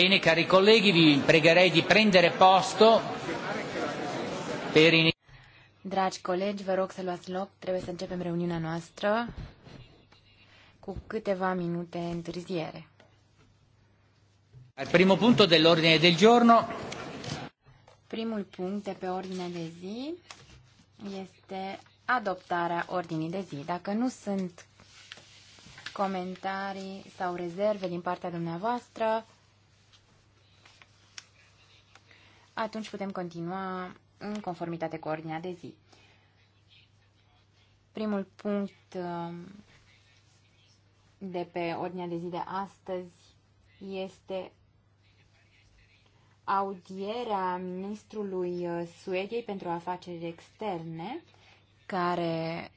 Bene, cari colleghi, vi pregherei di prendere posto per in... Dragi colegi, vă rog să luați loc, trebuie să începem reuniunea noastră cu câteva minute întârziere. Al primo punto dell'ordine del giorno. Primul punct de pe ordine de zi este adoptarea ordinii de zi. Dacă nu sunt comentarii sau rezerve din partea dumneavoastră, atunci putem continua în conformitate cu ordinea de zi. Primul punct um, de pe ordinea de zi de astăzi este audierea ministrului uh, Suediei pentru afaceri externe, care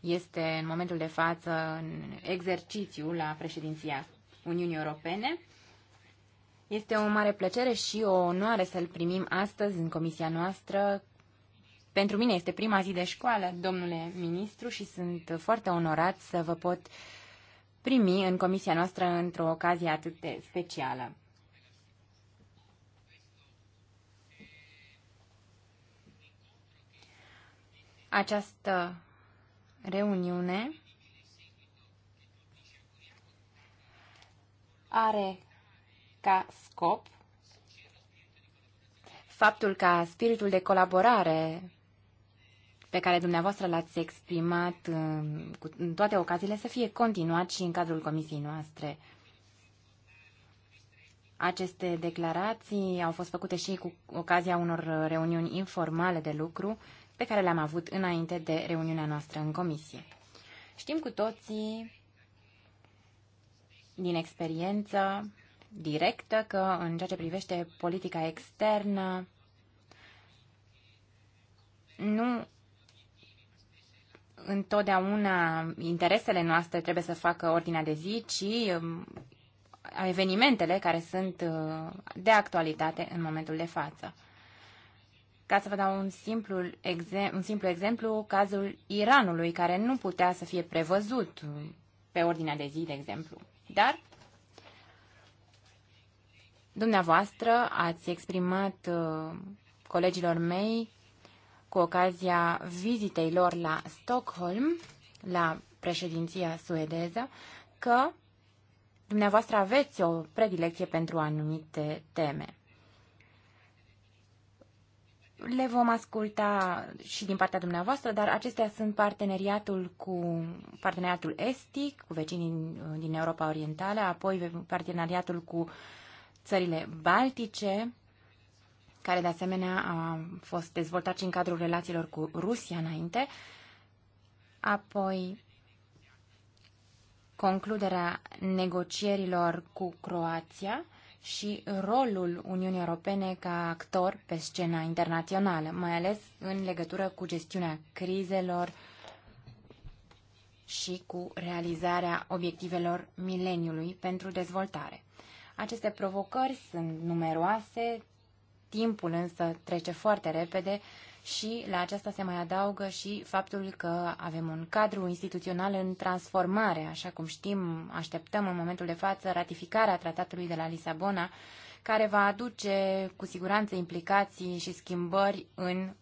este în momentul de față în exercițiu la președinția Uniunii Europene. Este o mare plăcere și o onoare să-l primim astăzi în comisia noastră. Pentru mine este prima zi de școală, domnule ministru, și sunt foarte onorat să vă pot primi în comisia noastră într-o ocazie atât de specială. Această reuniune are ca scop faptul ca spiritul de colaborare pe care dumneavoastră l-ați exprimat um, în toate ocaziile să fie continuat și în cadrul comisiei noastre. Aceste declarații au fost făcute și cu ocazia unor reuniuni informale de lucru pe care le-am avut înainte de reuniunea noastră în comisie. Știm cu toții din experiență directă că în ceea ce privește politica externă nu întotdeauna interesele noastre trebuie să facă ordinea de zi, ci um, evenimentele care sunt uh, de actualitate în momentul de față. Ca să vă dau un simplu, exemplu, un simplu exemplu, cazul Iranului, care nu putea să fie prevăzut pe ordinea de zi, de exemplu. Dar Dumneavoastră ați exprimat uh, colegilor mei cu ocazia vizitei lor la Stockholm, la președinția suedeză, că dumneavoastră aveți o predilecție pentru anumite teme. Le vom asculta și din partea dumneavoastră, dar acestea sunt parteneriatul cu parteneriatul estic, cu vecinii din Europa Orientală, apoi parteneriatul cu țările baltice, care de asemenea a fost dezvoltat și în cadrul relațiilor cu Rusia înainte, apoi concluderea negocierilor cu Croația și rolul Uniunii Europene ca actor pe scena internațională, mai ales în legătură cu gestiunea crizelor și cu realizarea obiectivelor mileniului pentru dezvoltare. Aceste provocări sunt numeroase, timpul însă trece foarte repede și la aceasta se mai adaugă și faptul că avem un cadru instituțional în transformare, așa cum știm, așteptăm în momentul de față ratificarea tratatului de la Lisabona, care va aduce cu siguranță implicații și schimbări în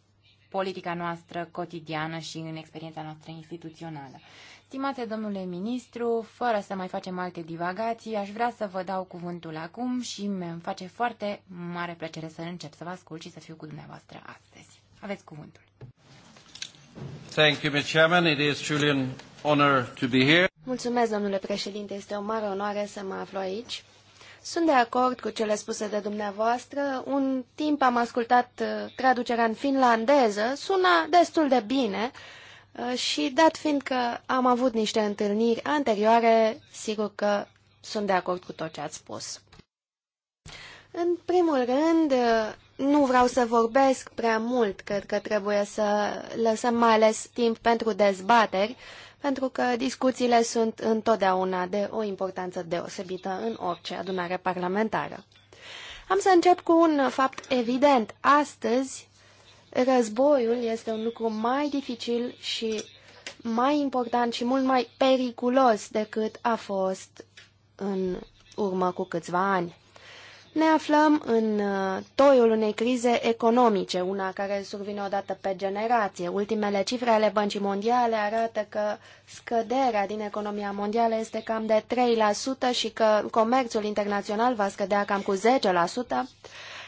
politica noastră cotidiană și în experiența noastră instituțională. Stimate domnule ministru, fără să mai facem alte divagații, aș vrea să vă dau cuvântul acum și mi face foarte mare plăcere să încep să vă ascult și să fiu cu dumneavoastră astăzi. Aveți cuvântul. Thank you, Mr. Chairman. It is truly an honor to be here. Mulțumesc, domnule președinte. Este o mare onoare să mă aflu aici. Sunt de acord cu cele spuse de dumneavoastră. Un timp am ascultat uh, traducerea în finlandeză, suna destul de bine uh, și dat fiind că am avut niște întâlniri anterioare, sigur că sunt de acord cu tot ce ați spus. În primul rând, uh, nu vreau să vorbesc prea mult, cred că trebuie să lăsăm mai ales timp pentru dezbateri, pentru că discuțiile sunt întotdeauna de o importanță deosebită în orice adunare parlamentară. Am să încep cu un fapt evident. Astăzi, războiul este un lucru mai dificil și mai important și mult mai periculos decât a fost în urmă cu câțiva ani. Ne aflăm în uh, toiul unei crize economice, una care survine odată pe generație. Ultimele cifre ale Băncii Mondiale arată că scăderea din economia mondială este cam de 3% și că comerțul internațional va scădea cam cu 10%,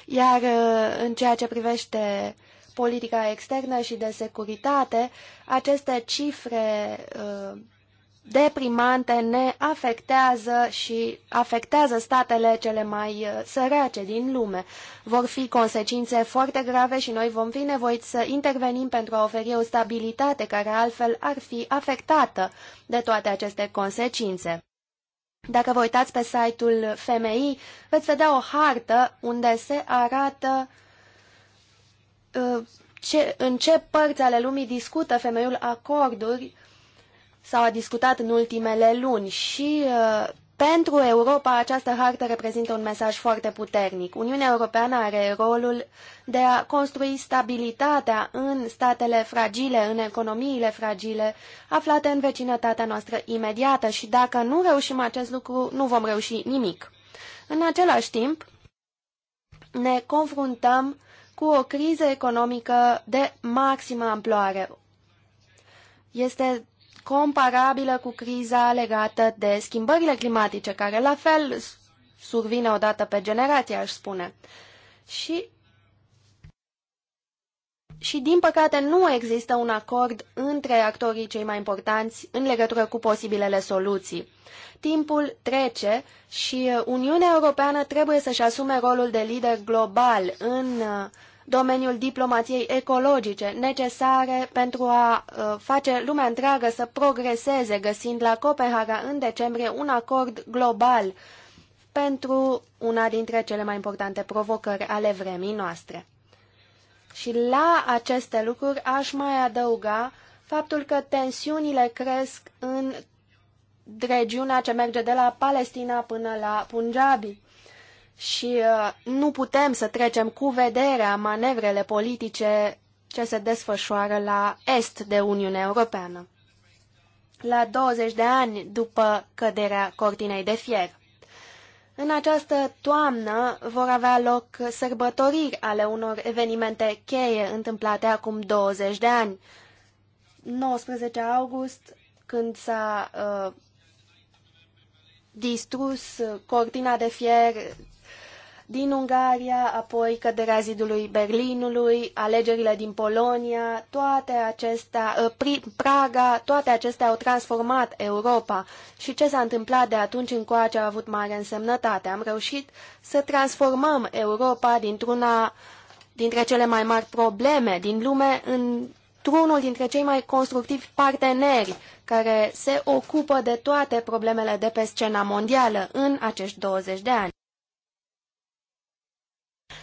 iar uh, în ceea ce privește politica externă și de securitate, aceste cifre uh, deprimante ne afectează și afectează statele cele mai uh, sărace din lume. Vor fi consecințe foarte grave și noi vom fi nevoiți să intervenim pentru a oferi o stabilitate care altfel ar fi afectată de toate aceste consecințe. Dacă vă uitați pe site-ul FMI, veți vedea o hartă unde se arată uh, ce, în ce părți ale lumii discută femeiul acorduri s-a discutat în ultimele luni și uh, pentru Europa această hartă reprezintă un mesaj foarte puternic. Uniunea Europeană are rolul de a construi stabilitatea în statele fragile, în economiile fragile, aflate în vecinătatea noastră imediată și dacă nu reușim acest lucru, nu vom reuși nimic. În același timp, ne confruntăm cu o criză economică de maximă amploare. Este comparabilă cu criza legată de schimbările climatice, care la fel survine odată pe generație, aș spune. Și, și din păcate nu există un acord între actorii cei mai importanți în legătură cu posibilele soluții. Timpul trece și Uniunea Europeană trebuie să-și asume rolul de lider global în uh, domeniul diplomației ecologice, necesare pentru a uh, face lumea întreagă să progreseze, găsind la Copenhaga în decembrie un acord global pentru una dintre cele mai importante provocări ale vremii noastre. Și la aceste lucruri aș mai adăuga faptul că tensiunile cresc în regiunea ce merge de la Palestina până la Punjabi și uh, nu putem să trecem cu vederea manevrele politice ce se desfășoară la est de Uniunea Europeană, la 20 de ani după căderea cortinei de fier. În această toamnă vor avea loc sărbătoriri ale unor evenimente cheie întâmplate acum 20 de ani. 19 august, când s-a uh, distrus cortina de fier din Ungaria, apoi căderea zidului Berlinului, alegerile din Polonia, toate acestea, ă, Praga, toate acestea au transformat Europa și ce s-a întâmplat de atunci încoace a avut mare însemnătate. Am reușit să transformăm Europa dintr-una dintre cele mai mari probleme din lume în unul dintre cei mai constructivi parteneri care se ocupă de toate problemele de pe scena mondială în acești 20 de ani.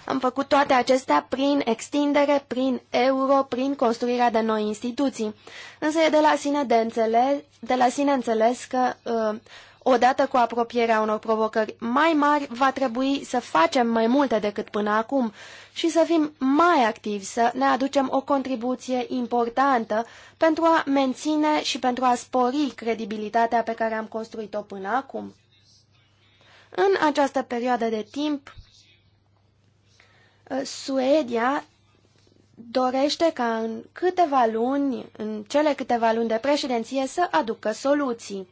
Am făcut toate acestea prin extindere, prin euro, prin construirea de noi instituții. Însă e de la sine, de înțeles, de la sine înțeles că uh, odată cu apropierea unor provocări mai mari, va trebui să facem mai multe decât până acum și să fim mai activi, să ne aducem o contribuție importantă pentru a menține și pentru a spori credibilitatea pe care am construit-o până acum. În această perioadă de timp, Uh, Suedia dorește ca în câteva luni, în cele câteva luni de președinție, să aducă soluții.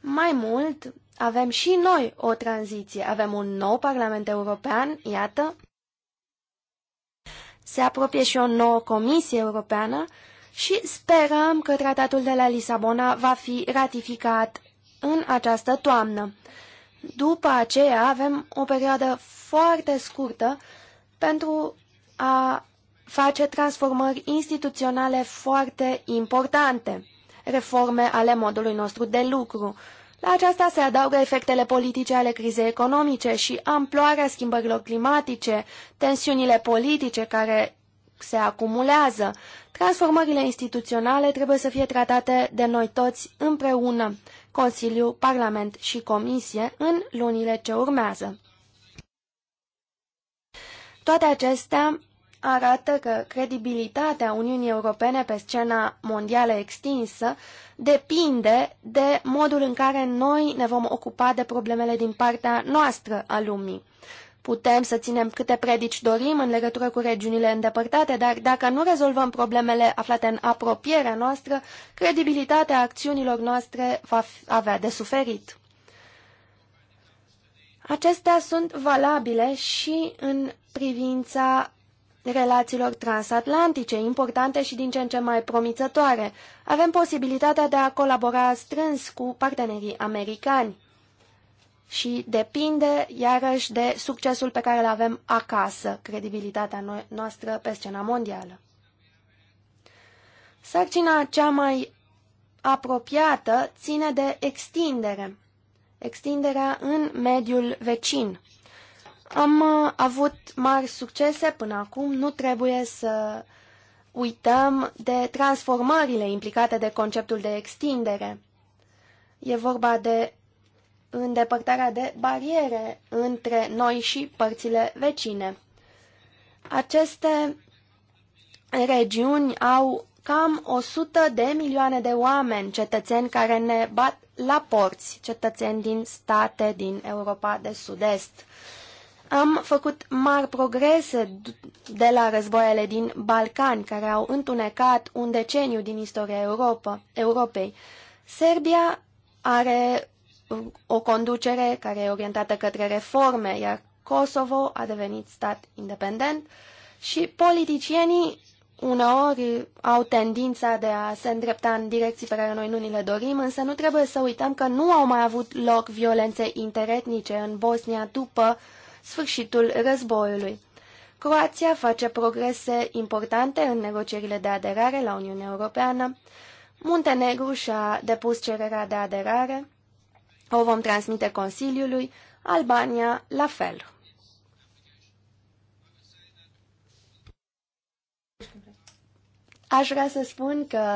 Mai mult, avem și noi o tranziție. Avem un nou Parlament European, iată. Se apropie și o nouă Comisie Europeană și sperăm că tratatul de la Lisabona va fi ratificat în această toamnă. După aceea avem o perioadă foarte scurtă pentru a face transformări instituționale foarte importante, reforme ale modului nostru de lucru. La aceasta se adaugă efectele politice ale crizei economice și amploarea schimbărilor climatice, tensiunile politice care se acumulează. Transformările instituționale trebuie să fie tratate de noi toți împreună, Consiliu, Parlament și Comisie, în lunile ce urmează. Toate acestea arată că credibilitatea Uniunii Europene pe scena mondială extinsă depinde de modul în care noi ne vom ocupa de problemele din partea noastră a lumii. Putem să ținem câte predici dorim în legătură cu regiunile îndepărtate, dar dacă nu rezolvăm problemele aflate în apropierea noastră, credibilitatea acțiunilor noastre va avea de suferit. Acestea sunt valabile și în privința relațiilor transatlantice, importante și din ce în ce mai promițătoare. Avem posibilitatea de a colabora strâns cu partenerii americani și depinde, iarăși, de succesul pe care îl avem acasă, credibilitatea noastră pe scena mondială. Sarcina cea mai apropiată ține de extindere, extinderea în mediul vecin – am uh, avut mari succese până acum, nu trebuie să uităm de transformările implicate de conceptul de extindere. E vorba de îndepărtarea de bariere între noi și părțile vecine. Aceste regiuni au cam 100 de milioane de oameni, cetățeni care ne bat la porți, cetățeni din state din Europa de Sud-Est. Am făcut mari progrese de la războaiele din Balcani, care au întunecat un deceniu din istoria Europa, Europei. Serbia are o conducere care e orientată către reforme, iar Kosovo a devenit stat independent și politicienii uneori au tendința de a se îndrepta în direcții pe care noi nu ni le dorim, însă nu trebuie să uităm că nu au mai avut loc violențe interetnice în Bosnia după sfârșitul războiului. Croația face progrese importante în negocierile de aderare la Uniunea Europeană. Muntenegru și-a depus cererea de aderare. O vom transmite Consiliului, Albania la fel. Aș vrea să spun că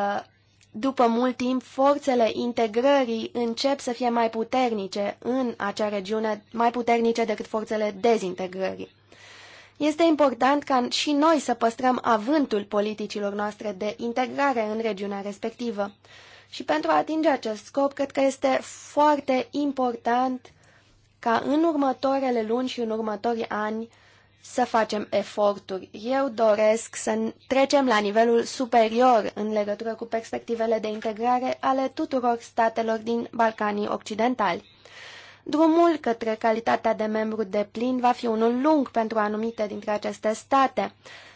după mult timp, forțele integrării încep să fie mai puternice în acea regiune, mai puternice decât forțele dezintegrării. Este important ca și noi să păstrăm avântul politicilor noastre de integrare în regiunea respectivă. Și pentru a atinge acest scop, cred că este foarte important ca în următoarele luni și în următorii ani să facem eforturi. Eu doresc să trecem la nivelul superior în legătură cu perspectivele de integrare ale tuturor statelor din Balcanii Occidentali. Drumul către calitatea de membru de plin va fi unul lung pentru anumite dintre aceste state.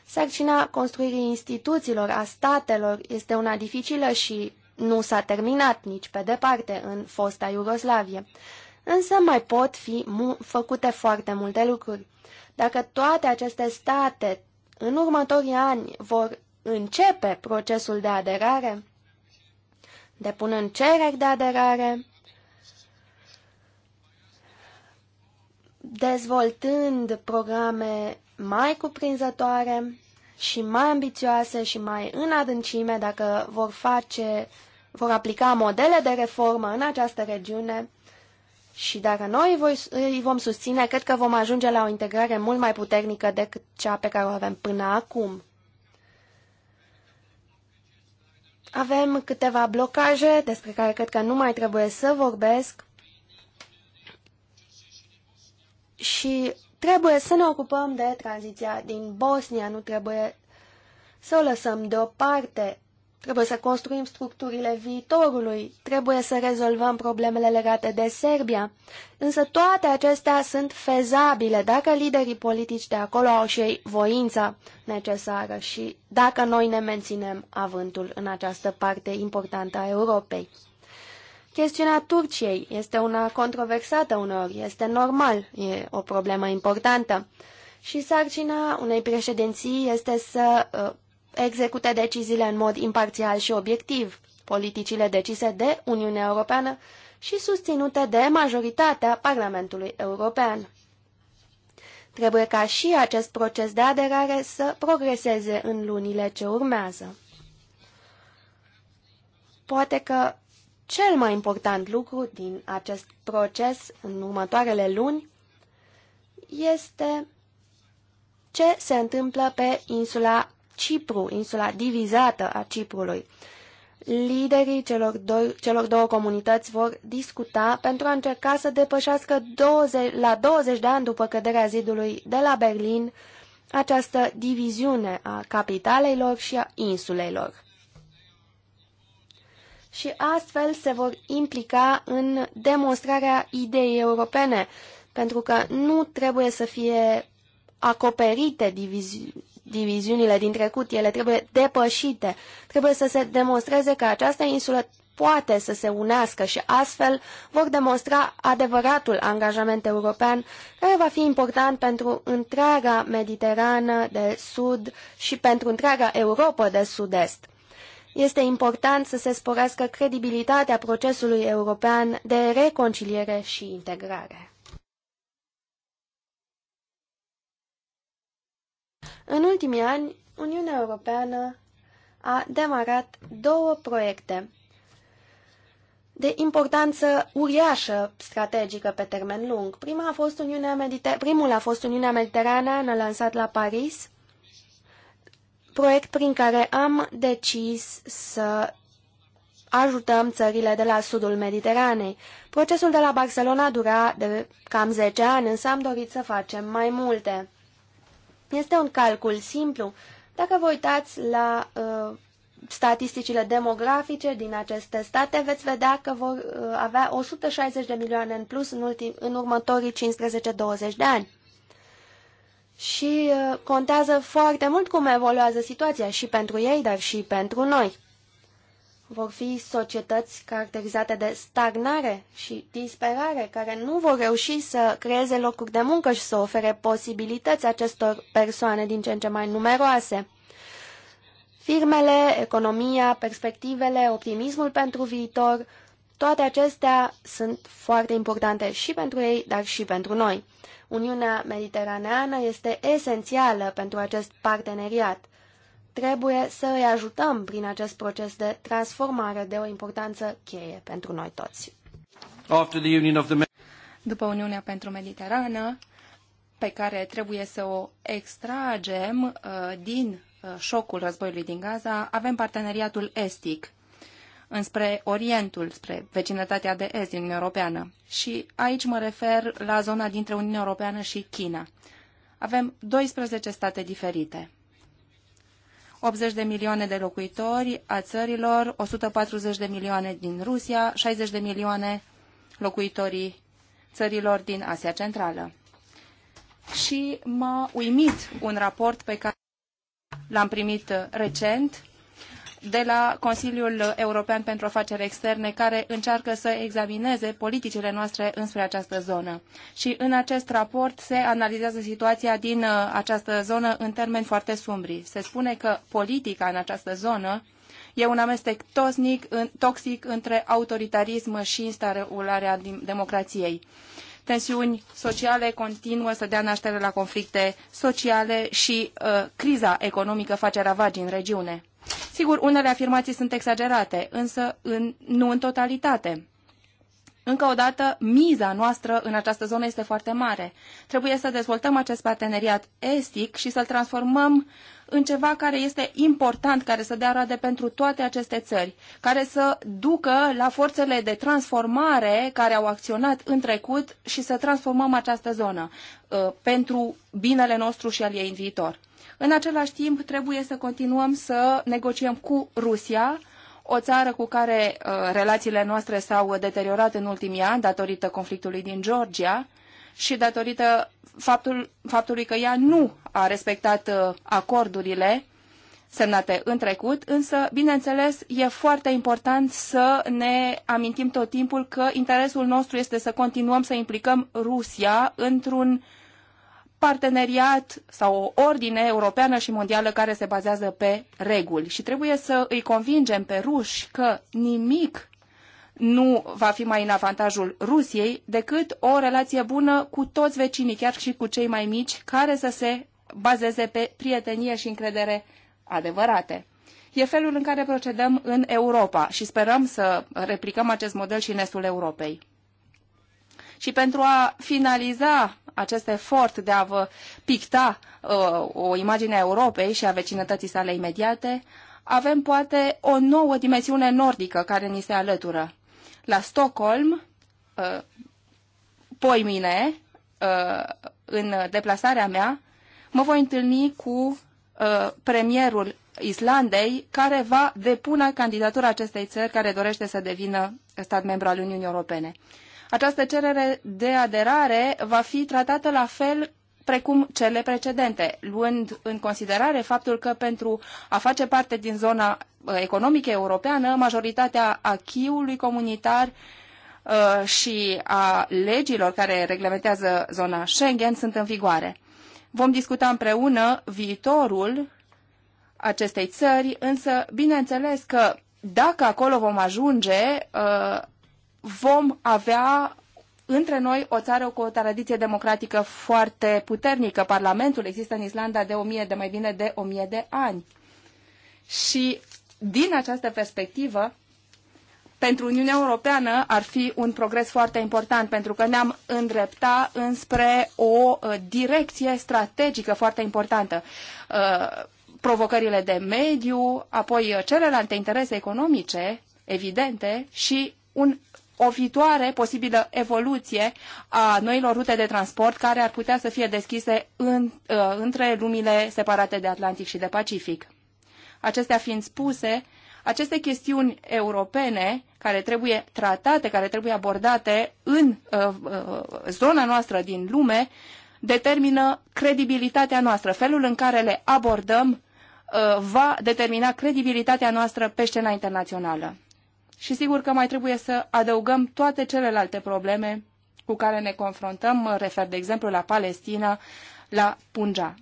Sarcina construirii instituțiilor a statelor este una dificilă și nu s-a terminat nici pe departe în fosta Iugoslavie. Însă mai pot fi făcute foarte multe lucruri. Dacă toate aceste state în următorii ani vor începe procesul de aderare, depunând cereri de aderare, dezvoltând programe mai cuprinzătoare și mai ambițioase și mai în adâncime dacă vor face, vor aplica modele de reformă în această regiune, și dacă noi îi vom susține, cred că vom ajunge la o integrare mult mai puternică decât cea pe care o avem până acum. Avem câteva blocaje despre care cred că nu mai trebuie să vorbesc și trebuie să ne ocupăm de tranziția din Bosnia, nu trebuie să o lăsăm deoparte. Trebuie să construim structurile viitorului, trebuie să rezolvăm problemele legate de Serbia. Însă toate acestea sunt fezabile dacă liderii politici de acolo au și ei voința necesară și dacă noi ne menținem avântul în această parte importantă a Europei. Chestiunea Turciei este una controversată uneori, este normal, e o problemă importantă. Și sarcina unei președinții este să uh, execute deciziile în mod imparțial și obiectiv, politicile decise de Uniunea Europeană și susținute de majoritatea Parlamentului European. Trebuie ca și acest proces de aderare să progreseze în lunile ce urmează. Poate că cel mai important lucru din acest proces în următoarele luni este ce se întâmplă pe insula Cipru, insula divizată a Ciprului. Liderii celor, doi, celor două comunități vor discuta pentru a încerca să depășească 20, la 20 de ani după căderea zidului de la Berlin această diviziune a capitalelor și a insulelor. Și astfel se vor implica în demonstrarea ideii europene, pentru că nu trebuie să fie acoperite divizi diviziunile din trecut, ele trebuie depășite. Trebuie să se demonstreze că această insulă poate să se unească și astfel vor demonstra adevăratul angajament european care va fi important pentru întreaga Mediterană de Sud și pentru întreaga Europa de Sud-Est. Este important să se sporească credibilitatea procesului european de reconciliere și integrare. În ultimii ani, Uniunea Europeană a demarat două proiecte de importanță uriașă strategică pe termen lung. Prima a fost Uniunea Mediter primul a fost Uniunea Mediteraneană lansat la Paris, proiect prin care am decis să ajutăm țările de la sudul Mediteranei. Procesul de la Barcelona dura de cam 10 ani, însă am dorit să facem mai multe. Este un calcul simplu. Dacă vă uitați la uh, statisticile demografice din aceste state, veți vedea că vor uh, avea 160 de milioane în plus în, ultim, în următorii 15-20 de ani. Și uh, contează foarte mult cum evoluează situația și pentru ei, dar și pentru noi vor fi societăți caracterizate de stagnare și disperare, care nu vor reuși să creeze locuri de muncă și să ofere posibilități acestor persoane din ce în ce mai numeroase. Firmele, economia, perspectivele, optimismul pentru viitor, toate acestea sunt foarte importante și pentru ei, dar și pentru noi. Uniunea Mediteraneană este esențială pentru acest parteneriat trebuie să îi ajutăm prin acest proces de transformare de o importanță cheie pentru noi toți. După Uniunea pentru Mediterană, pe care trebuie să o extragem uh, din uh, șocul războiului din Gaza, avem parteneriatul estic înspre Orientul, spre vecinătatea de est din Uniunea Europeană. Și aici mă refer la zona dintre Uniunea Europeană și China. Avem 12 state diferite 80 de milioane de locuitori a țărilor, 140 de milioane din Rusia, 60 de milioane locuitorii țărilor din Asia Centrală. Și m-a uimit un raport pe care l-am primit recent de la Consiliul European pentru Afaceri Externe, care încearcă să examineze politicile noastre înspre această zonă. Și în acest raport se analizează situația din uh, această zonă în termeni foarte sumbri. Se spune că politica în această zonă e un amestec tosnic, toxic între autoritarism și instaurarea democrației. Tensiuni sociale continuă să dea naștere la conflicte sociale și uh, criza economică face ravagii în regiune. Sigur, unele afirmații sunt exagerate, însă în, nu în totalitate. Încă o dată, miza noastră în această zonă este foarte mare. Trebuie să dezvoltăm acest parteneriat estic și să-l transformăm în ceva care este important, care să dea roade pentru toate aceste țări, care să ducă la forțele de transformare care au acționat în trecut și să transformăm această zonă uh, pentru binele nostru și al ei în viitor. În același timp, trebuie să continuăm să negociem cu Rusia, o țară cu care uh, relațiile noastre s-au deteriorat în ultimii ani datorită conflictului din Georgia și datorită faptul, faptului că ea nu a respectat uh, acordurile semnate în trecut, însă, bineînțeles, e foarte important să ne amintim tot timpul că interesul nostru este să continuăm să implicăm Rusia într-un uh, parteneriat sau o ordine europeană și mondială care se bazează pe reguli și trebuie să îi convingem pe ruși că nimic nu va fi mai în avantajul Rusiei decât o relație bună cu toți vecinii, chiar și cu cei mai mici, care să se bazeze pe prietenie și încredere adevărate. E felul în care procedăm în Europa și sperăm să replicăm acest model și în estul Europei. Și pentru a finaliza acest efort de a vă picta uh, o imagine a Europei și a vecinătății sale imediate, avem poate o nouă dimensiune nordică care ni se alătură. La Stockholm, uh, mine, uh, în deplasarea mea, mă voi întâlni cu uh, premierul Islandei, care va depune candidatura acestei țări care dorește să devină stat membru al Uniunii Europene această cerere de aderare va fi tratată la fel precum cele precedente, luând în considerare faptul că pentru a face parte din zona uh, economică europeană, majoritatea achiului comunitar uh, și a legilor care reglementează zona Schengen sunt în vigoare. Vom discuta împreună viitorul acestei țări, însă bineînțeles că dacă acolo vom ajunge, uh, vom avea între noi o țară cu o tradiție democratică foarte puternică. Parlamentul există în Islanda de o mie de mai bine de o mie de ani. Și din această perspectivă, pentru Uniunea Europeană ar fi un progres foarte important, pentru că ne-am îndrepta înspre o uh, direcție strategică foarte importantă. Uh, provocările de mediu, apoi uh, celelalte interese economice evidente și un o viitoare posibilă evoluție a noilor rute de transport care ar putea să fie deschise în, uh, între lumile separate de Atlantic și de Pacific. Acestea fiind spuse, aceste chestiuni europene care trebuie tratate, care trebuie abordate în uh, uh, zona noastră din lume, determină credibilitatea noastră. Felul în care le abordăm va determina credibilitatea noastră pe scena internațională și sigur că mai trebuie să adăugăm toate celelalte probleme cu care ne confruntăm, mă refer de exemplu la Palestina, la Punja.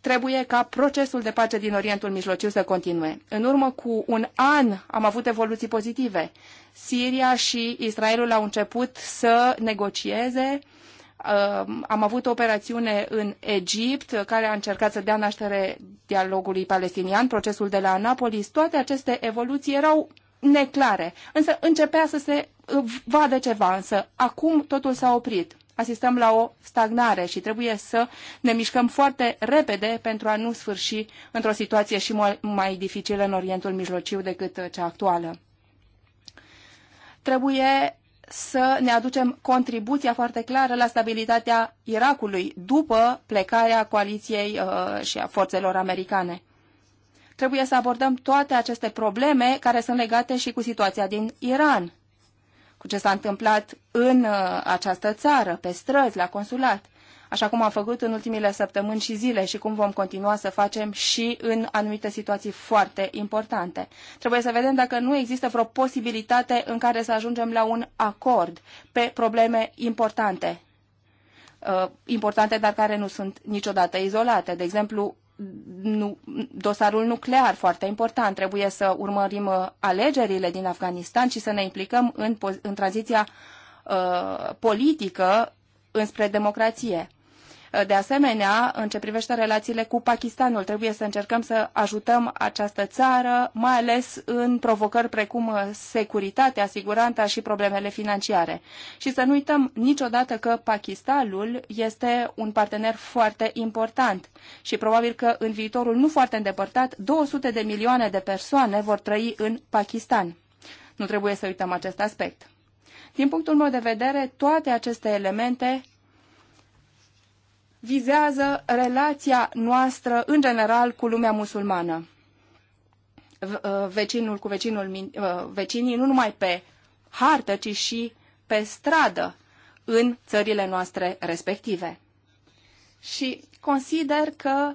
trebuie ca procesul de pace din Orientul Mijlociu să continue. În urmă cu un an am avut evoluții pozitive. Siria și Israelul au început să negocieze. Uh, am avut o operațiune în Egipt care a încercat să dea naștere dialogului palestinian, procesul de la Annapolis. Toate aceste evoluții erau neclare. Însă începea să se uh, vadă ceva, însă acum totul s-a oprit. Asistăm la o stagnare și trebuie să ne mișcăm foarte repede pentru a nu sfârși într-o situație și mai dificilă în Orientul Mijlociu decât uh, cea actuală. Trebuie să ne aducem contribuția foarte clară la stabilitatea Irakului după plecarea coaliției uh, și a forțelor americane. Trebuie să abordăm toate aceste probleme care sunt legate și cu situația din Iran, cu ce s-a întâmplat în uh, această țară, pe străzi, la consulat, așa cum am făcut în ultimile săptămâni și zile și cum vom continua să facem și în anumite situații foarte importante. Trebuie să vedem dacă nu există vreo posibilitate în care să ajungem la un acord pe probleme importante uh, importante, dar care nu sunt niciodată izolate. De exemplu, nu, dosarul nuclear foarte important. Trebuie să urmărim uh, alegerile din Afganistan și să ne implicăm în, în tranziția uh, politică înspre democrație. De asemenea, în ce privește relațiile cu Pakistanul, trebuie să încercăm să ajutăm această țară, mai ales în provocări precum uh, securitatea, siguranța și problemele financiare. Și să nu uităm niciodată că Pakistanul este un partener foarte important și probabil că în viitorul nu foarte îndepărtat, 200 de milioane de persoane vor trăi în Pakistan. Nu trebuie să uităm acest aspect. Din punctul meu de vedere, toate aceste elemente vizează relația noastră în general cu lumea musulmană. Uh, vecinul cu vecinul, uh, vecinii, nu numai pe hartă, ci și pe stradă în țările noastre respective. Și consider că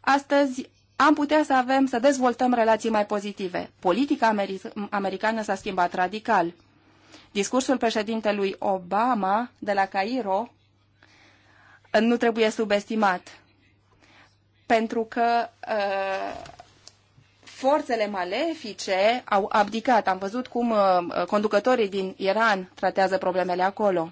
astăzi am putea să avem, să dezvoltăm relații mai pozitive. Politica americană s-a schimbat radical. Discursul președintelui Obama de la Cairo nu trebuie subestimat. Pentru că uh, forțele malefice au abdicat. Am văzut cum uh, conducătorii din Iran tratează problemele acolo.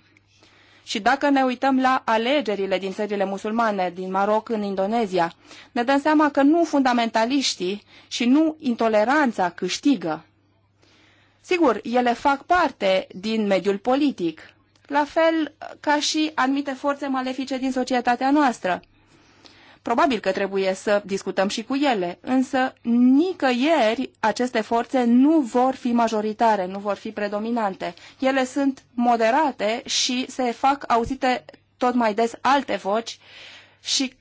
Și dacă ne uităm la alegerile din țările musulmane, din Maroc în Indonezia, ne dăm seama că nu fundamentaliștii și nu intoleranța câștigă. Sigur, ele fac parte din mediul politic, la fel ca și anumite forțe malefice din societatea noastră. Probabil că trebuie să discutăm și cu ele, însă nicăieri aceste forțe nu vor fi majoritare, nu vor fi predominante. Ele sunt moderate și se fac auzite tot mai des alte voci și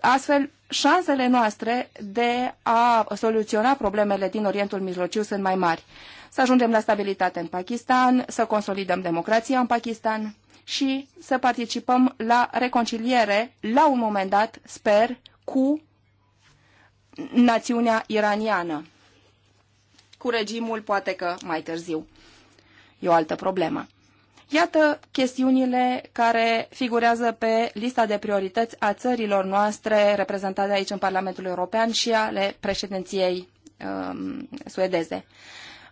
astfel șansele noastre de a soluționa problemele din Orientul Mijlociu sunt mai mari. Să ajungem la stabilitate în Pakistan, să consolidăm democrația în Pakistan și să participăm la reconciliere, la un moment dat, sper, cu națiunea iraniană. Cu regimul poate că mai târziu. E o altă problemă. Iată chestiunile care figurează pe lista de priorități a țărilor noastre reprezentate aici în Parlamentul European și ale președinției um, suedeze.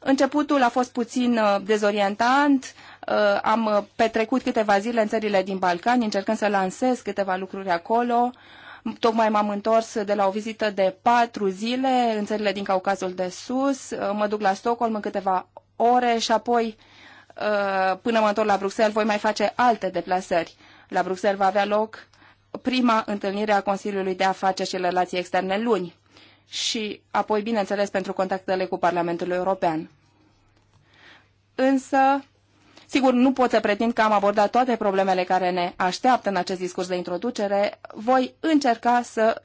Începutul a fost puțin uh, dezorientant, uh, am petrecut câteva zile în țările din Balcani, încercând să lansez câteva lucruri acolo. Tocmai m-am întors de la o vizită de patru zile în țările din Caucazul de Sus, uh, mă duc la Stockholm în câteva ore și apoi uh, Uh, până mă întorc la Bruxelles, voi mai face alte deplasări. La Bruxelles va avea loc prima întâlnire a Consiliului de Afaceri și Relații Externe luni și apoi, bineînțeles, pentru contactele cu Parlamentul European. Însă, sigur, nu pot să pretind că am abordat toate problemele care ne așteaptă în acest discurs de introducere. Voi încerca să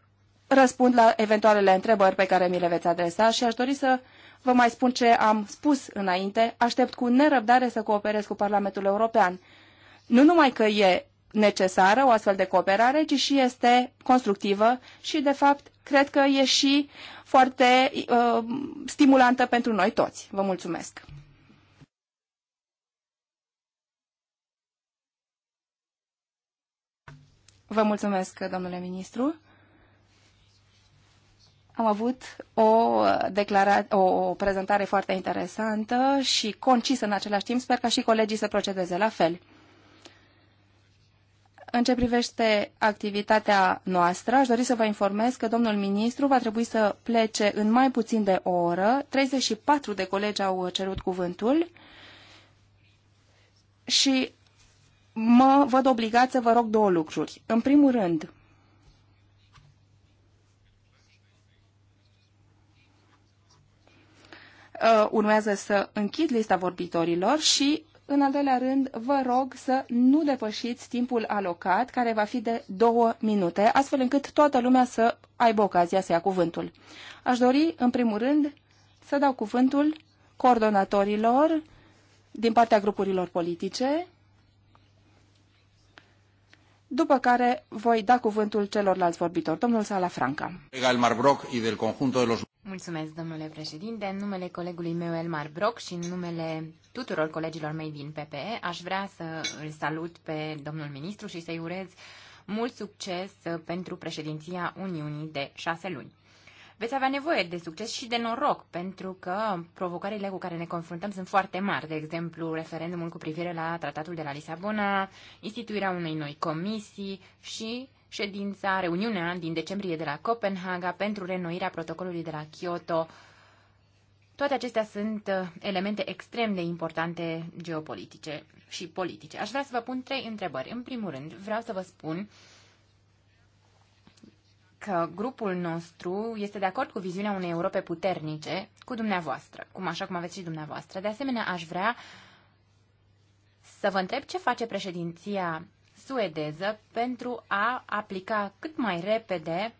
răspund la eventualele întrebări pe care mi le veți adresa și aș dori să Vă mai spun ce am spus înainte. Aștept cu nerăbdare să cooperez cu Parlamentul European. Nu numai că e necesară o astfel de cooperare, ci și este constructivă și, de fapt, cred că e și foarte uh, stimulantă pentru noi toți. Vă mulțumesc! Vă mulțumesc, domnule ministru. Am avut o, declara- o prezentare foarte interesantă și concisă în același timp. Sper ca și colegii să procedeze la fel. În ce privește activitatea noastră, aș dori să vă informez că domnul ministru va trebui să plece în mai puțin de o oră. 34 de colegi au cerut cuvântul și mă văd obligat să vă rog două lucruri. În primul rând, Uh, urmează să închid lista vorbitorilor și în al doilea rând, vă rog să nu depășiți timpul alocat, care va fi de două minute, astfel încât toată lumea să aibă ocazia să ia cuvântul. Aș dori, în primul rând, să dau cuvântul coordonatorilor din partea grupurilor politice, după care voi da cuvântul celorlalți vorbitori. Domnul Sala Franca. Mulțumesc, domnule președinte. În numele colegului meu Elmar Brock și în numele tuturor colegilor mei din PPE, aș vrea să îl salut pe domnul ministru și să-i urez mult succes pentru președinția Uniunii de șase luni. Veți avea nevoie de succes și de noroc, pentru că provocările cu care ne confruntăm sunt foarte mari, de exemplu referendumul cu privire la tratatul de la Lisabona, instituirea unei noi comisii și ședința, reuniunea din decembrie de la Copenhaga pentru renoirea protocolului de la Kyoto. Toate acestea sunt uh, elemente extrem de importante geopolitice și politice. Aș vrea să vă pun trei întrebări. În primul rând, vreau să vă spun că grupul nostru este de acord cu viziunea unei Europe puternice cu dumneavoastră, cum așa cum aveți și dumneavoastră. De asemenea, aș vrea să vă întreb ce face președinția suedeză pentru a aplica cât mai repede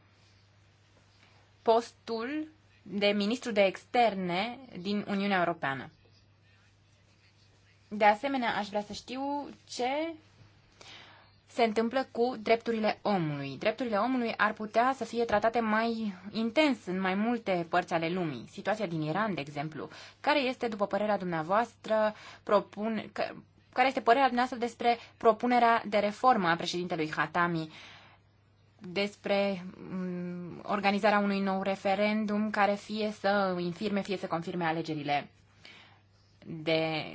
postul de ministru de externe din Uniunea Europeană. De asemenea, aș vrea să știu ce se întâmplă cu drepturile omului. Drepturile omului ar putea să fie tratate mai intens în mai multe părți ale lumii. Situația din Iran, de exemplu, care este, după părerea dumneavoastră, propun, care este părerea dumneavoastră despre propunerea de reformă a președintelui Hatami despre mm, organizarea unui nou referendum care fie să infirme, fie să confirme alegerile de,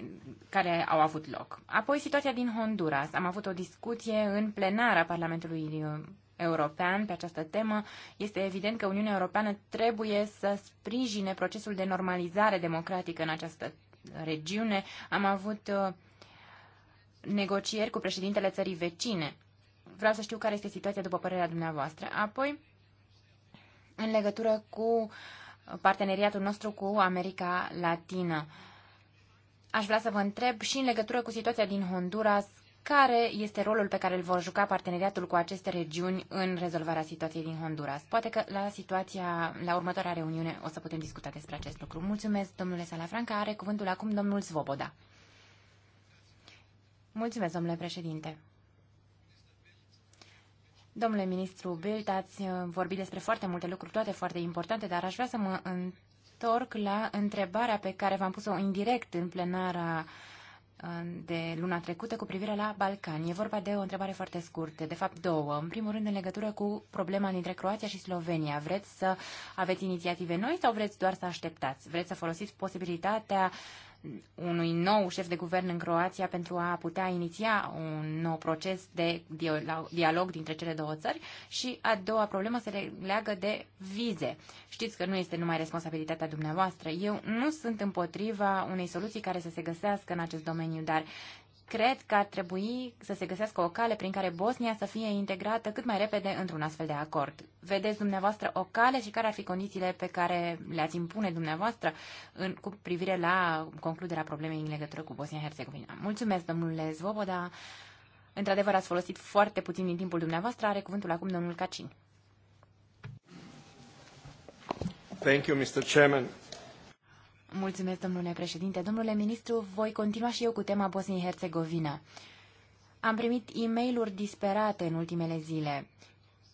care au avut loc. Apoi situația din Honduras. Am avut o discuție în plenara Parlamentului uh, European pe această temă. Este evident că Uniunea Europeană trebuie să sprijine procesul de normalizare democratică în această regiune. Am avut uh, negocieri cu președintele țării vecine. Vreau să știu care este situația după părerea dumneavoastră. Apoi, în legătură cu parteneriatul nostru cu America Latină. Aș vrea să vă întreb și în legătură cu situația din Honduras, care este rolul pe care îl vor juca parteneriatul cu aceste regiuni în rezolvarea situației din Honduras? Poate că la situația, la următoarea reuniune o să putem discuta despre acest lucru. Mulțumesc, domnule Salafranca. Are cuvântul acum domnul Svoboda. Mulțumesc, domnule președinte. Domnule ministru Bilt, ați uh, vorbit despre foarte multe lucruri, toate foarte importante, dar aș vrea să mă întorc la întrebarea pe care v-am pus-o indirect în plenara uh, de luna trecută cu privire la Balcani. E vorba de o întrebare foarte scurtă, de fapt două. În primul rând, în legătură cu problema dintre Croația și Slovenia. Vreți să aveți inițiative noi sau vreți doar să așteptați? Vreți să folosiți posibilitatea uh, unui nou șef de guvern în Croația pentru a putea iniția un nou proces de dialog dintre cele două țări și a doua problemă se leagă de vize. Știți că nu este numai responsabilitatea dumneavoastră. Eu nu sunt împotriva unei soluții care să se găsească în acest domeniu, dar Cred că ar trebui să se găsească o cale prin care Bosnia să fie integrată cât mai repede într-un astfel de acord. Vedeți dumneavoastră o cale și care ar fi condițiile pe care le-ați impune dumneavoastră în, cu privire la concluderea problemei în legătură cu Bosnia-Herzegovina. Mulțumesc, domnule Zvoboda. Într-adevăr, ați folosit foarte puțin din timpul dumneavoastră. Are cuvântul acum domnul Cacin. Thank you, Mr. Chairman. Mulțumesc, domnule președinte. Domnule ministru, voi continua și eu cu tema Bosniei-Herzegovina. Am primit e mail disperate în ultimele zile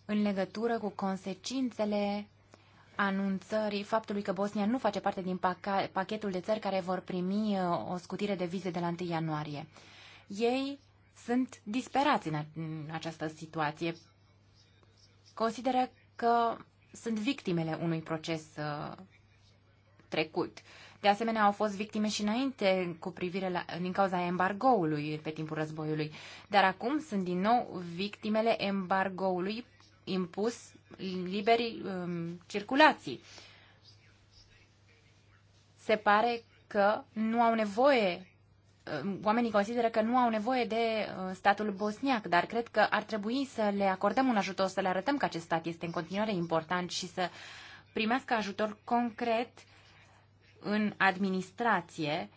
în legătură cu consecințele anunțării faptului că Bosnia nu face parte din pachetul de țări care vor primi uh, o scutire de vize de la 1 ianuarie. Ei sunt disperați în, această situație. Consideră că sunt victimele unui proces uh, trecut. De asemenea, au fost victime și înainte cu privire la, din cauza embargoului pe timpul războiului, dar acum sunt din nou victimele embargoului impus liberii um, circulații. Se pare că nu au nevoie um, oamenii consideră că nu au nevoie de uh, statul bosniac, dar cred că ar trebui să le acordăm un ajutor, să le arătăm că acest stat este în continuare important și să primească ajutor concret în administrație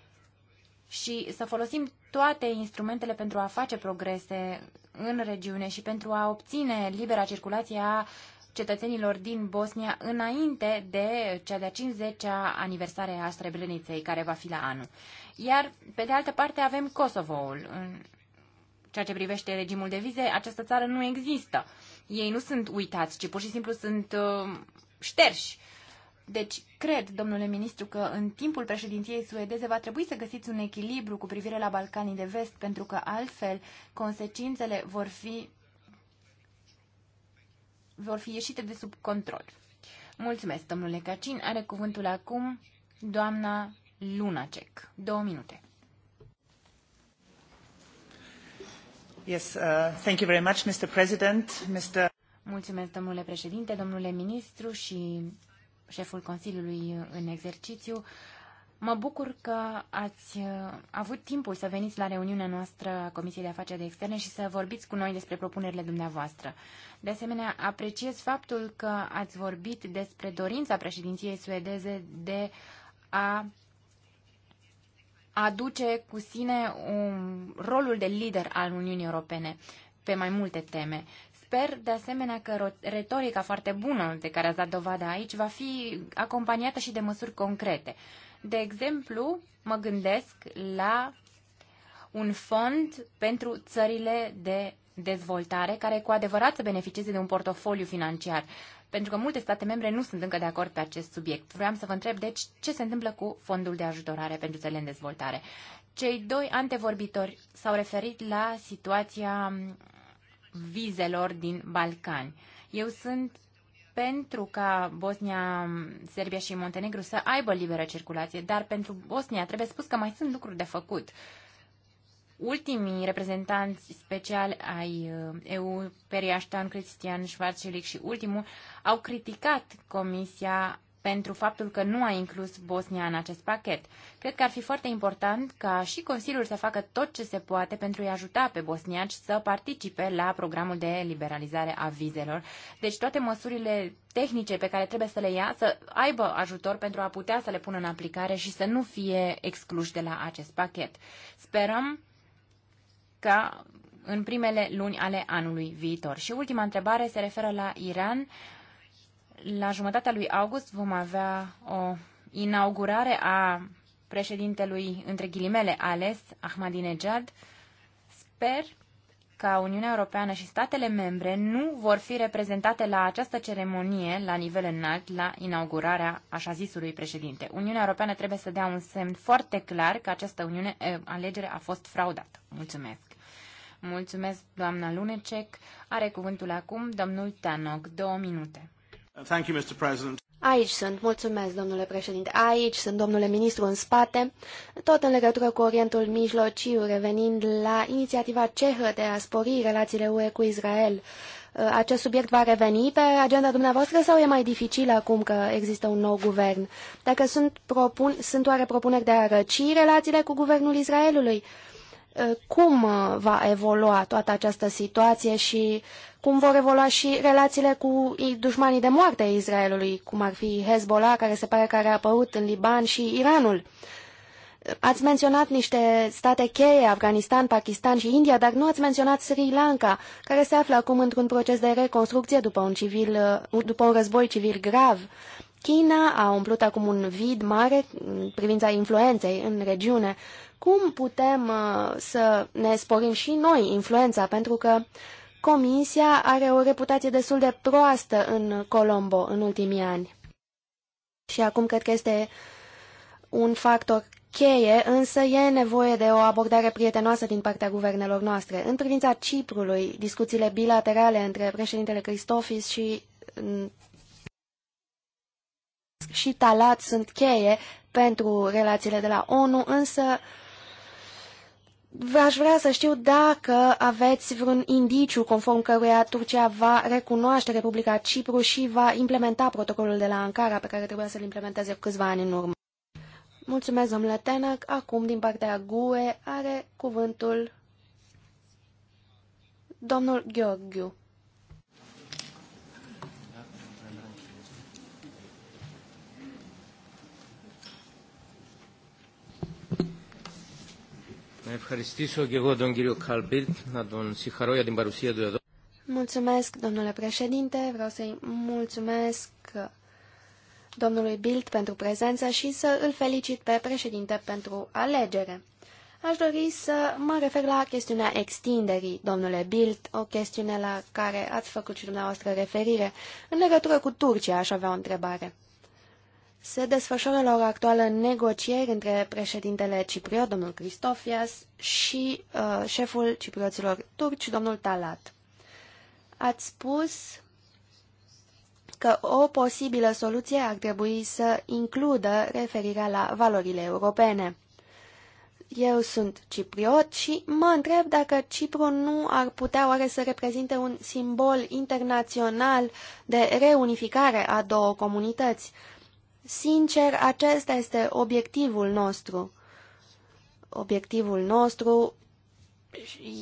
și să folosim toate instrumentele pentru a face progrese în regiune și pentru a obține libera circulație a cetățenilor din Bosnia înainte de cea de-a 50-a aniversare a Srebreniței, care va fi la anul. Iar, pe de altă parte, avem Kosovoul. În ceea ce privește regimul de vize, această țară nu există. Ei nu sunt uitați, ci pur și simplu sunt uh, șterși. Uh, deci, cred, domnule ministru, că în timpul președinției suedeze va trebui să găsiți un echilibru cu privire la Balcanii de Vest, pentru că altfel consecințele vor fi, vor fi ieșite de sub control. Mulțumesc, domnule Cacin. Are cuvântul acum doamna Lunacek. Două minute. Yes, uh, thank you very much, Mr. President. Mr. Mulțumesc, domnule președinte, domnule ministru și șeful Consiliului în exercițiu. Mă bucur că ați uh, avut timpul să veniți la reuniunea noastră a Comisiei de Afaceri de Externe și să vorbiți cu noi despre propunerile dumneavoastră. De asemenea, apreciez faptul că ați vorbit despre dorința președinției suedeze de a aduce cu sine un, rolul de lider al Uniunii Europene pe mai multe teme Sper de asemenea că retorica foarte bună de care ați dat dovadă aici va fi acompaniată și de măsuri concrete. De exemplu, mă gândesc la un fond pentru țările de dezvoltare care cu adevărat să beneficieze de un portofoliu financiar, pentru că multe state membre nu sunt încă de acord pe acest subiect. Vreau să vă întreb, deci, ce se întâmplă cu fondul de ajutorare pentru țările în dezvoltare? Cei doi antevorbitori s-au referit la situația vizelor din Balcani. Eu sunt pentru ca Bosnia, Serbia și Montenegru să aibă liberă circulație, dar pentru Bosnia trebuie spus că mai sunt lucruri de făcut. Ultimii reprezentanți speciali ai uh, EU, Periaștan, Cristian Schwarzschild și ultimul, au criticat Comisia pentru faptul că nu a inclus Bosnia în acest pachet. Cred că ar fi foarte important ca și Consiliul să facă tot ce se poate pentru a-i ajuta pe bosniaci să participe la programul de liberalizare a vizelor. Deci toate măsurile tehnice pe care trebuie să le ia, să aibă ajutor pentru a putea să le pună în aplicare și să nu fie excluși de la acest pachet. Sperăm ca în primele luni ale anului viitor. Și ultima întrebare se referă la Iran. La jumătatea lui august vom avea o inaugurare a președintelui, între ghilimele, ales Ahmadinejad. Sper ca Uniunea Europeană și statele membre nu vor fi reprezentate la această ceremonie la nivel înalt, la inaugurarea așa zisului președinte. Uniunea Europeană trebuie să dea un semn foarte clar că această uniune, alegere a fost fraudată. Mulțumesc! Mulțumesc, doamna Lunecek. Are cuvântul acum domnul Tanog, Două minute. Thank you, Mr. President. Aici sunt, mulțumesc, domnule președinte. Aici sunt, domnule ministru, în spate, tot în legătură cu Orientul Mijlociu, revenind la inițiativa cehă de a spori relațiile UE cu Israel. Uh, acest subiect va reveni pe agenda dumneavoastră sau e mai dificil acum că există un nou guvern? Dacă sunt, propun, sunt oare propuneri de a răci relațiile cu guvernul Israelului? cum uh, va evolua toată această situație și cum vor evolua și relațiile cu dușmanii de moarte a Israelului, cum ar fi Hezbollah, care se pare că are apărut în Liban și Iranul. Ați menționat niște state cheie, Afganistan, Pakistan și India, dar nu ați menționat Sri Lanka, care se află acum într-un proces de reconstrucție după un, civil, uh, după un război civil grav. China a umplut acum un vid mare în privința influenței în regiune cum putem uh, să ne sporim și noi influența? Pentru că Comisia are o reputație destul de proastă în Colombo în ultimii ani. Și acum cred că este un factor cheie, însă e nevoie de o abordare prietenoasă din partea guvernelor noastre. În privința Ciprului, discuțiile bilaterale între președintele Cristofis și mm, și Talat sunt cheie pentru relațiile de la ONU, însă aș vrea să știu dacă aveți vreun indiciu conform căruia Turcia va recunoaște Republica Cipru și va implementa protocolul de la Ankara pe care trebuia să-l implementeze cu câțiva ani în urmă. Mulțumesc, domnule Tenac. Acum, din partea GUE, are cuvântul domnul Gheorghiu. Να ευχαριστήσω και εγώ τον κύριο Καλπίρτ, να τον συγχαρώ για την παρουσία του εδώ. Mulțumesc, domnule președinte, vreau să-i mulțumesc domnului Bild pentru prezență și să îl felicit pe președinte pentru alegere. Aș dori să mă refer la chestiunea extinderii, domnule Bild, o chestiune la care ați făcut și dumneavoastră referire. În legătură cu Turcia aș avea o întrebare. Se desfășoară la ora actuală negocieri între președintele cipriot, domnul Cristofias, și uh, șeful ciprioților turci, domnul Talat. Ați spus că o posibilă soluție ar trebui să includă referirea la valorile europene. Eu sunt cipriot și mă întreb dacă Cipru nu ar putea oare să reprezinte un simbol internațional de reunificare a două comunități, Sincer, acesta este obiectivul nostru. Obiectivul nostru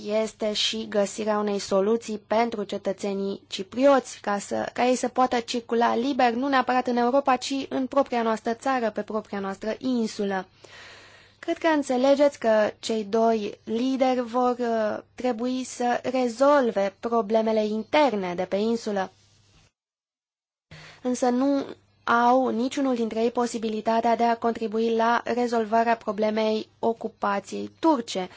este și găsirea unei soluții pentru cetățenii ciprioți, ca, să, ca ei să poată circula liber, nu neapărat în Europa, ci în propria noastră țară, pe propria noastră insulă. Cred că înțelegeți că cei doi lideri vor uh, trebui să rezolve problemele interne de pe insulă. Însă nu au niciunul dintre ei posibilitatea de a contribui la rezolvarea problemei ocupației turce.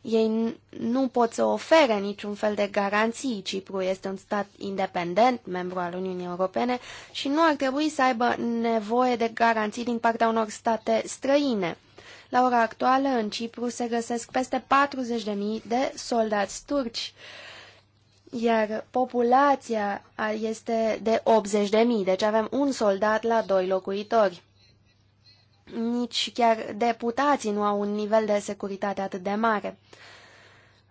Ei nu pot să ofere niciun fel de garanții. Cipru este un stat independent, membru al Uniunii Europene, și nu ar trebui să aibă nevoie de garanții din partea unor state străine. La ora actuală, în Cipru se găsesc peste 40.000 de soldați turci. Uh, iar populația este de 80.000, deci avem un soldat la doi locuitori. Nici chiar deputații nu au un nivel de securitate atât de mare.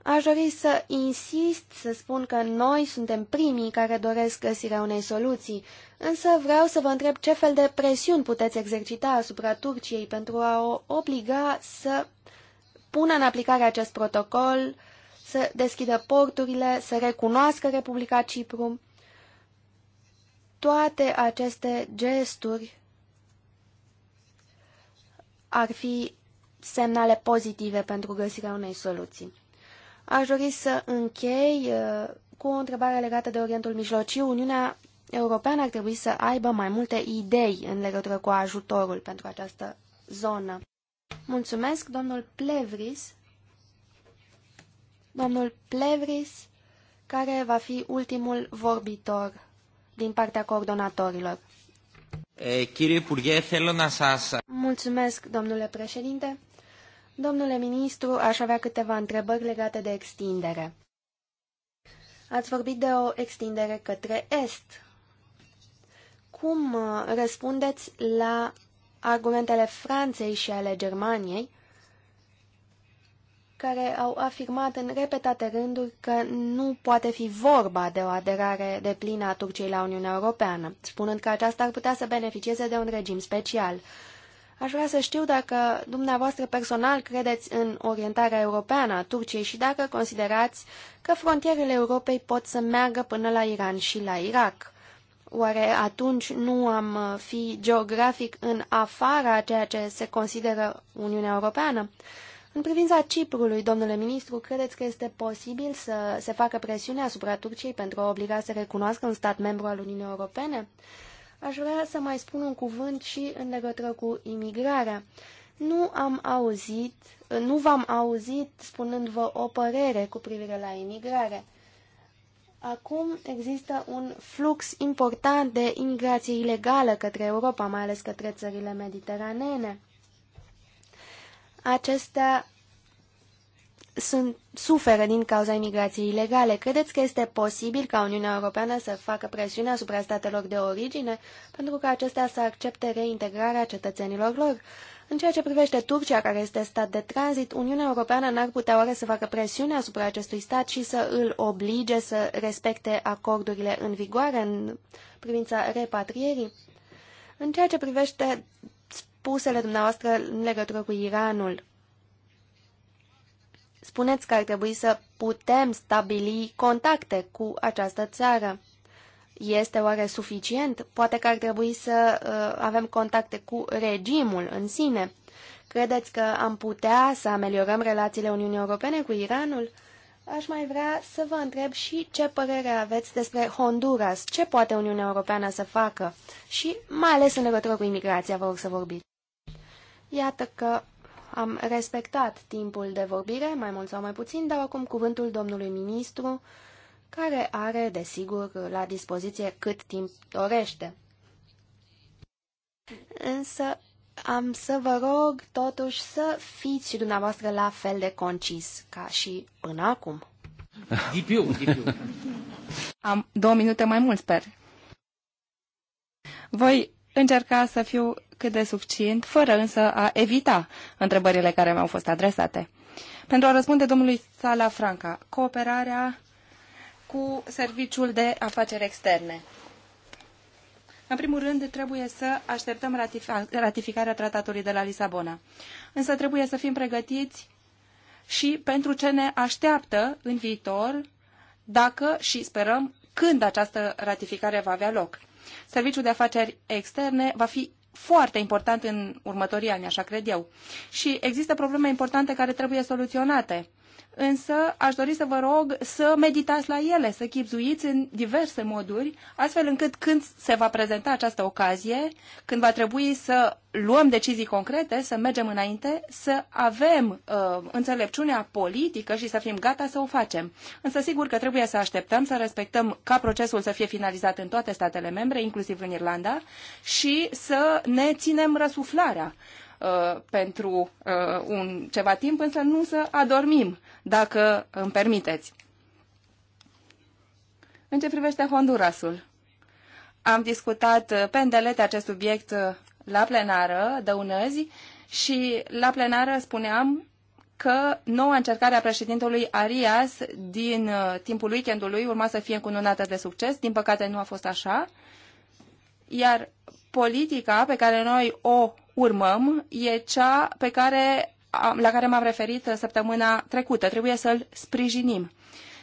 Aș dori să insist să spun că noi suntem primii care doresc găsirea unei soluții, însă vreau să vă întreb ce fel de presiuni puteți exercita asupra Turciei pentru a o obliga să pună în aplicare acest protocol să deschidă porturile, să recunoască Republica Cipru. Toate aceste gesturi ar fi semnale pozitive pentru găsirea unei soluții. Aș dori să închei uh, cu o întrebare legată de Orientul Mijlociu. Uniunea Europeană ar trebui să aibă mai multe idei în legătură cu ajutorul pentru această zonă. Mulțumesc, domnul Plevris domnul Plevris, care va fi ultimul vorbitor din partea coordonatorilor. Eh, Mulțumesc, domnule președinte. Domnule ministru, aș avea câteva întrebări legate de extindere. Ați vorbit de o extindere către Est. Cum uh, răspundeți la argumentele Franței și ale Germaniei care au afirmat în repetate rânduri că nu poate fi vorba de o aderare de plină a Turciei la Uniunea Europeană, spunând că aceasta ar putea să beneficieze de un regim special. Aș vrea să știu dacă dumneavoastră personal credeți în orientarea europeană a Turciei și dacă considerați că frontierele Europei pot să meargă până la Iran și la Irak. Oare atunci nu am fi geografic în afara ceea ce se consideră Uniunea Europeană? În privința Ciprului, domnule ministru, credeți că este posibil să se facă presiune asupra Turciei pentru a obliga să recunoască un stat membru al Uniunii Europene? Aș vrea să mai spun un cuvânt și în legătură cu imigrarea. Nu am auzit, nu v-am auzit spunându-vă o părere cu privire la imigrare. Acum există un flux important de imigrație ilegală către Europa, mai ales către țările mediteranene acestea sunt, suferă din cauza imigrației ilegale. Credeți că este posibil ca Uniunea Europeană să facă presiune asupra statelor de origine pentru ca acestea să accepte reintegrarea cetățenilor lor? În ceea ce privește Turcia, care este stat de tranzit, Uniunea Europeană n-ar putea oare să facă presiune asupra acestui stat și să îl oblige să respecte acordurile în vigoare în privința repatrierii? În ceea ce privește spusele dumneavoastră în legătură cu Iranul. Spuneți că ar trebui să putem stabili contacte cu această țară. Este oare suficient? Poate că ar trebui să uh, avem contacte cu regimul în sine. Credeți că am putea să ameliorăm relațiile Uniunii Europene cu Iranul? Aș mai vrea să vă întreb și ce părere aveți despre Honduras, ce poate Uniunea Europeană să facă și mai ales în legătură cu imigrația, vă rog să vorbiți. Iată că am respectat timpul de vorbire, mai mult sau mai puțin, dar acum cuvântul domnului ministru, care are, desigur, la dispoziție cât timp dorește. Însă am să vă rog totuși să fiți și dumneavoastră la fel de concis ca și până acum. Dipiu, dipiu. Am două minute mai mult, sper. Voi încerca să fiu cât de succint, fără însă a evita întrebările care mi-au fost adresate. Pentru a răspunde domnului Sala Franca, cooperarea cu Serviciul de Afaceri Externe. În primul rând, trebuie să așteptăm ratificarea tratatului de la Lisabona. Însă trebuie să fim pregătiți și pentru ce ne așteaptă în viitor, dacă și sperăm când această ratificare va avea loc. Serviciul de afaceri externe va fi foarte important în următorii ani, așa cred eu. Și există probleme importante care trebuie soluționate însă aș dori să vă rog să meditați la ele, să chipzuiți în diverse moduri, astfel încât când se va prezenta această ocazie, când va trebui să luăm decizii concrete, să mergem înainte, să avem uh, înțelepciunea politică și să fim gata să o facem. Însă sigur că trebuie să așteptăm, să respectăm ca procesul să fie finalizat în toate statele membre, inclusiv în Irlanda, și să ne ținem răsuflarea. Uh, pentru uh, un, ceva timp, însă nu să adormim, dacă îmi permiteți. În ce privește Hondurasul, am discutat uh, pe îndelete acest subiect la plenară, dăunăzi, și la plenară spuneam că noua încercare a președintelui Arias din timpul weekendului urma să fie încununată de succes. Din păcate nu a fost așa. Iar politica pe care noi o urmăm e cea pe care, la care m-am referit săptămâna trecută. Trebuie să-l sprijinim.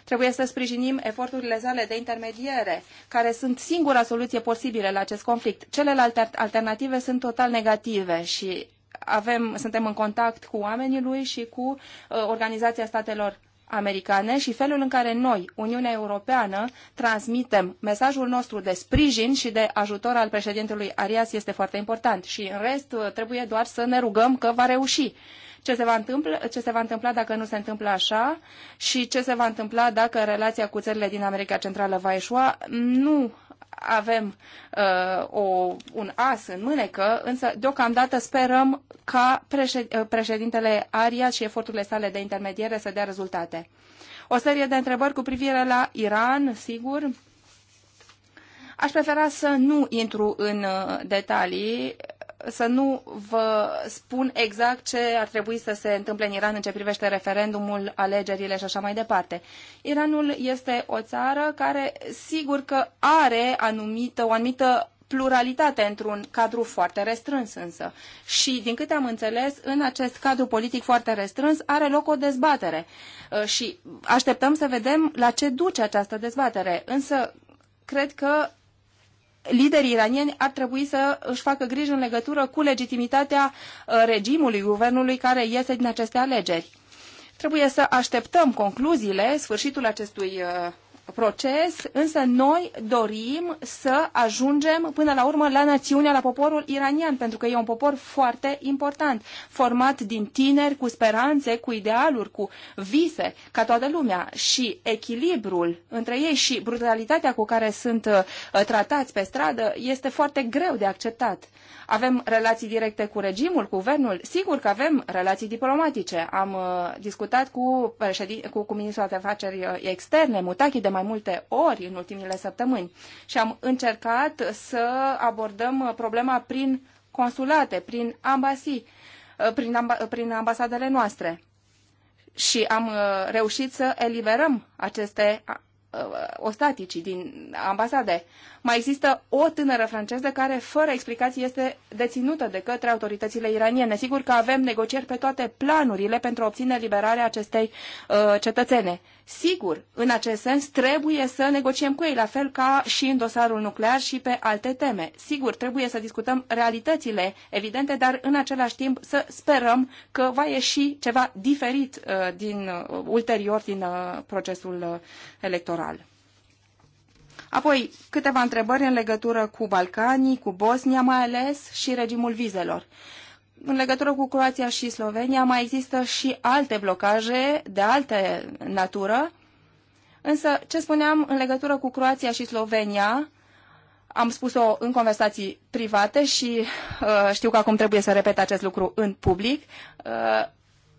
Trebuie să sprijinim eforturile sale de intermediere, care sunt singura soluție posibilă la acest conflict. Celelalte alternative sunt total negative și avem, suntem în contact cu oamenii lui și cu uh, Organizația Statelor americane și felul în care noi, Uniunea Europeană, transmitem mesajul nostru de sprijin și de ajutor al președintelui Arias este foarte important și în rest trebuie doar să ne rugăm că va reuși. Ce se, va întâmpla, ce se va întâmpla dacă nu se întâmplă așa și ce se va întâmpla dacă relația cu țările din America Centrală va eșua, nu avem uh, o, un as în mânecă, însă deocamdată sperăm ca uh, președintele Arias și eforturile sale de intermediere să dea rezultate. O serie de întrebări cu privire la Iran, sigur. Aș prefera să nu intru în uh, detalii să nu vă spun exact ce ar trebui să se întâmple în Iran în ce privește referendumul, alegerile și așa mai departe. Iranul este o țară care sigur că are anumită, o anumită pluralitate într-un cadru foarte restrâns însă. Și, din câte am înțeles, în acest cadru politic foarte restrâns are loc o dezbatere. Uh, și așteptăm să vedem la ce duce această dezbatere. Însă, cred că liderii iranieni ar trebui să își facă griji în legătură cu legitimitatea uh, regimului, guvernului care iese din aceste alegeri. Trebuie să așteptăm concluziile, sfârșitul acestui uh, proces, însă noi dorim să ajungem până la urmă la națiunea, la poporul iranian, pentru că e un popor foarte important, format din tineri cu speranțe, cu idealuri, cu vise, ca toată lumea. Și echilibrul între ei și brutalitatea cu care sunt uh, tratați pe stradă este foarte greu de acceptat. Avem relații directe cu regimul, cu guvernul? Sigur că avem relații diplomatice. Am uh, discutat cu, președin, cu, cu ministrul de afaceri uh, externe, Mutachi, de mai multe ori în ultimile săptămâni și am încercat să abordăm uh, problema prin consulate, prin ambasii, prin, amb- prin ambasadele noastre. Și am reușit să eliberăm aceste ostaticii din ambasade mai există o tânără franceză care, fără explicații, este deținută de către autoritățile iraniene. Sigur că avem negocieri pe toate planurile pentru a obține liberarea acestei uh, cetățene. Sigur, în acest sens, trebuie să negociem cu ei, la fel ca și în dosarul nuclear și pe alte teme. Sigur, trebuie să discutăm realitățile evidente, dar în același timp să sperăm că va ieși ceva diferit uh, din, uh, ulterior din uh, procesul uh, electoral. Apoi, câteva întrebări în legătură cu Balcanii, cu Bosnia mai ales și regimul vizelor. În legătură cu Croația și Slovenia mai există și alte blocaje de altă natură, însă ce spuneam în legătură cu Croația și Slovenia, am spus-o în conversații private și uh, știu că acum trebuie să repet acest lucru în public, uh,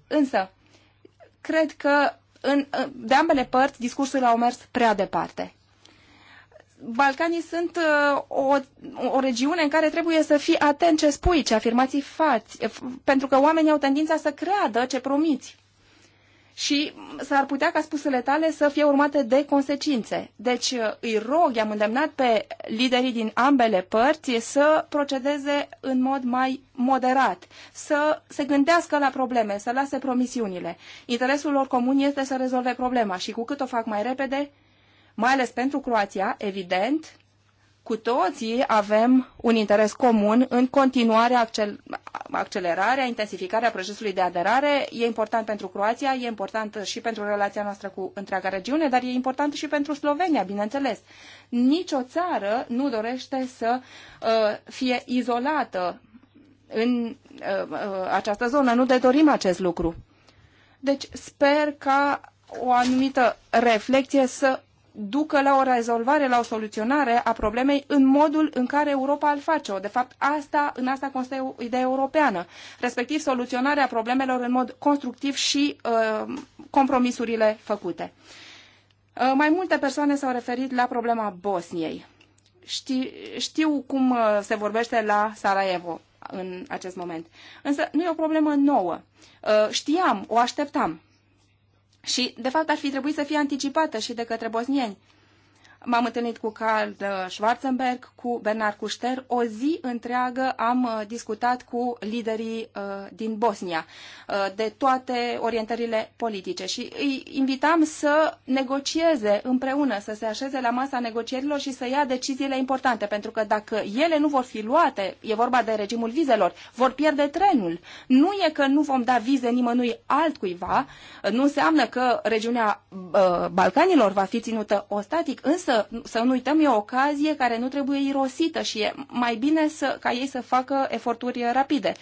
însă cred că în, de ambele părți discursul au mers prea departe. Balcanii sunt uh, o, o regiune în care trebuie să fii atent ce spui, ce afirmații faci, pentru că oamenii au tendința să creadă ce promiți. Și s-ar putea ca spusele tale să fie urmate de consecințe. Deci uh, îi rog, i-am îndemnat pe liderii din ambele părți să procedeze în mod mai moderat, să se gândească la probleme, să lase promisiunile. Interesul lor comun este să rezolve problema și cu cât o fac mai repede, mai ales pentru Croația, evident, cu toții avem un interes comun în continuarea, accel, accelerarea, intensificarea procesului de aderare. E important pentru Croația, e important și pentru relația noastră cu întreaga regiune, dar e important și pentru Slovenia, bineînțeles. Nici o țară nu dorește să uh, fie izolată în uh, uh, această zonă. Nu de dorim acest lucru. Deci sper ca o anumită reflexie să ducă la o rezolvare, la o soluționare a problemei în modul în care Europa îl face-o. De fapt, asta, în asta constă ideea europeană, respectiv soluționarea problemelor în mod constructiv și uh, compromisurile făcute. Uh, mai multe persoane s-au referit la problema Bosniei. Ști, știu cum uh, se vorbește la Sarajevo în acest moment. Însă nu e o problemă nouă. Uh, știam, o așteptam și, de fapt, ar fi trebuit să fie anticipată și de către bosnieni. M-am întâlnit cu Karl Schwarzenberg, cu Bernard Cușter. O zi întreagă am uh, discutat cu liderii uh, din Bosnia uh, de toate orientările politice și îi invitam să negocieze împreună, să se așeze la masa negocierilor și să ia deciziile importante, pentru că dacă ele nu vor fi luate, e vorba de regimul vizelor, vor pierde trenul. Nu e că nu vom da vize nimănui altcuiva, nu înseamnă că regiunea Balcanilor va fi ținută ostatic, însă să nu uităm, e o ocazie care nu trebuie irosită și e mai bine să, ca ei să facă eforturi rapide.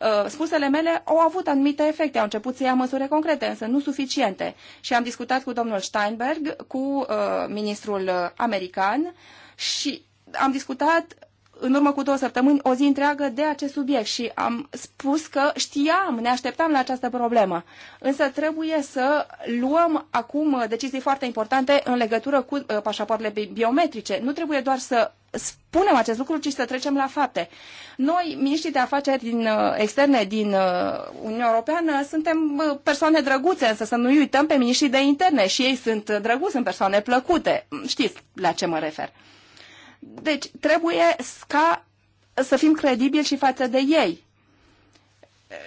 Uh, spusele mele au avut anumite efecte, au început să ia măsuri concrete, însă nu suficiente. Și am discutat cu domnul Steinberg, cu uh, ministrul american și am discutat în urmă cu două săptămâni o zi întreagă de acest subiect și am spus că știam, ne așteptam la această problemă. Însă trebuie să luăm acum decizii foarte importante în legătură cu uh, pașapoartele biometrice. Nu trebuie doar să spunem acest lucru, ci să trecem la fapte. Noi, miniștrii de afaceri din, uh, externe din uh, Uniunea Europeană, suntem persoane drăguțe, însă să nu uităm pe miniștrii de interne și ei sunt drăguți, sunt persoane plăcute. Știți la ce mă refer. Deci trebuie ca să fim credibili și față de ei.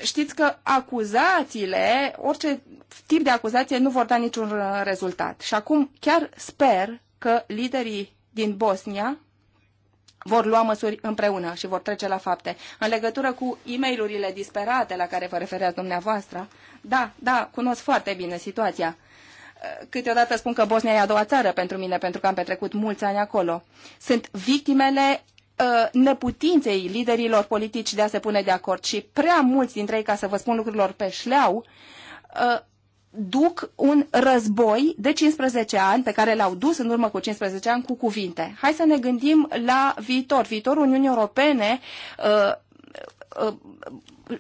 Știți că acuzațiile, orice tip de acuzație nu vor da niciun rezultat. Și acum chiar sper că liderii din Bosnia vor lua măsuri împreună și vor trece la fapte. În legătură cu e mail disperate la care vă refereați dumneavoastră, da, da, cunosc foarte bine situația câteodată spun că Bosnia e a doua țară pentru mine, pentru că am petrecut mulți ani acolo. Sunt victimele uh, neputinței liderilor politici de a se pune de acord și prea mulți dintre ei, ca să vă spun lucrurilor pe șleau, uh, duc un război de 15 ani pe care l-au dus în urmă cu 15 ani cu cuvinte. Hai să ne gândim la viitor, viitorul Uniunii Europene uh,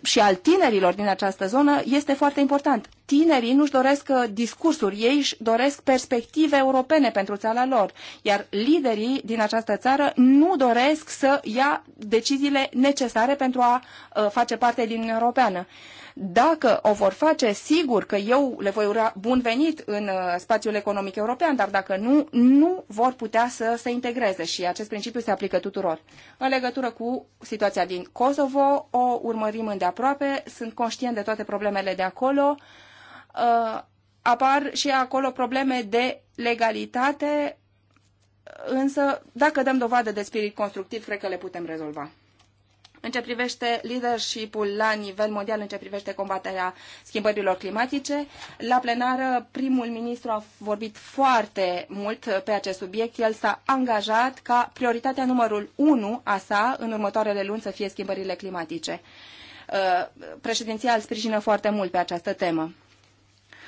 și al tinerilor din această zonă este foarte important. Tinerii nu-și doresc uh, discursuri, ei își doresc perspective europene pentru țara lor, iar liderii din această țară nu doresc să ia deciziile necesare pentru a uh, face parte din Europeană. Dacă o vor face, sigur că eu le voi ura bun venit în uh, spațiul economic european, dar dacă nu, nu vor putea să se integreze și acest principiu se aplică tuturor. În legătură cu situația din Kosovo, o urmărim îndeaproape, sunt conștient de toate problemele de acolo. Uh, apar și acolo probleme de legalitate, însă dacă dăm dovadă de spirit constructiv, cred că le putem rezolva în ce privește leadership-ul la nivel mondial, în ce privește combaterea schimbărilor climatice. La plenară, primul ministru a vorbit foarte mult pe acest subiect. El s-a angajat ca prioritatea numărul 1 a sa în următoarele luni să fie schimbările climatice. Uh, președinția îl sprijină foarte mult pe această temă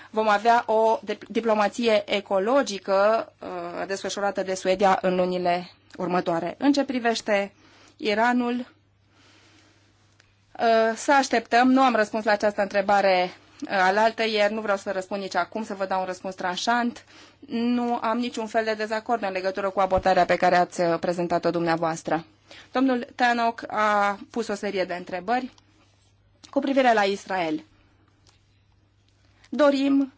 vom avea o diplomație ecologică uh, desfășurată de Suedia în lunile următoare. În ce privește Iranul, Uh, să așteptăm. Nu am răspuns la această întrebare uh, alaltă ieri, nu vreau să răspund nici acum, să vă dau un răspuns tranșant. Nu am niciun fel de dezacord în legătură cu abordarea pe care ați uh, prezentat-o dumneavoastră. Domnul Tanoc a pus o serie de întrebări cu privire la Israel. Dorim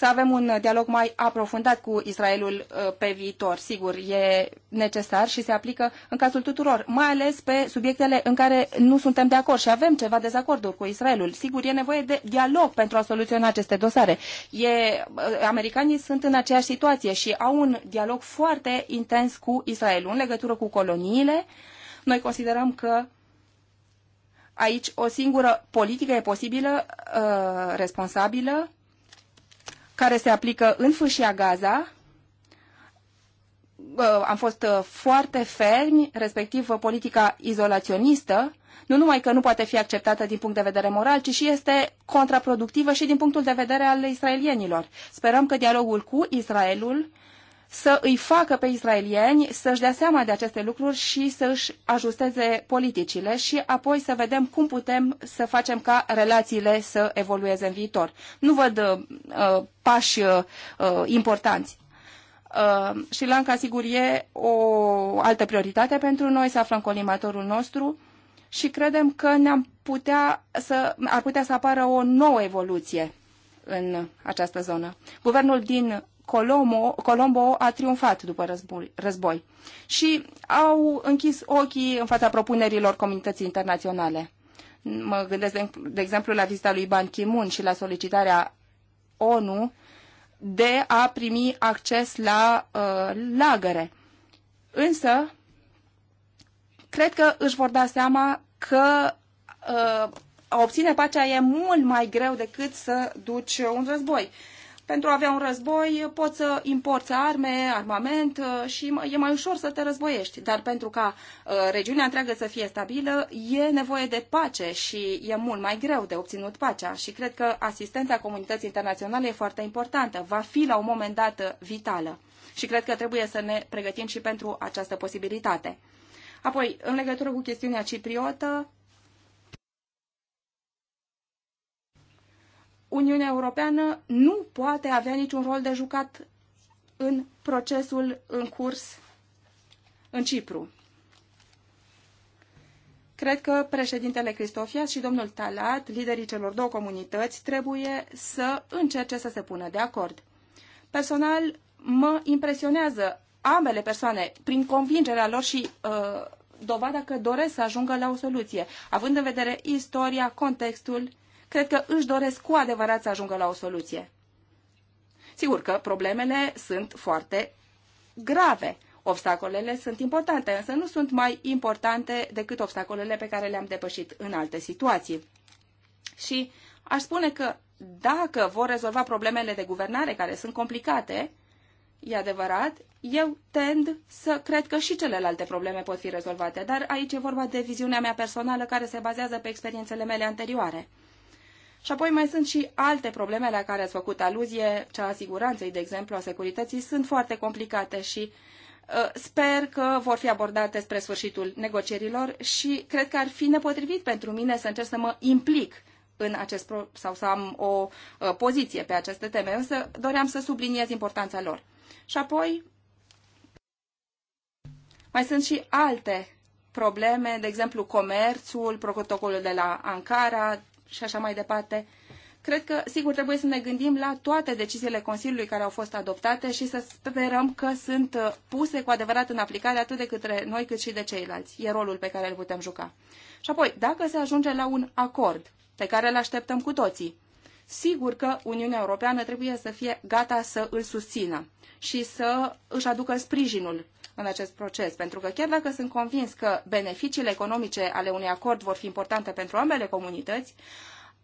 să avem un dialog mai aprofundat cu Israelul uh, pe viitor. Sigur, e necesar și se aplică în cazul tuturor, mai ales pe subiectele în care nu suntem de acord și avem ceva dezacorduri cu Israelul. Sigur, e nevoie de dialog pentru a soluționa aceste dosare. E, uh, americanii sunt în aceeași situație și au un dialog foarte intens cu Israelul în legătură cu coloniile. Noi considerăm că aici o singură politică e posibilă, uh, responsabilă, care se aplică în fâșia Gaza. Am fost uh, foarte fermi, respectiv uh, politica izolaționistă, nu numai că nu poate fi acceptată din punct de vedere moral, ci și este contraproductivă și din punctul de vedere al israelienilor. Sperăm că dialogul cu Israelul să îi facă pe israelieni să-și dea seama de aceste lucruri și să-și ajusteze politicile și apoi să vedem cum putem să facem ca relațiile să evolueze în viitor. Nu văd uh, pași uh, uh importanți. Uh, Sri Lanka, sigur, e o altă prioritate pentru noi, să aflăm colimatorul nostru și credem că ne-am putea să, ar putea să apară o nouă evoluție în această zonă. Guvernul din Colombo, Colombo a triumfat după război, război și au închis ochii în fața propunerilor comunității internaționale. Mă gândesc, de, de exemplu, la vizita lui Ban Ki-moon și la solicitarea ONU de a primi acces la uh, lagăre. Însă, cred că își vor da seama că uh, a obține pacea e mult mai greu decât să duci un război. Uh, pentru a avea un război poți să importi arme, armament uh, și e mai ușor să te războiești. Dar pentru ca uh, regiunea întreagă să fie stabilă, e nevoie de pace și e mult mai greu de obținut pacea. Și cred că asistența comunității internaționale e foarte importantă. Va fi la un moment dat uh, vitală. Și cred că trebuie să ne pregătim și pentru această posibilitate. Apoi, în legătură cu chestiunea cipriotă, Uniunea Europeană nu poate avea niciun rol de jucat în procesul în curs în Cipru. Cred că președintele Cristofias și domnul Talat, liderii celor două comunități, trebuie să încerce să se pună de acord. Personal, mă impresionează ambele persoane prin convingerea lor și uh, dovada că doresc să ajungă la o soluție, având în vedere istoria, contextul cred că își doresc cu adevărat să ajungă la o soluție. Sigur că problemele sunt foarte grave. Obstacolele sunt importante, însă nu sunt mai importante decât obstacolele pe care le-am depășit în alte situații. Și aș spune că dacă vor rezolva problemele de guvernare, care sunt complicate, e adevărat, eu tend să cred că și celelalte probleme pot fi rezolvate, dar aici e vorba de viziunea mea personală care se bazează pe experiențele mele anterioare. Și apoi mai sunt și alte probleme la care ați făcut aluzie, cea a siguranței, de exemplu, a securității, sunt foarte complicate și uh, sper că vor fi abordate spre sfârșitul negocierilor și cred că ar fi nepotrivit pentru mine să încerc să mă implic în acest pro- sau să am o uh, poziție pe aceste teme, însă doream să subliniez importanța lor. Și apoi mai sunt și alte probleme, de exemplu comerțul, protocolul de la Ankara, și așa mai departe. Cred că, sigur, trebuie să ne gândim la toate deciziile Consiliului care au fost adoptate și să sperăm că sunt uh, puse cu adevărat în aplicare atât de către noi cât și de ceilalți. E rolul pe care îl putem juca. Și apoi, dacă se ajunge la un acord pe care îl așteptăm cu toții, sigur că Uniunea Europeană trebuie să fie gata să îl susțină și să își aducă sprijinul în acest proces, pentru că chiar dacă sunt convins că beneficiile economice ale unui acord vor fi importante pentru ambele comunități,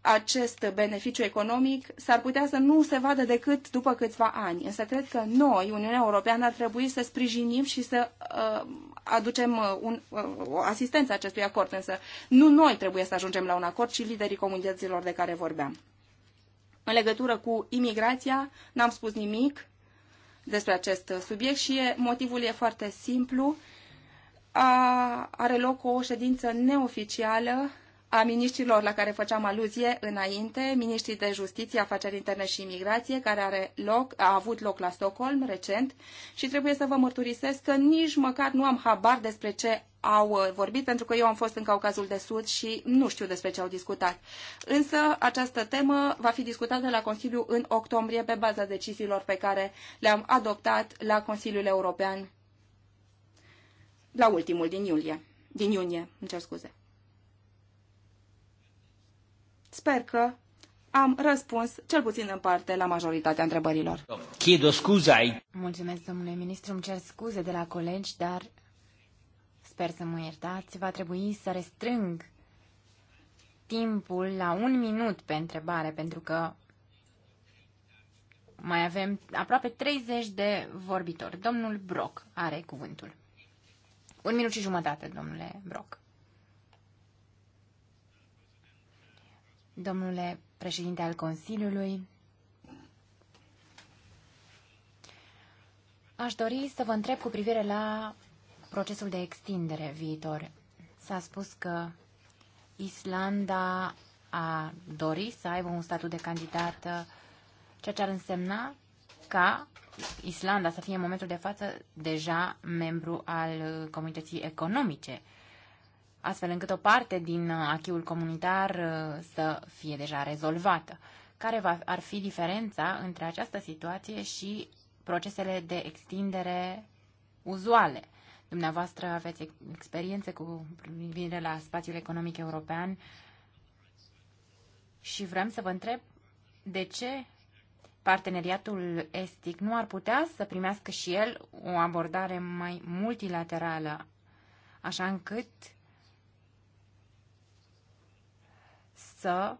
acest beneficiu economic s-ar putea să nu se vadă decât după câțiva ani. Însă cred că noi, Uniunea Europeană, ar trebui să sprijinim și să uh, aducem uh, un, uh, o asistență acestui acord. Însă nu noi trebuie să ajungem la un acord, ci liderii comunităților de care vorbeam. În legătură cu imigrația, n-am spus nimic despre acest subiect și e, motivul e foarte simplu. A, are loc o ședință neoficială a miniștrilor la care făceam aluzie înainte, miniștrii de justiție, afaceri interne și imigrație, care are loc, a avut loc la Stockholm recent și trebuie să vă mărturisesc că nici măcar nu am habar despre ce au uh, vorbit, pentru că eu am fost în Caucazul de Sud și nu știu despre ce au discutat. Însă această temă va fi discutată la Consiliu în octombrie pe baza deciziilor pe care le-am adoptat la Consiliul European la ultimul din iulie. Din iunie, îmi cer scuze. Sper că am răspuns, cel puțin în parte, la majoritatea întrebărilor. Chiedo scuzai. Mulțumesc, domnule ministru, îmi cer scuze de la colegi, dar sper să mă iertați, va trebui să restrâng timpul la un minut pe întrebare, pentru că mai avem aproape 30 de vorbitori. Domnul Brock are cuvântul. Un minut și jumătate, domnule Brock. Domnule președinte al Consiliului, aș dori să vă întreb cu privire la procesul de extindere viitor. S-a spus că Islanda a dori să aibă un statut de candidat. ceea ce ar însemna ca Islanda să fie în momentul de față deja membru al comunității economice, astfel încât o parte din achiul comunitar uh, să fie deja rezolvată. Care va, ar fi diferența între această situație și procesele de extindere uzuale? Dumneavoastră aveți experiențe cu privire la spațiul economic european și vrem să vă întreb de ce parteneriatul estic nu ar putea să primească și el o abordare mai multilaterală, așa încât să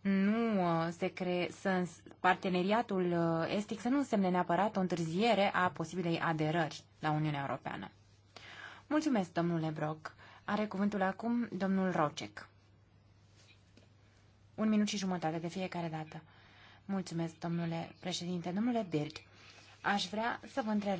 nu uh, se cree, să parteneriatul uh, estic să nu însemne neapărat o întârziere a posibilei aderări la Uniunea Europeană. Mulțumesc, domnule Brock. Are cuvântul acum domnul Rocek. Un minut și jumătate de fiecare dată. Mulțumesc, domnule președinte. Domnule Bird, aș vrea să vă întreb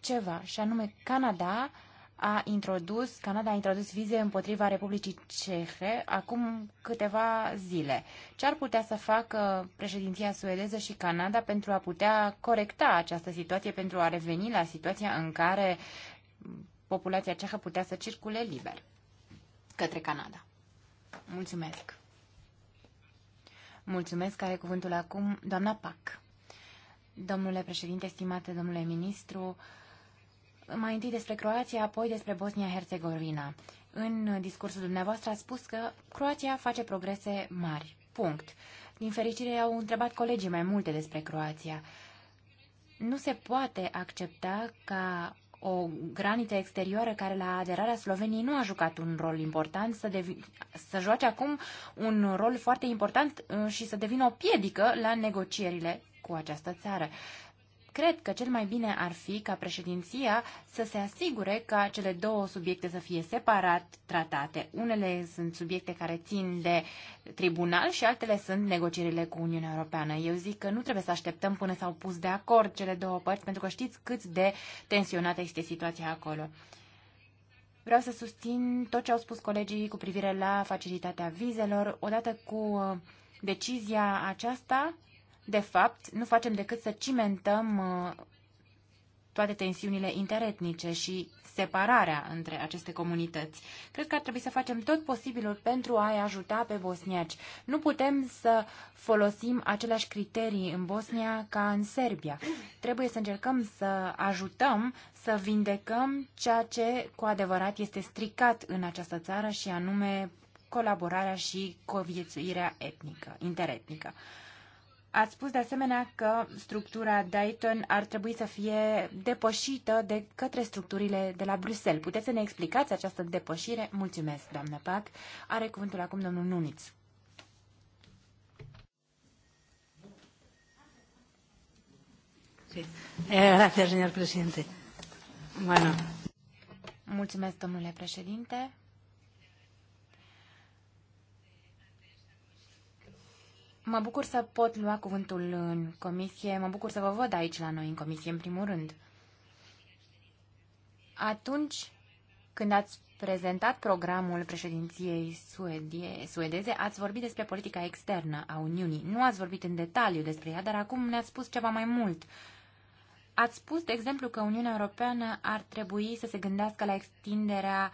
ceva, și anume Canada a introdus, Canada a introdus vize împotriva Republicii Cehe acum câteva zile. Ce ar putea să facă președinția suedeză și Canada pentru a putea corecta această situație, pentru a reveni la situația în care populația cehă putea să circule liber către Canada. Mulțumesc! Mulțumesc, are cuvântul acum doamna Pac. Domnule președinte, stimate domnule ministru, mai întâi despre Croația, apoi despre Bosnia-Herzegovina. În discursul dumneavoastră a spus că Croația face progrese mari. Punct. Din fericire, au întrebat colegii mai multe despre Croația. Nu se poate accepta ca o graniță exterioară care la aderarea Sloveniei nu a jucat un rol important, să, devi- să joace acum un rol foarte important uh, și să devină o piedică la negocierile cu această țară. Cred că cel mai bine ar fi ca președinția să se asigure ca cele două subiecte să fie separat tratate. Unele sunt subiecte care țin de tribunal și altele sunt negocierile cu Uniunea Europeană. Eu zic că nu trebuie să așteptăm până s-au pus de acord cele două părți, pentru că știți cât de tensionată este situația acolo. Vreau să susțin tot ce au spus colegii cu privire la facilitatea vizelor. Odată cu uh, decizia aceasta, de fapt, nu facem decât să cimentăm uh, toate tensiunile interetnice și separarea între aceste comunități. Cred că ar trebui să facem tot posibilul pentru a-i ajuta pe bosniaci. Nu putem să folosim aceleași criterii în Bosnia ca în Serbia. Trebuie să încercăm să ajutăm să vindecăm ceea ce cu adevărat este stricat în această țară și anume colaborarea și coviețuirea etnică, interetnică. Ați spus de asemenea că structura Dayton ar trebui să fie depășită de către structurile de la Bruxelles. Puteți să ne explicați această depășire? Mulțumesc, doamnă Pac. Are cuvântul acum domnul Nuniț. Eh, Mulțumesc, domnule președinte. Mă bucur să pot lua cuvântul în comisie, mă bucur să vă văd aici la noi în comisie, în primul rând. Atunci când ați prezentat programul președinției suedie, suedeze, ați vorbit despre politica externă a Uniunii. Nu ați vorbit în detaliu despre ea, dar acum ne-ați spus ceva mai mult. Ați spus, de exemplu, că Uniunea Europeană ar trebui să se gândească la extinderea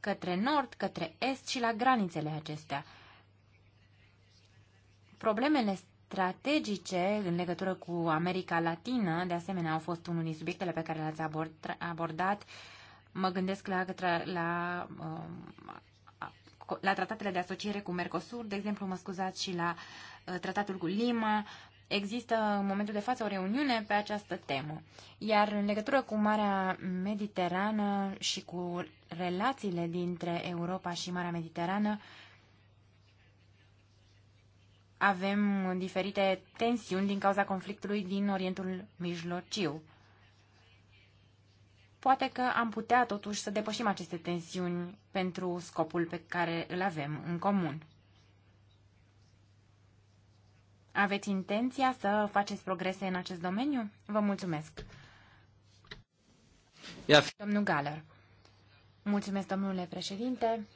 către nord, către est și la granițele acestea. Problemele strategice în legătură cu America Latină, de asemenea, au fost unul din subiectele pe care le-ați abordat. Mă gândesc la, la, um, la tratatele de asociere cu Mercosur, de exemplu, mă scuzați, și la uh, tratatul cu Lima. Există în momentul de față o reuniune pe această temă. Iar în legătură cu Marea Mediterană și cu relațiile dintre Europa și Marea Mediterană, avem diferite tensiuni din cauza conflictului din Orientul Mijlociu. Poate că am putea totuși să depășim aceste tensiuni pentru scopul pe care îl avem în comun. Aveți intenția să faceți progrese în acest domeniu? Vă mulțumesc. Domnul Galler. Mulțumesc, domnule președinte.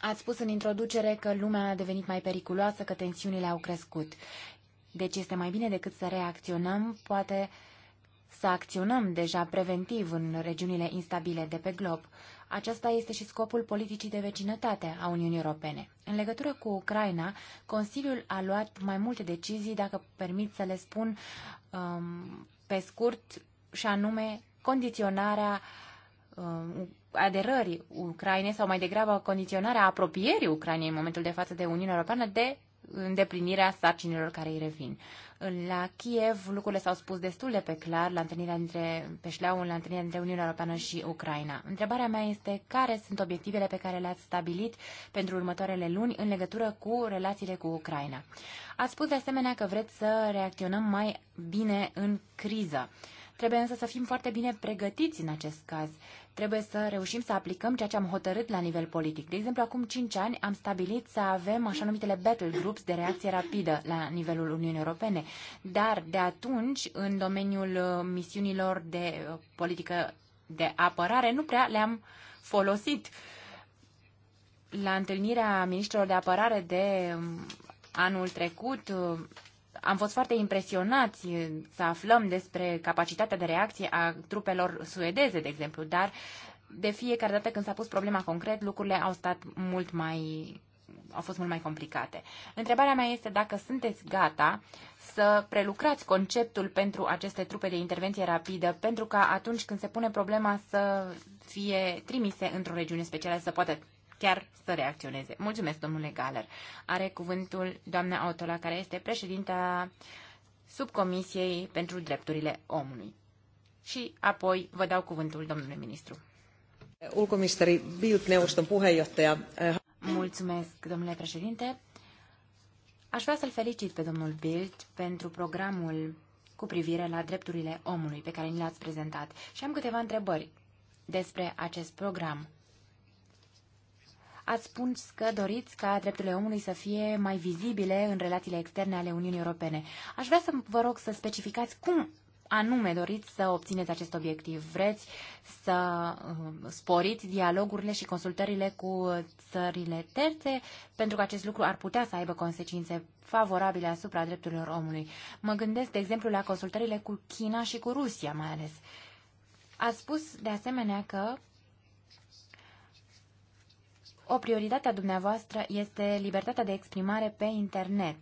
Ați spus în introducere că lumea a devenit mai periculoasă, că tensiunile au crescut. Deci este mai bine decât să reacționăm, poate să acționăm deja preventiv în regiunile instabile de pe glob. Aceasta este și scopul politicii de vecinătate a Uniunii Europene. În legătură cu Ucraina, Consiliul a luat mai multe decizii, dacă permit să le spun um, pe scurt, și anume condiționarea um, aderării Ucrainei sau mai degrabă condiționarea apropierii Ucrainei în momentul de față de Uniunea Europeană de îndeplinirea sarcinilor care îi revin. La Kiev lucrurile s-au spus destul de pe clar la întâlnirea între Peșleaul, la întâlnirea între Uniunea Europeană și Ucraina. Întrebarea mea este care sunt obiectivele pe care le-ați stabilit pentru următoarele luni în legătură cu relațiile cu Ucraina. Ați spus de asemenea că vreți să reacționăm mai bine în criză. Uh, Trebuie însă să fim foarte bine pregătiți în acest caz. Trebuie să reușim să aplicăm ceea ce am hotărât la nivel politic. De exemplu, acum 5 ani am stabilit să avem așa numitele battle groups de reacție rapidă la nivelul Uniunii Europene, dar de atunci, în domeniul uh, misiunilor de uh, politică de apărare, nu prea le-am folosit. La întâlnirea ministrilor de apărare de um, anul trecut, uh, am fost foarte impresionați eh, să aflăm despre capacitatea de reacție a trupelor suedeze, de exemplu, dar de fiecare dată când s-a pus problema concret, lucrurile au stat mult mai au fost mult mai complicate. Întrebarea mea este dacă sunteți gata să prelucrați conceptul pentru aceste trupe de intervenție rapidă, pentru ca atunci când se pune problema să fie trimise într-o regiune specială, să poată chiar să reacționeze. Mulțumesc, domnule Galer. Are cuvântul doamna Autola, care este președinta subcomisiei pentru drepturile omului. Și apoi vă dau cuvântul, domnului ministru. Ulcoministeri Bild, neuvoston puheenjohtaja. Eh, Mulțumesc, domnule președinte. Aș vrea să-l felicit pe domnul Bild pentru programul cu privire la drepturile omului pe care ni l-ați prezentat și am câteva întrebări despre acest program. Ați spus că doriți ca drepturile omului să fie mai vizibile în relațiile externe ale Uniunii Europene. Aș vrea să vă rog să specificați cum anume doriți să obțineți acest obiectiv? Vreți să um, sporiți dialogurile și consultările cu țările terțe? Pentru că acest lucru ar putea să aibă consecințe favorabile asupra drepturilor omului. Mă gândesc, de exemplu, la consultările cu China și cu Rusia, mai ales. Ați spus, de asemenea, că o prioritate a dumneavoastră este libertatea de exprimare pe internet.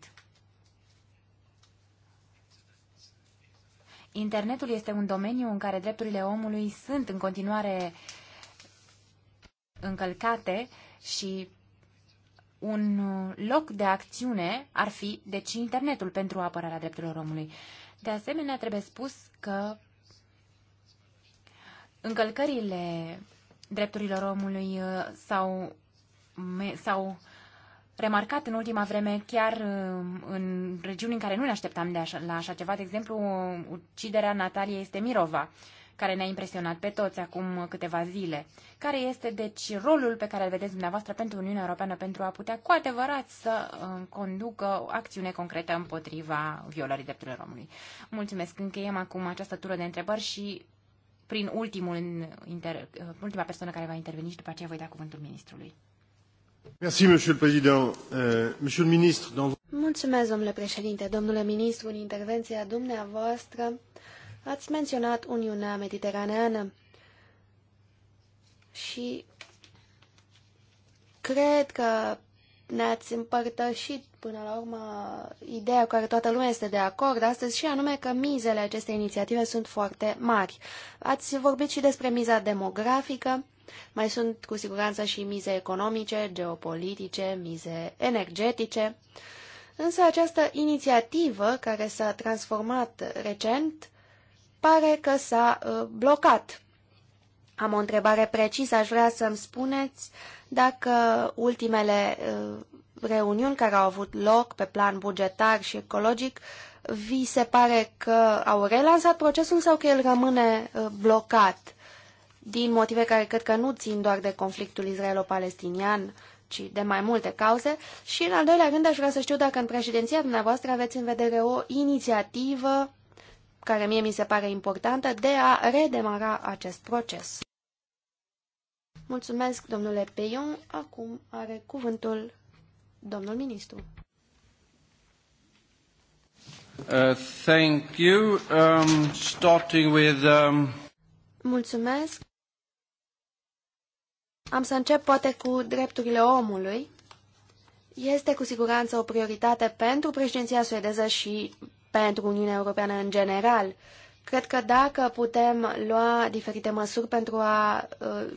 Internetul este un domeniu în care drepturile omului sunt în continuare încălcate și un loc de acțiune ar fi, deci, internetul pentru apărarea drepturilor omului. De asemenea, trebuie spus că încălcările drepturilor omului uh, s-au s-au remarcat în ultima vreme chiar um, în regiuni în care nu ne așteptam de așa, la așa ceva. De exemplu, uciderea Nataliei Stemirova, care ne-a impresionat pe toți acum câteva zile. Care este, deci, rolul pe care îl vedeți dumneavoastră pentru Uniunea Europeană pentru a putea cu adevărat să um, conducă o acțiune concretă împotriva violării drepturilor omului? Mulțumesc. Încheiem acum această tură de întrebări și prin ultimul inter... Uh, ultima persoană care va interveni și după aceea voi da cuvântul ministrului. Euh, Mulțumesc, domnule președinte. Domnule ministru, în intervenția dumneavoastră ați menționat Uniunea Mediteraneană și cred că ne-ați împărtășit până la urmă ideea cu care toată lumea este de acord astăzi și anume că mizele acestei inițiative sunt foarte mari. Ați vorbit și despre miza demografică mai sunt cu siguranță și mize economice, geopolitice, mize energetice, însă această inițiativă care s-a transformat recent pare că s-a uh, blocat. Am o întrebare precisă, aș vrea să-mi spuneți dacă ultimele uh, reuniuni care au avut loc pe plan bugetar și ecologic, vi se pare că au relansat procesul sau că el rămâne uh, blocat? din motive care cred că nu țin doar de conflictul israelo-palestinian, ci de mai multe cauze. Și în al doilea rând aș vrea să știu dacă în președinția dumneavoastră aveți în vedere o inițiativă care mie mi se pare importantă, de a redemara acest proces. Mulțumesc, domnule Peion. Acum are cuvântul domnul ministru. Uh, thank you. Um, starting with, um... Mulțumesc. Am să încep poate cu drepturile omului. Este cu siguranță o prioritate pentru președinția suedeză și pentru Uniunea Europeană în general. Cred că dacă putem lua diferite măsuri pentru a uh,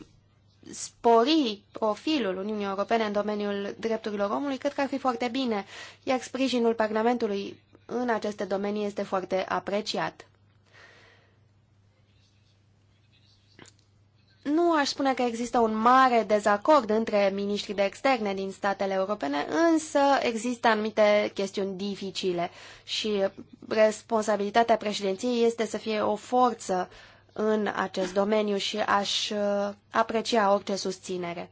spori profilul Uniunii Europene în domeniul drepturilor omului, cred că ar fi foarte bine, iar sprijinul Parlamentului în aceste domenii este foarte apreciat. Nu aș spune că există un mare dezacord între miniștrii de externe din statele europene, însă există anumite chestiuni dificile și responsabilitatea președinției este să fie o forță în acest domeniu și aș uh, aprecia orice susținere.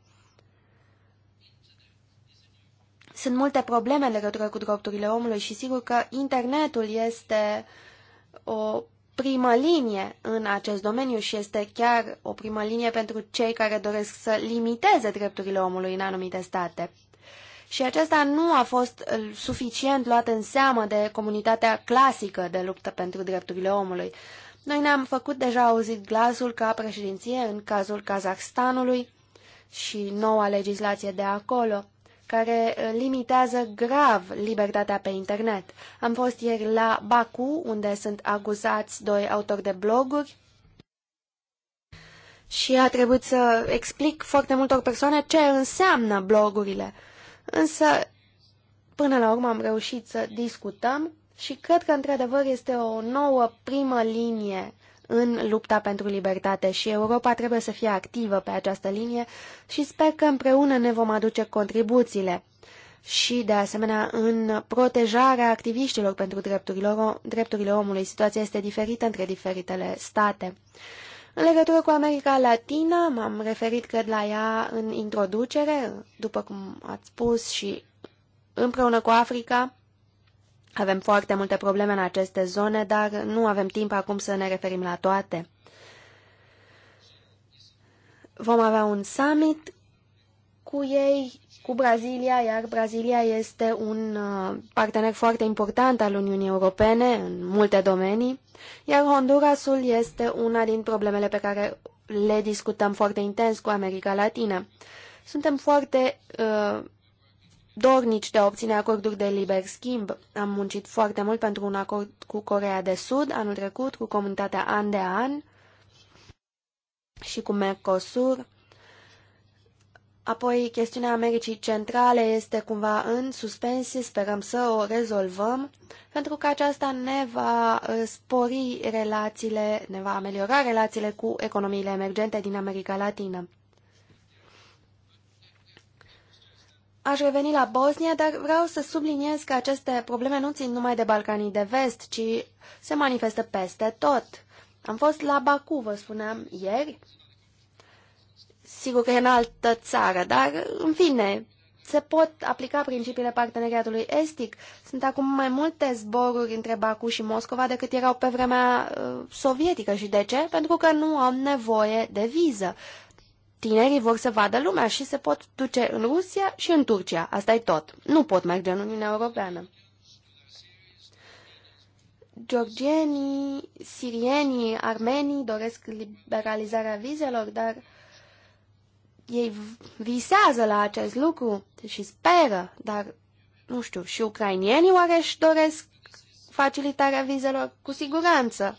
Sunt multe probleme în legătură cu drepturile omului și sigur că internetul este o primă linie în acest domeniu și este chiar o primă linie pentru cei care doresc să limiteze drepturile omului în anumite state. Și acesta nu a fost uh, suficient luat în seamă de comunitatea clasică de luptă pentru drepturile omului. Noi ne-am făcut deja auzit glasul ca președinție în cazul Kazahstanului și noua legislație de acolo care uh, limitează grav libertatea pe internet. Am fost ieri la Baku, unde sunt acuzați doi autori de bloguri și a trebuit să explic foarte multor persoane ce înseamnă blogurile. Însă, până la urmă am reușit să discutăm și cred că, într-adevăr, este o nouă primă linie în lupta pentru libertate și Europa trebuie să fie activă pe această linie și sper că împreună ne vom aduce contribuțiile și, de asemenea, în protejarea activiștilor pentru drepturile omului. Situația este diferită între diferitele state. În legătură cu America Latina, m-am referit, cred, la ea în introducere, după cum ați spus, și împreună cu Africa, avem foarte multe probleme în aceste zone, dar nu avem timp acum să ne referim la toate. Vom avea un summit cu ei, cu Brazilia, iar Brazilia este un uh, partener foarte important al Uniunii Europene în multe domenii, iar Hondurasul este una din problemele pe care le discutăm foarte intens cu America Latină. Suntem foarte uh, dornici de a obține acorduri de liber schimb. Am muncit foarte mult pentru un acord cu Corea de Sud anul trecut, cu comunitatea an de an și cu Mercosur. Apoi, chestiunea Americii Centrale este cumva în suspensie, sperăm să o rezolvăm, pentru că aceasta ne va uh, spori relațiile, ne va ameliora relațiile cu economiile emergente din America Latină. Aș reveni la Bosnia, dar vreau să subliniez că aceste probleme nu țin numai de Balcanii de Vest, ci se manifestă peste tot. Am fost la Baku, vă spuneam, ieri. Sigur că e în altă țară, dar, în fine, se pot aplica principiile parteneriatului estic. Sunt acum mai multe zboruri între Baku și Moscova decât erau pe vremea uh, sovietică. Și de ce? Pentru că nu am nevoie de viză tinerii vor să vadă lumea și se pot duce în Rusia și în Turcia. Asta e tot. Nu pot merge în Uniunea Europeană. Georgienii, sirienii, armenii doresc liberalizarea vizelor, dar ei visează la acest lucru și speră, dar nu știu, și ucrainienii oare își doresc facilitarea vizelor? Cu siguranță.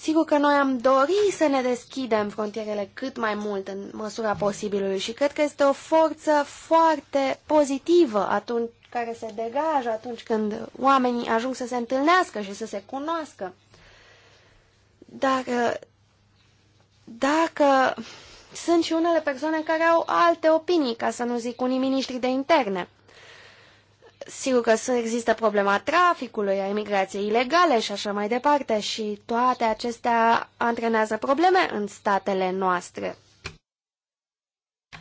Sigur că noi am dorit să ne deschidem frontierele cât mai mult în măsura posibilului și cred că este o forță foarte pozitivă atunci care se degajă atunci când oamenii ajung să se întâlnească și să se cunoască. Dar dacă sunt și unele persoane care au alte opinii, ca să nu zic unii miniștri de interne, Sigur că există problema traficului, a imigrației ilegale și așa mai departe și toate acestea antrenează probleme în statele noastre.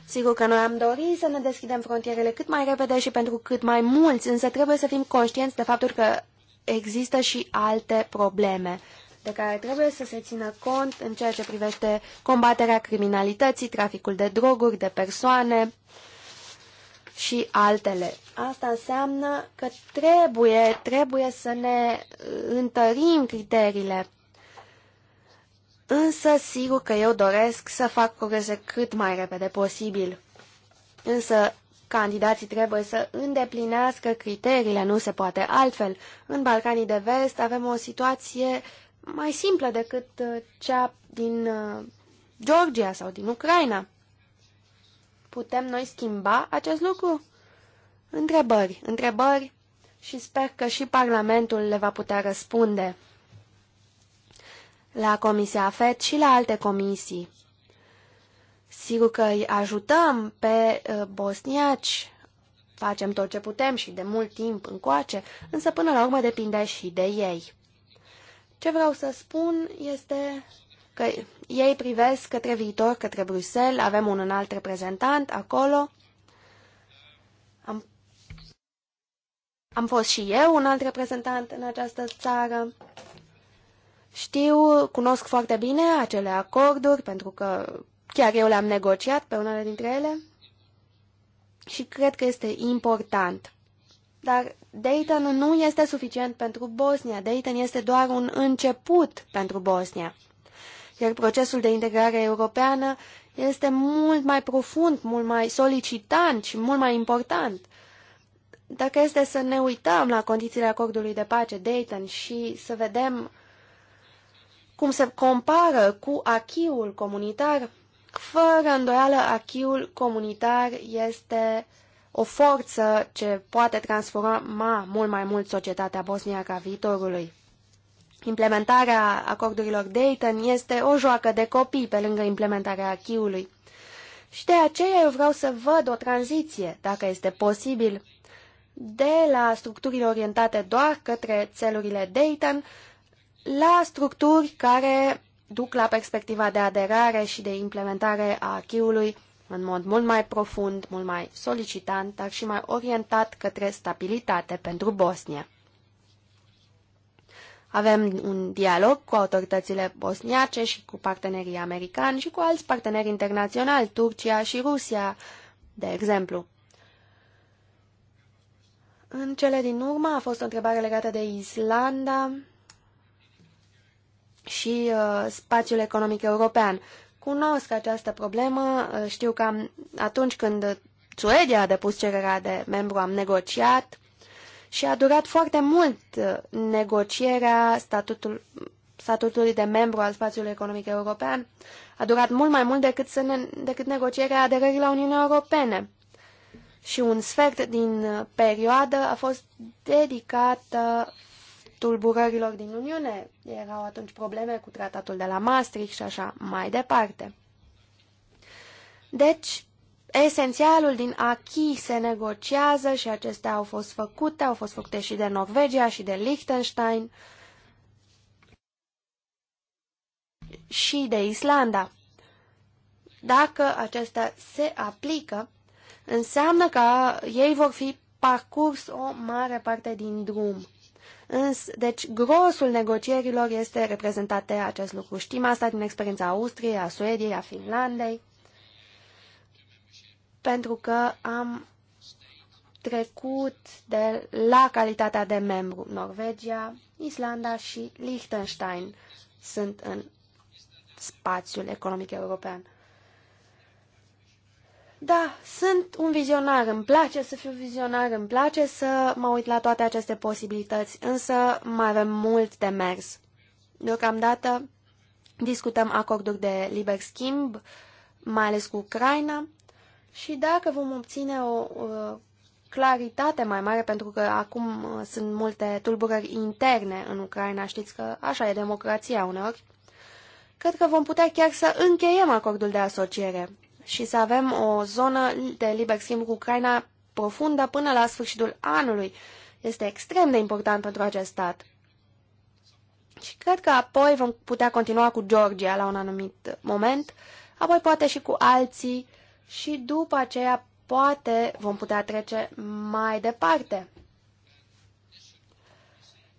Sigur că noi am dorit să ne deschidem frontierele cât mai repede și pentru cât mai mulți, însă trebuie să fim conștienți de faptul că există și alte probleme de care trebuie să se țină cont în ceea ce privește combaterea criminalității, traficul de droguri, de persoane, și altele. Asta înseamnă că trebuie, trebuie să ne uh, întărim criteriile. Însă, sigur că eu doresc să fac progrese cât mai repede posibil. Însă, candidații trebuie să îndeplinească criteriile, nu se poate altfel. În Balcanii de Vest avem o situație mai simplă decât uh, cea din uh, Georgia sau din Ucraina. Putem noi schimba acest lucru? Întrebări, întrebări și sper că și Parlamentul le va putea răspunde la Comisia FED și la alte comisii. Sigur că îi ajutăm pe uh, bosniaci, facem tot ce putem și de mult timp încoace, însă până la urmă depinde și de ei. Ce vreau să spun este că ei privesc către viitor, către Bruxelles, avem un înalt reprezentant acolo. Am, am fost și eu un alt reprezentant în această țară. Știu, cunosc foarte bine acele acorduri, pentru că chiar eu le-am negociat pe unele dintre ele și cred că este important. Dar Dayton nu este suficient pentru Bosnia. Dayton este doar un început pentru Bosnia. Iar procesul de integrare europeană este mult mai profund, mult mai solicitant și mult mai important. Dacă este să ne uităm la condițiile acordului de pace Dayton și să vedem cum se compară cu achiul comunitar, fără îndoială achiul comunitar este o forță ce poate transforma mult mai mult societatea bosniacă a viitorului. Implementarea acordurilor Dayton este o joacă de copii pe lângă implementarea achiului. Și de aceea eu vreau să văd o tranziție, dacă este posibil, de la structurile orientate doar către țelurile Dayton la structuri care duc la perspectiva de aderare și de implementare a achiului în mod mult mai profund, mult mai solicitant, dar și mai orientat către stabilitate pentru Bosnia. Avem un dialog cu autoritățile bosniace și cu partenerii americani și cu alți parteneri internaționali, Turcia și Rusia, de exemplu. În cele din urmă a fost o întrebare legată de Islanda și uh, spațiul economic european. Cunosc această problemă, uh, știu că atunci când Suedia a depus cererea de membru, am negociat și a durat foarte mult uh, negocierea statutul, statutului de membru al spațiului economic european. A durat mult mai mult decât, să ne, decât negocierea aderării la Uniunea Europene. Și un sfert din uh, perioadă a fost dedicată tulburărilor din Uniune. Erau atunci probleme cu tratatul de la Maastricht și așa mai departe. Deci, Esențialul din acquis se negociază și acestea au fost făcute, au fost făcute și de Norvegia și de Liechtenstein și de Islanda. Dacă acestea se aplică, înseamnă că ei vor fi parcurs o mare parte din drum. Îns, deci, grosul negocierilor este reprezentat de acest lucru. Știm asta din experiența Austriei, a Suediei, a Finlandei pentru că am trecut de la calitatea de membru. Norvegia, Islanda și Liechtenstein sunt în spațiul economic european. Da, sunt un vizionar, îmi place să fiu vizionar, îmi place să mă uit la toate aceste posibilități, însă mai avem mult de mers. Deocamdată discutăm acorduri de liber schimb, mai ales cu Ucraina, și dacă vom obține o claritate mai mare, pentru că acum uh, sunt multe tulburări interne în Ucraina, știți că așa e democrația uneori, cred că vom putea chiar să încheiem acordul de asociere și să avem o zonă de liber schimb cu Ucraina profundă până la sfârșitul anului. Este extrem de important pentru acest stat. Și cred că apoi vom putea continua cu Georgia la un anumit moment, apoi poate și cu alții și după aceea poate vom putea trece mai departe.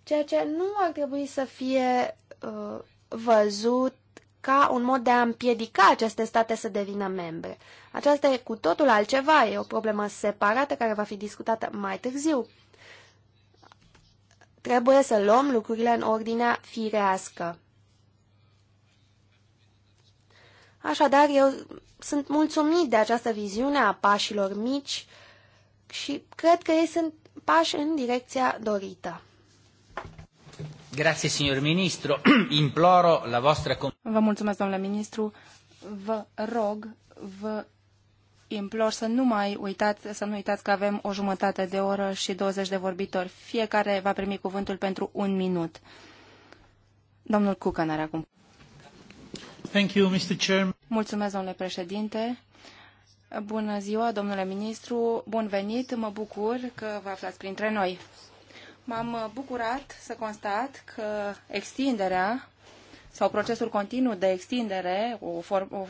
Ceea ce nu ar trebui să fie uh, văzut ca un mod de a împiedica aceste state să devină membre. Aceasta e cu totul altceva, e o problemă separată care va fi discutată mai târziu. Trebuie să luăm lucrurile în ordinea firească. Așadar, eu sunt mulțumit de această viziune a pașilor mici și cred că ei sunt pași în direcția dorită. Grazie, signor Ministro. Imploro la vostra... Vă mulțumesc, domnule Ministru. Vă rog, vă implor să nu mai uitați, să nu uitați că avem o jumătate de oră și 20 de vorbitori. Fiecare va primi cuvântul pentru un minut. Domnul Cucan are acum. Mulțumesc, domnule președinte. Bună ziua, domnule ministru. Bun venit. Mă bucur că vă aflați printre noi. M-am bucurat să constat că extinderea sau procesul continuu de extindere, o form, o,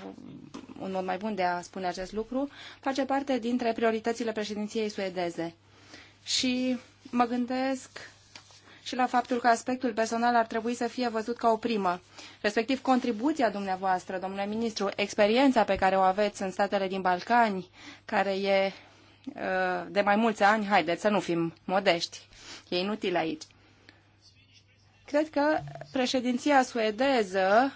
un mod mai bun de a spune acest lucru, face parte dintre prioritățile președinției suedeze. Și mă gândesc și la faptul că aspectul personal ar trebui să fie văzut ca o primă. Respectiv, contribuția dumneavoastră, domnule ministru, experiența pe care o aveți în statele din Balcani, care e uh, de mai mulți ani, haideți să nu fim modești, e inutil aici. Cred că președinția suedeză,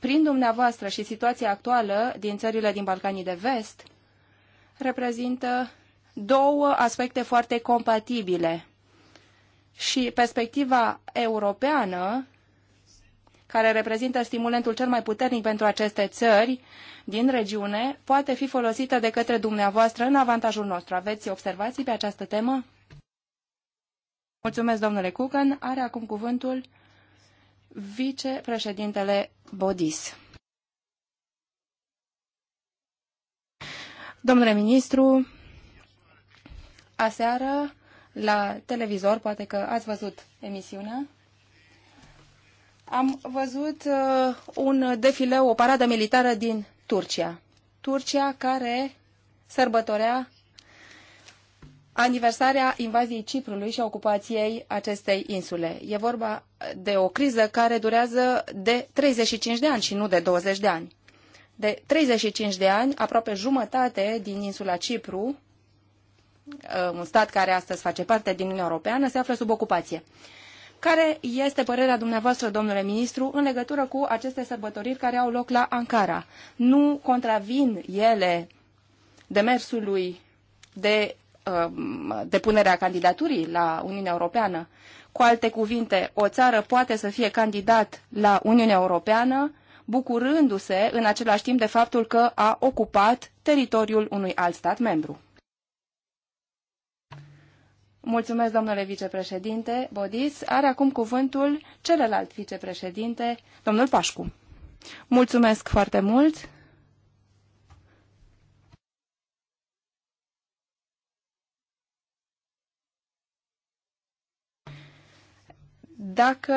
prin dumneavoastră și situația actuală din țările din Balcanii de Vest, reprezintă două aspecte foarte compatibile și perspectiva europeană, care reprezintă stimulentul cel mai puternic pentru aceste țări din regiune, poate fi folosită de către dumneavoastră în avantajul nostru. Aveți observații pe această temă? Mulțumesc, domnule Cucan. Are acum cuvântul vicepreședintele Bodis. Domnule ministru, aseară la televizor, poate că ați văzut emisiunea. Am văzut uh, un defileu, o paradă militară din Turcia. Turcia care sărbătorea aniversarea invaziei Ciprului și ocupației acestei insule. E vorba de o criză care durează de 35 de ani și nu de 20 de ani. De 35 de ani, aproape jumătate din insula Cipru un um, stat care astăzi face parte din Uniunea Europeană, se află sub ocupație. Care este părerea dumneavoastră, domnule ministru, în legătură cu aceste sărbătoriri care au loc la Ankara? Nu contravin ele demersului de um, depunerea a candidaturii la Uniunea Europeană? Cu alte cuvinte, o țară poate să fie candidat la Uniunea Europeană bucurându-se în același timp de faptul că a ocupat teritoriul unui alt stat membru. Mulțumesc, domnule vicepreședinte Bodis. Are acum cuvântul celălalt vicepreședinte, domnul Pașcu. Mulțumesc foarte mult. Dacă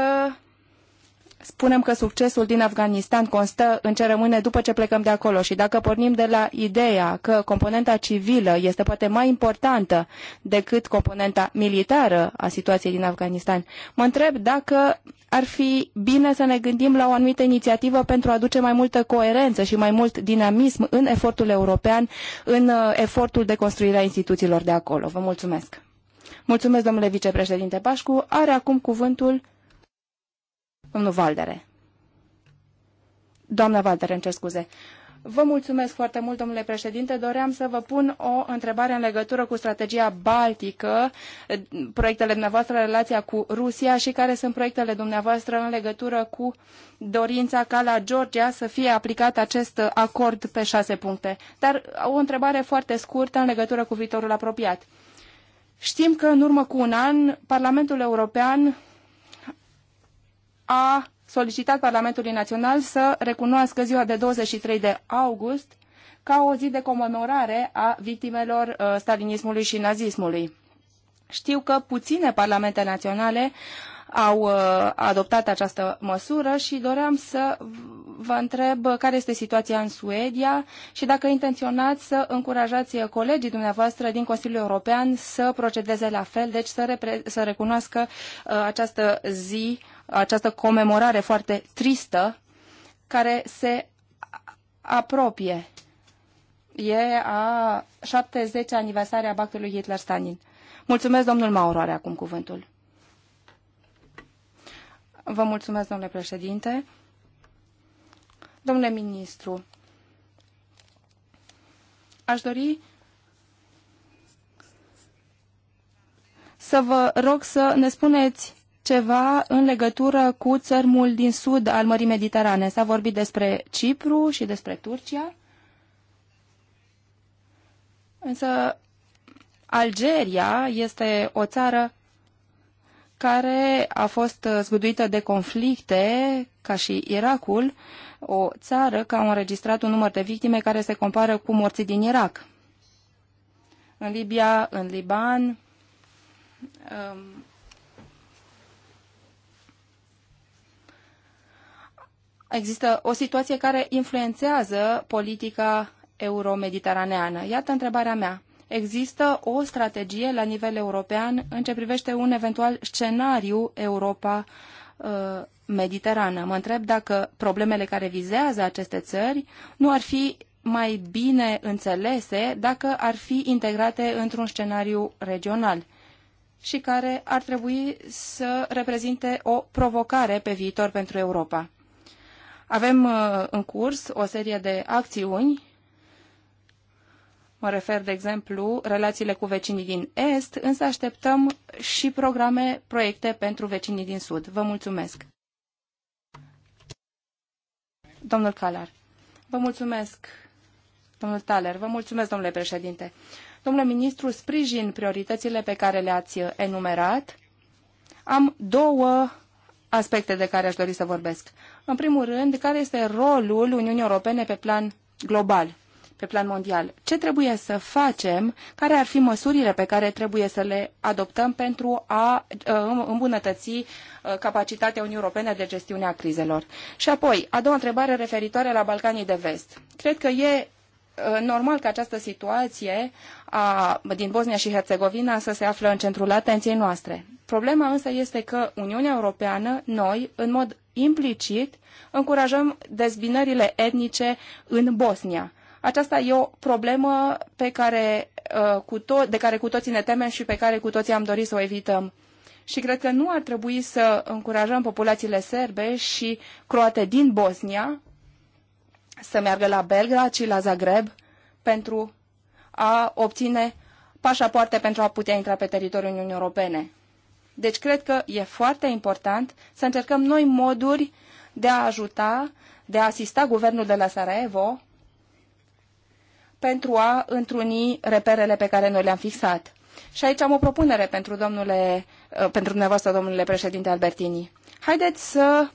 spunem că succesul din Afganistan constă în ce rămâne după ce plecăm de acolo și dacă pornim de la ideea că componenta civilă este poate mai importantă decât componenta militară a situației din Afganistan, mă întreb dacă ar fi bine să ne gândim la o anumită inițiativă pentru a aduce mai multă coerență și mai mult dinamism în efortul european, în uh, efortul de construire a instituțiilor de acolo. Vă mulțumesc! Mulțumesc, domnule vicepreședinte Pașcu. Are acum cuvântul Domnul Valdere. Doamna Valdere, îmi cer scuze. Vă mulțumesc foarte mult, domnule președinte. Doream să vă pun o întrebare în legătură cu strategia baltică, proiectele dumneavoastră, relația cu Rusia și care sunt proiectele dumneavoastră în legătură cu dorința ca la Georgia să fie aplicat acest acord pe șase puncte. Dar o întrebare foarte scurtă în legătură cu viitorul apropiat. Știm că în urmă cu un an, Parlamentul European a solicitat Parlamentului Național să recunoască ziua de 23 de august ca o zi de comemorare a victimelor uh, stalinismului și nazismului. Știu că puține parlamente naționale au uh, adoptat această măsură și doream să vă întreb care este situația în Suedia și dacă intenționați să încurajați colegii dumneavoastră din Consiliul European să procedeze la fel, deci să, să recunoască uh, această zi această comemorare foarte tristă care se apropie. E a 70 aniversare a bactului Hitler-Stalin. Mulțumesc, domnul Mauro, are acum cuvântul. Vă mulțumesc, domnule președinte. Domnule ministru, aș dori să vă rog să ne spuneți ceva în legătură cu țărmul din sud al Mării Mediterane. S-a vorbit despre Cipru și despre Turcia. Însă Algeria este o țară care a fost zguduită de conflicte, ca și Irakul, o țară care a înregistrat un număr de victime care se compară cu morții din Irak. În Libia, în Liban, um, există o situație care influențează politica euromediteraneană. Iată întrebarea mea. Există o strategie la nivel european în ce privește un eventual scenariu Europa uh, mediterană. Mă întreb dacă problemele care vizează aceste țări nu ar fi mai bine înțelese dacă ar fi integrate într-un scenariu regional și care ar trebui să reprezinte o provocare pe viitor pentru Europa. Avem uh, în curs o serie de acțiuni Mă refer, de exemplu, relațiile cu vecinii din Est, însă așteptăm și programe, proiecte pentru vecinii din Sud. Vă mulțumesc. Domnul Calar. Vă mulțumesc. Domnul Taler, vă mulțumesc, domnule președinte. Domnule ministru, sprijin prioritățile pe care le-ați enumerat. Am două aspecte de care aș dori să vorbesc. În primul rând, care este rolul Uniunii Europene pe plan global, pe plan mondial? Ce trebuie să facem? Care ar fi măsurile pe care trebuie să le adoptăm pentru a ă, îmbunătăți ă, capacitatea Uniunii Europene de gestiune a crizelor? Și apoi, a doua întrebare referitoare la Balcanii de Vest. Cred că e ă, normal că această situație a, din Bosnia și Herțegovina să se află în centrul atenției noastre. Problema însă este că Uniunea Europeană, noi, în mod implicit încurajăm dezbinările etnice în Bosnia. Aceasta e o problemă pe care, uh, cu to- de care cu toții ne temem și pe care cu toții am dorit să o evităm. Și cred că nu ar trebui să încurajăm populațiile serbe și croate din Bosnia să meargă la Belgrad și la Zagreb pentru a obține pașapoarte pentru a putea intra pe teritoriul Uniunii Europene. Deci cred că e foarte important să încercăm noi moduri de a ajuta, de a asista guvernul de la Sarajevo pentru a întruni reperele pe care noi le-am fixat. Și aici am o propunere pentru, domnule, uh, pentru dumneavoastră, domnule președinte Albertini. Haideți să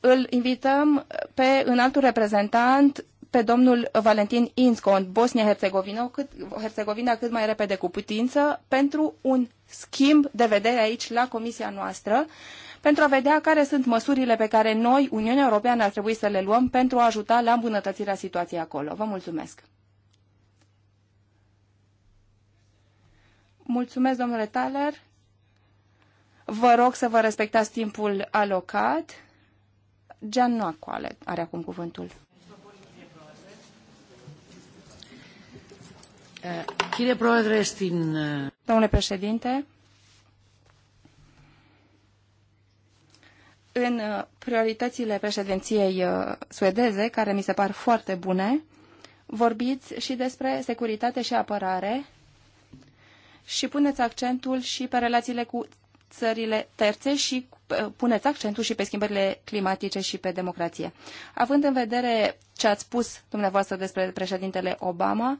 îl invităm pe înaltul reprezentant pe domnul Valentin Insco în Bosnia-Herzegovina cât, Herzegovina, cât mai repede cu putință pentru un schimb de vedere aici la comisia noastră pentru a vedea care sunt măsurile pe care noi, Uniunea Europeană, ar trebui să le luăm pentru a ajuta la îmbunătățirea situației acolo. Vă mulțumesc! Mulțumesc, domnule Thaler. Vă rog să vă respectați timpul alocat. Gian Noacoale are acum cuvântul. Uh, Domnule președinte, în uh, prioritățile președinției uh, suedeze, care mi se par foarte bune, vorbiți și despre securitate și apărare și puneți accentul și pe relațiile cu țările terțe și puneți accentul și pe schimbările climatice și pe democrație. Având în vedere ce ați spus dumneavoastră despre președintele Obama,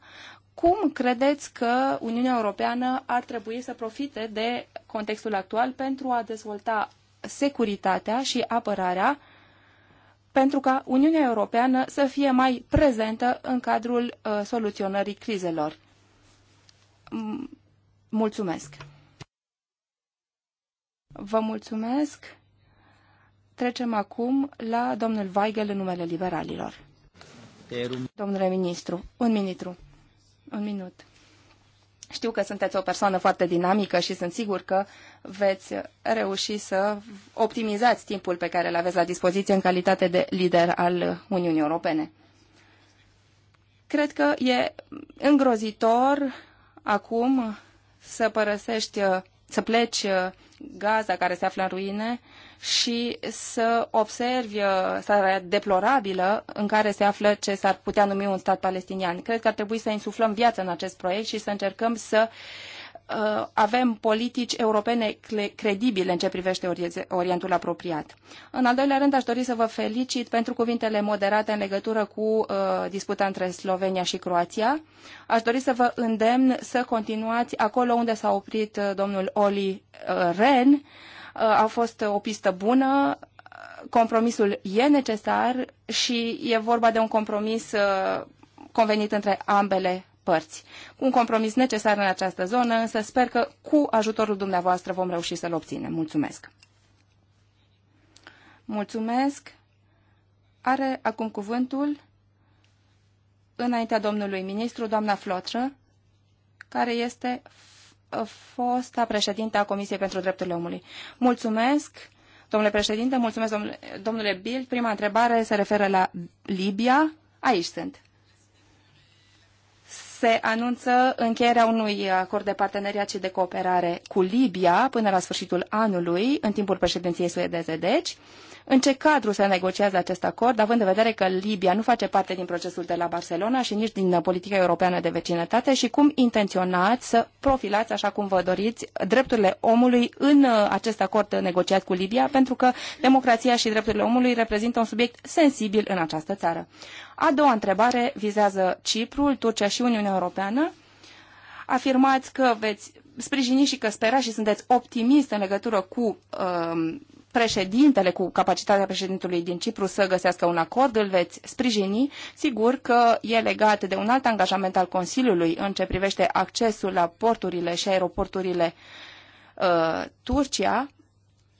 cum credeți că Uniunea Europeană ar trebui să profite de contextul actual pentru a dezvolta securitatea și apărarea pentru ca Uniunea Europeană să fie mai prezentă în cadrul uh, soluționării crizelor. Mulțumesc! Vă mulțumesc! Trecem acum la domnul Weigel în numele liberalilor. Domnule ministru, un ministru. Un minut. Știu că sunteți o persoană foarte dinamică și sunt sigur că veți reuși să optimizați timpul pe care îl aveți la dispoziție în calitate de lider al Uniunii Europene. Cred că e îngrozitor acum să părăsești, să pleci Gaza care se află în ruine, și să observi uh, starea deplorabilă în care se află ce s-ar putea numi un stat palestinian. Cred că ar trebui să insuflăm viață în acest proiect și să încercăm să uh, avem politici europene credibile în ce privește Orientul apropiat. În al doilea rând, aș dori să vă felicit pentru cuvintele moderate în legătură cu uh, disputa între Slovenia și Croația. Aș dori să vă îndemn să continuați acolo unde s-a oprit uh, domnul Oli uh, Ren, uh, Uh, a fost o pistă bună, compromisul e necesar și e vorba de un compromis uh, convenit între ambele părți. Un compromis necesar în această zonă, însă sper că cu ajutorul dumneavoastră vom reuși să-l obținem. Mulțumesc! Mulțumesc! Are acum cuvântul înaintea domnului ministru, doamna Flotră, care este fosta președinte a Comisiei pentru Drepturile Omului. Mulțumesc, domnule președinte, mulțumesc, domnule, domnule Bild. Prima întrebare se referă la Libia. Aici sunt se anunță încheierea unui acord de parteneriat și de cooperare cu Libia până la sfârșitul anului, în timpul președinției suedeze, deci. În ce cadru se negociază acest acord, având în vedere că Libia nu face parte din procesul de la Barcelona și nici din politica europeană de vecinătate și cum intenționați să profilați, așa cum vă doriți, drepturile omului în uh, acest acord negociat cu Libia, pentru că democrația și drepturile omului reprezintă un subiect sensibil în această țară. A doua întrebare vizează Ciprul, Turcia și Uniunea Europeană. Afirmați că veți sprijini și că sperați și sunteți optimist în legătură cu uh, președintele, cu capacitatea președintelui din Cipru să găsească un acord, îl veți sprijini. Sigur că e legat de un alt angajament al Consiliului în ce privește accesul la porturile și aeroporturile uh, Turcia,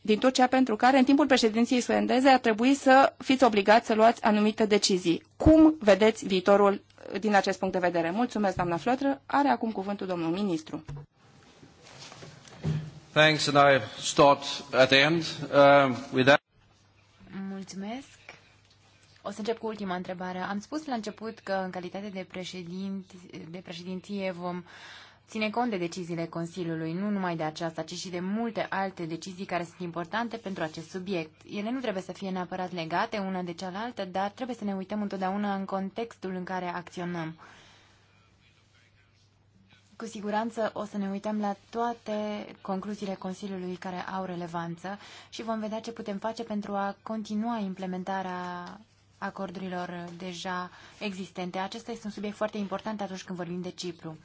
din Turcia pentru care în timpul președinției islandeze ar trebui să fiți obligați să luați anumite decizii. Cum vedeți viitorul uh, din acest punct de vedere? Mulțumesc, doamna Flotră. Are acum cuvântul domnul ministru. Thanks, and I start at the end uh, with that. Mulțumesc. O să încep cu ultima întrebare. Am spus la început că în calitate de, președint, de președinție vom uh, ține cont de deciziile Consiliului, nu numai de aceasta, ci și de multe alte decizii care sunt importante pentru acest subiect. Ele nu trebuie să fie neapărat legate una de cealaltă, dar trebuie să ne uităm întotdeauna în contextul în care acționăm. Cu siguranță o să ne uităm la toate concluziile Consiliului care au relevanță și vom vedea ce putem face pentru a continua implementarea acordurilor deja existente. Acesta este un subiect foarte important atunci când vorbim de Cipru.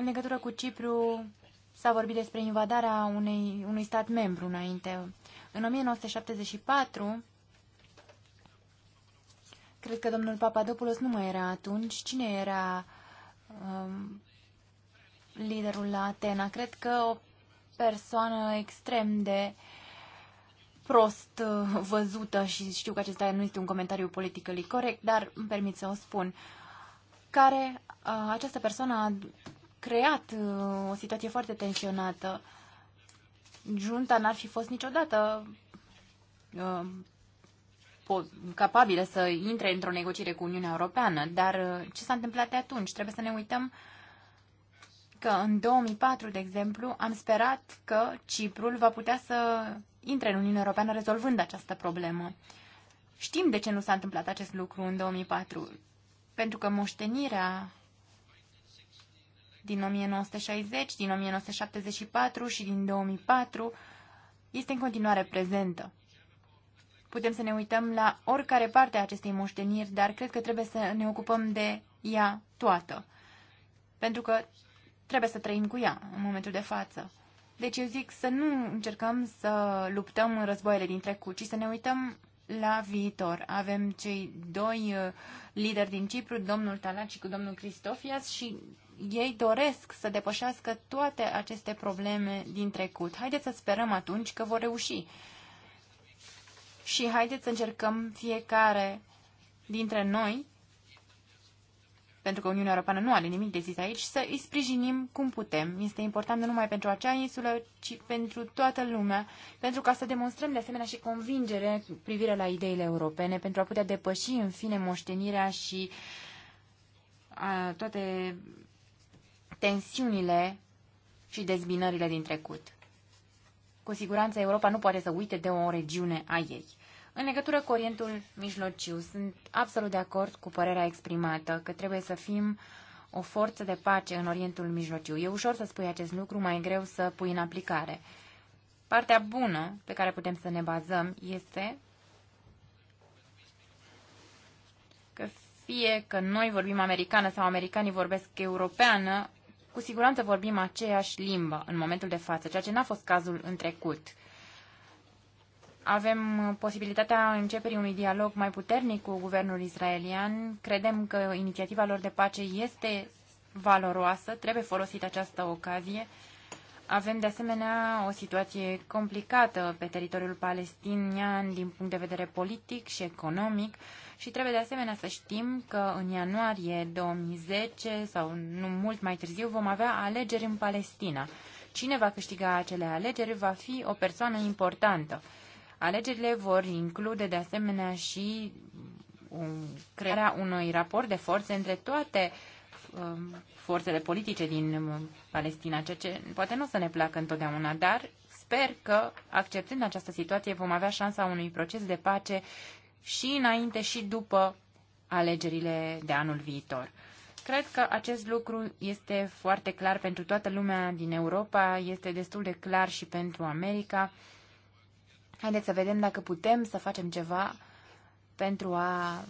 În legătură cu Cipru s-a vorbit despre invadarea unei, unui stat membru înainte. În 1974, cred că domnul Papadopoulos nu mai era atunci. Cine era um, liderul la Atena? Cred că o persoană extrem de prost uh, văzută și știu că acesta nu este un comentariu politic corect, dar îmi permit să o spun, care uh, această persoană a creat uh, o situație foarte tensionată. Junta n-ar fi fost niciodată uh, capabilă să intre într-o negociere cu Uniunea Europeană, dar uh, ce s-a întâmplat de atunci? Trebuie să ne uităm că în 2004, de exemplu, am sperat că Ciprul va putea să intre în Uniunea Europeană rezolvând această problemă. Știm de ce nu s-a întâmplat acest lucru în 2004, pentru că moștenirea din 1960, din 1974 și din 2004 este în continuare prezentă. Putem să ne uităm la oricare parte a acestei moșteniri, dar cred că trebuie să ne ocupăm de ea toată, pentru că trebuie să trăim cu ea în momentul de față. Deci eu zic să nu încercăm să luptăm în războaiele din trecut, ci să ne uităm la viitor. Avem cei doi uh, lideri din Cipru, domnul Talat și cu domnul Cristofias și ei doresc să depășească toate aceste probleme din trecut. Haideți să sperăm atunci că vor reuși. Și haideți să încercăm fiecare dintre noi, pentru că Uniunea Europeană nu are nimic de zis aici, să îi sprijinim cum putem. Este important nu numai pentru acea insulă, ci pentru toată lumea, pentru ca să demonstrăm de asemenea și convingere cu privire la ideile europene, pentru a putea depăși în fine moștenirea și a, toate tensiunile și dezbinările din trecut. Cu siguranță Europa nu poate să uite de o regiune a ei. În legătură cu Orientul Mijlociu, sunt absolut de acord cu părerea exprimată că trebuie să fim o forță de pace în Orientul Mijlociu. E ușor să spui acest lucru, mai greu să pui în aplicare. Partea bună pe care putem să ne bazăm este că fie că noi vorbim americană sau americanii vorbesc europeană, cu siguranță vorbim aceeași limbă în momentul de față, ceea ce n-a fost cazul în trecut. Avem posibilitatea începerii unui dialog mai puternic cu guvernul israelian. Credem că inițiativa lor de pace este valoroasă, trebuie folosită această ocazie. Avem de asemenea o situație complicată pe teritoriul palestinian din punct de vedere politic și economic. Uh, și trebuie de asemenea să știm că în ianuarie 2010 sau nu mult mai târziu vom avea alegeri în Palestina. Cine va câștiga acele alegeri va fi o persoană importantă. Alegerile vor include de asemenea și crearea unui raport de forțe între toate um, forțele politice din um, Palestina, ceea ce poate nu o să ne placă întotdeauna, dar sper că, acceptând această situație, vom avea șansa unui proces de pace și înainte și după alegerile de anul viitor. Cred că acest lucru este foarte clar pentru toată lumea din Europa, este destul de clar și pentru America. Haideți să vedem dacă putem să facem ceva pentru a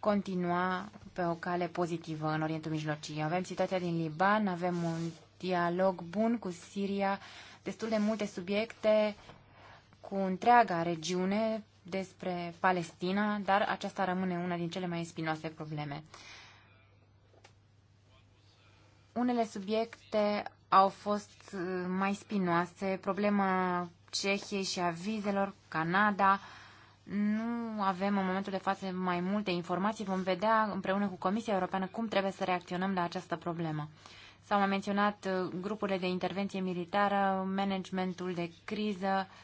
continua pe o cale pozitivă în Orientul Mijlociu. Avem situația din Liban, avem un dialog bun cu Siria, destul de multe subiecte cu întreaga regiune despre Palestina, dar aceasta rămâne una din cele mai spinoase probleme. Unele subiecte au fost uh, mai spinoase, problema Cehiei și a vizelor, Canada. Nu avem în momentul de față mai multe informații. Vom vedea împreună cu Comisia Europeană cum trebuie să reacționăm la această problemă. S-au menționat uh, grupurile de intervenție militară, managementul de criză, uh,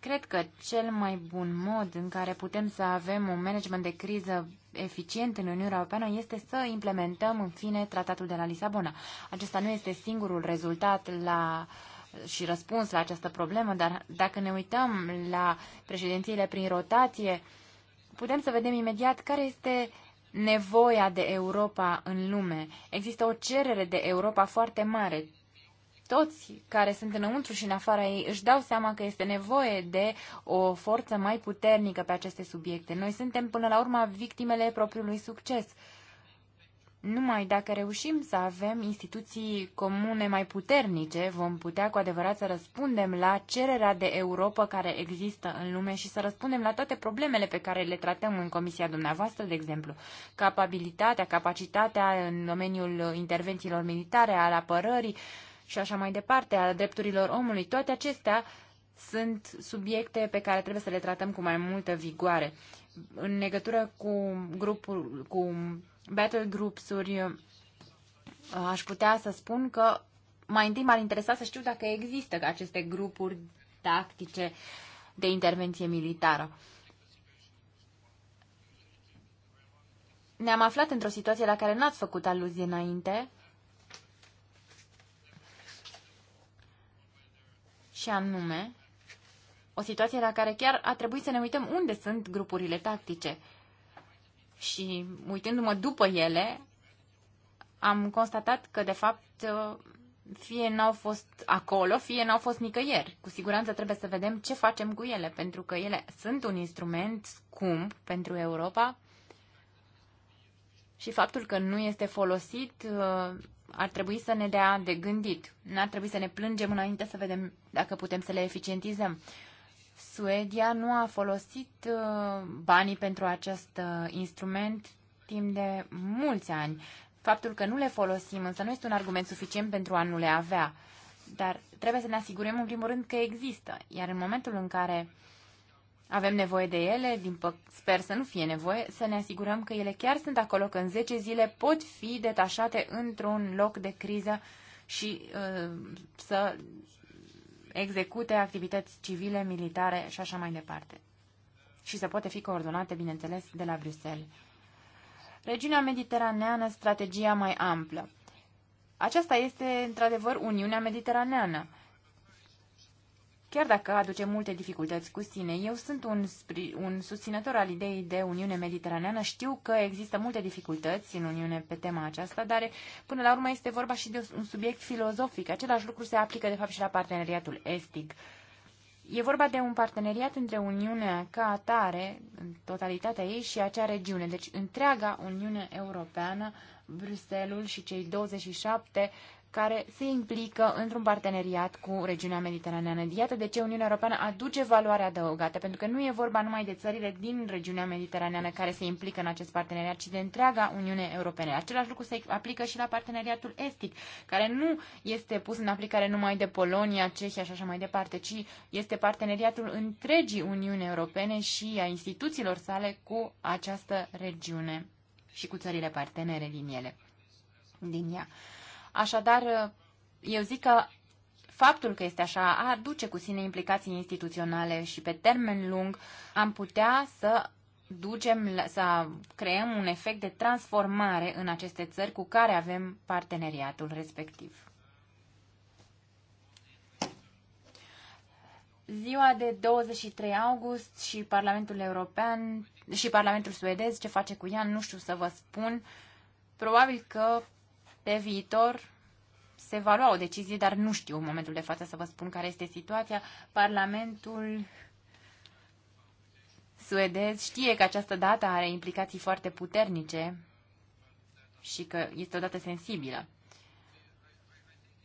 Cred că cel mai bun mod în care putem să avem un management de criză eficient în Uniunea Europeană este să implementăm, în fine, tratatul de la Lisabona. Acesta nu este singurul rezultat la și răspuns la această problemă, dar dacă ne uităm la președințiile prin rotație, putem să vedem imediat care este nevoia de Europa în lume. Există o cerere de Europa foarte mare toți care sunt înăuntru și în afara ei își dau seama că este nevoie de o forță mai puternică pe aceste subiecte. Noi suntem până la urmă victimele propriului succes. Numai dacă reușim să avem instituții comune mai puternice, vom putea cu adevărat să răspundem la cererea de Europa care există în lume și să răspundem la toate problemele pe care le tratăm în comisia dumneavoastră, de exemplu, capabilitatea, capacitatea în domeniul intervențiilor militare, al apărării, uh, și așa mai departe, a drepturilor omului, toate acestea sunt subiecte pe care trebuie să le tratăm cu mai multă vigoare. În legătură cu grupul, cu battle groups-uri, aș putea să spun că mai întâi m-ar interesa să știu dacă există aceste grupuri tactice de intervenție militară. Ne-am aflat într-o situație la care n-ați făcut aluzie înainte, și anume o situație la care chiar a trebuit să ne uităm unde sunt grupurile tactice. Și uitându-mă după ele, am constatat că, de fapt, fie n-au fost acolo, fie n-au fost nicăieri. Cu siguranță trebuie să vedem ce facem cu ele, pentru că ele sunt un instrument scump pentru Europa și faptul că nu este folosit ar trebui să ne dea de gândit. N-ar trebui să ne plângem înainte să vedem dacă putem să le eficientizăm. Suedia nu a folosit uh, banii pentru acest uh, instrument timp de mulți ani. Faptul că nu le folosim însă nu este un argument suficient pentru a nu le avea. Dar trebuie să ne asigurăm în primul rând că există. Iar în momentul în care uh, avem nevoie de ele, din pă- sper să nu fie nevoie, să ne asigurăm că ele chiar sunt acolo, că în 10 zile pot fi detașate într-un loc de criză și uh, să execute activități civile, militare și așa mai departe. Și să poate fi coordonate, bineînțeles, de la Bruxelles. Regiunea mediteraneană, strategia mai amplă. Aceasta este, într-adevăr, Uniunea Mediteraneană chiar dacă aduce multe dificultăți cu sine. Eu sunt un, un susținător al ideii de Uniune Mediteraneană. Știu că există multe dificultăți în Uniune pe tema aceasta, dar până la urmă este vorba și de un subiect filozofic. Același lucru se aplică, de fapt, și la parteneriatul estic. E vorba de un parteneriat între Uniunea ca atare, în totalitatea ei, și acea regiune. Deci, întreaga Uniune Europeană, Bruselul și cei 27 care se implică într-un parteneriat cu regiunea mediteraneană. Iată de ce Uniunea Europeană aduce valoare adăugată, pentru că nu e vorba numai de țările din regiunea mediteraneană care se implică în acest parteneriat, ci de întreaga Uniune Europeană. Același lucru se aplică și la parteneriatul estic, care nu este pus în aplicare numai de Polonia, Cehia și așa mai departe, ci este parteneriatul întregii Uniuni Europene și a instituțiilor sale cu această regiune și cu țările partenere din ele. Din ea. Așadar, eh, eu zic că faptul că este așa aduce cu sine implicații instituționale și pe termen lung am putea să ducem, să creăm un efect de transformare în aceste țări cu care avem parteneriatul respectiv. Ziua de 23 august și Parlamentul European și Parlamentul Suedez, ce face cu ea, nu știu să vă spun. Probabil că pe viitor se va lua o decizie, dar nu știu în momentul de față să vă spun care este situația. Parlamentul suedez știe că această dată are implicații foarte puternice și că este o dată sensibilă.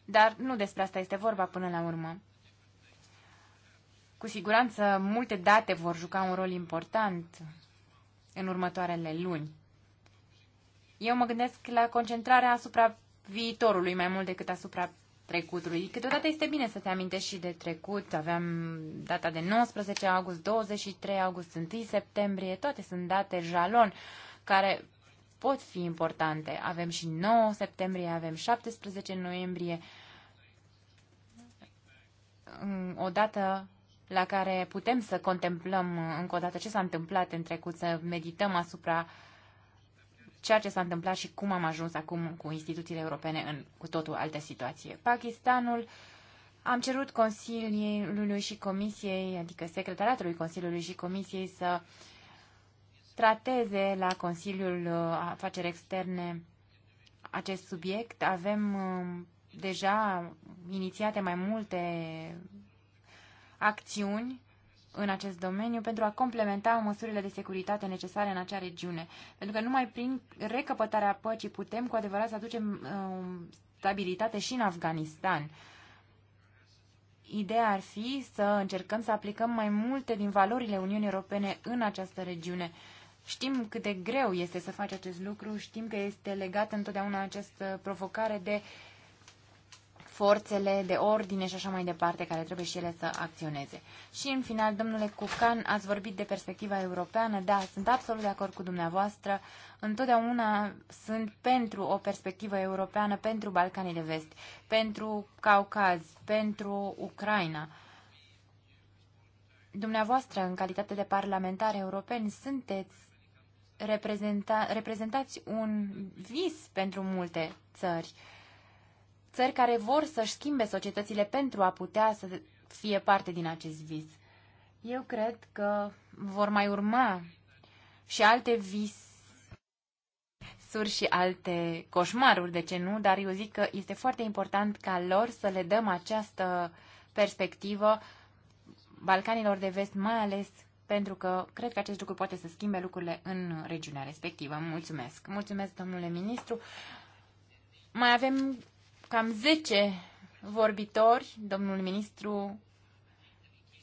Dar nu despre asta este vorba până la urmă. Cu siguranță, multe date vor juca un rol important în următoarele luni eu mă gândesc la concentrarea asupra viitorului mai mult decât asupra trecutului. Câteodată este bine să te amintești și de trecut. Aveam data de 19 august, 23 august, 1 septembrie. Toate sunt date jalon care pot fi importante. Avem și 9 septembrie, avem 17 noiembrie. O dată la care putem să contemplăm încă o dată ce s-a întâmplat în trecut, să medităm asupra uh, ceea ce s-a întâmplat și cum am ajuns acum cu instituțiile europene în cu totul altă situație. Pakistanul am cerut Consiliului și Comisiei, adică Secretariatului Consiliului și Comisiei să trateze la Consiliul uh, Afaceri Externe acest subiect. Avem uh, deja inițiate mai multe acțiuni în acest domeniu pentru a complementa măsurile de securitate necesare în acea regiune. Pentru că numai prin recăpătarea păcii putem cu adevărat să aducem uh, stabilitate și în Afganistan. Ideea ar fi să încercăm să aplicăm mai multe din valorile Uniunii Europene în această regiune. Știm cât de greu este să faci acest lucru, știm că este legat întotdeauna această provocare de uh, forțele de ordine și așa mai departe, care trebuie și ele să acționeze. Și în final, domnule Cucan, ați vorbit de perspectiva europeană. Da, sunt absolut de acord cu dumneavoastră. Întotdeauna sunt pentru o perspectivă europeană, pentru Balcanii de Vest, pentru Caucaz, pentru Ucraina. Dumneavoastră, în calitate de parlamentari europeni, sunteți reprezenta, reprezentați un vis pentru multe țări țări care vor să-și schimbe societățile pentru a putea să fie parte din acest vis. Eu cred că vor mai urma și alte visuri și alte coșmaruri, de ce nu, dar eu zic că este foarte important ca lor să le dăm această perspectivă Balcanilor de vest, mai ales pentru că cred că acest lucru poate să schimbe lucrurile în regiunea respectivă. Mulțumesc. Mulțumesc, domnule ministru. Mai avem cam 10 vorbitori, domnul ministru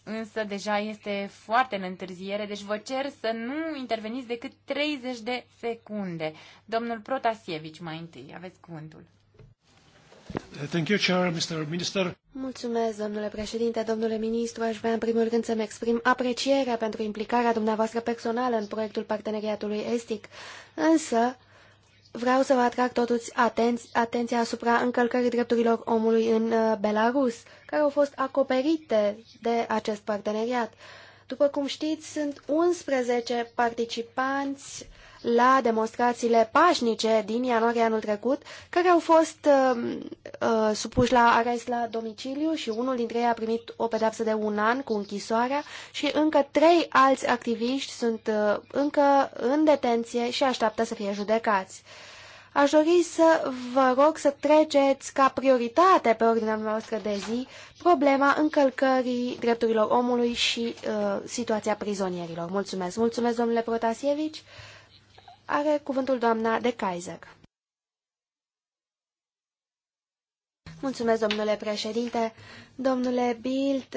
însă deja este foarte în întârziere, deci vă cer să nu interveniți decât 30 de secunde. Domnul Protasievici mai întâi, aveți cuvântul. Thank you, Chair, Mr. Minister. Mulțumesc, domnule președinte, domnule ministru. Aș vrea în primul rând să-mi exprim aprecierea pentru implicarea dumneavoastră personală în proiectul parteneriatului estic. Însă, Vreau să vă atrag totuși atenți, atenția asupra încălcării drepturilor omului în uh, Belarus, care au fost acoperite de acest parteneriat. După cum știți, sunt 11 participanți la demonstrațiile pașnice din ianuarie anul trecut, care au fost uh, uh, supuși la arest la domiciliu și unul dintre ei a primit o pedeapsă de un an cu închisoarea și încă trei alți activiști sunt uh, încă în detenție și așteaptă să fie judecați. Aș dori să vă rog să treceți ca prioritate pe ordinea noastră de zi problema încălcării drepturilor omului și uh, situația prizonierilor. Mulțumesc! Mulțumesc, domnule Protasievici! Are cuvântul doamna de Kaiser. Mulțumesc, domnule președinte. Domnule Bild,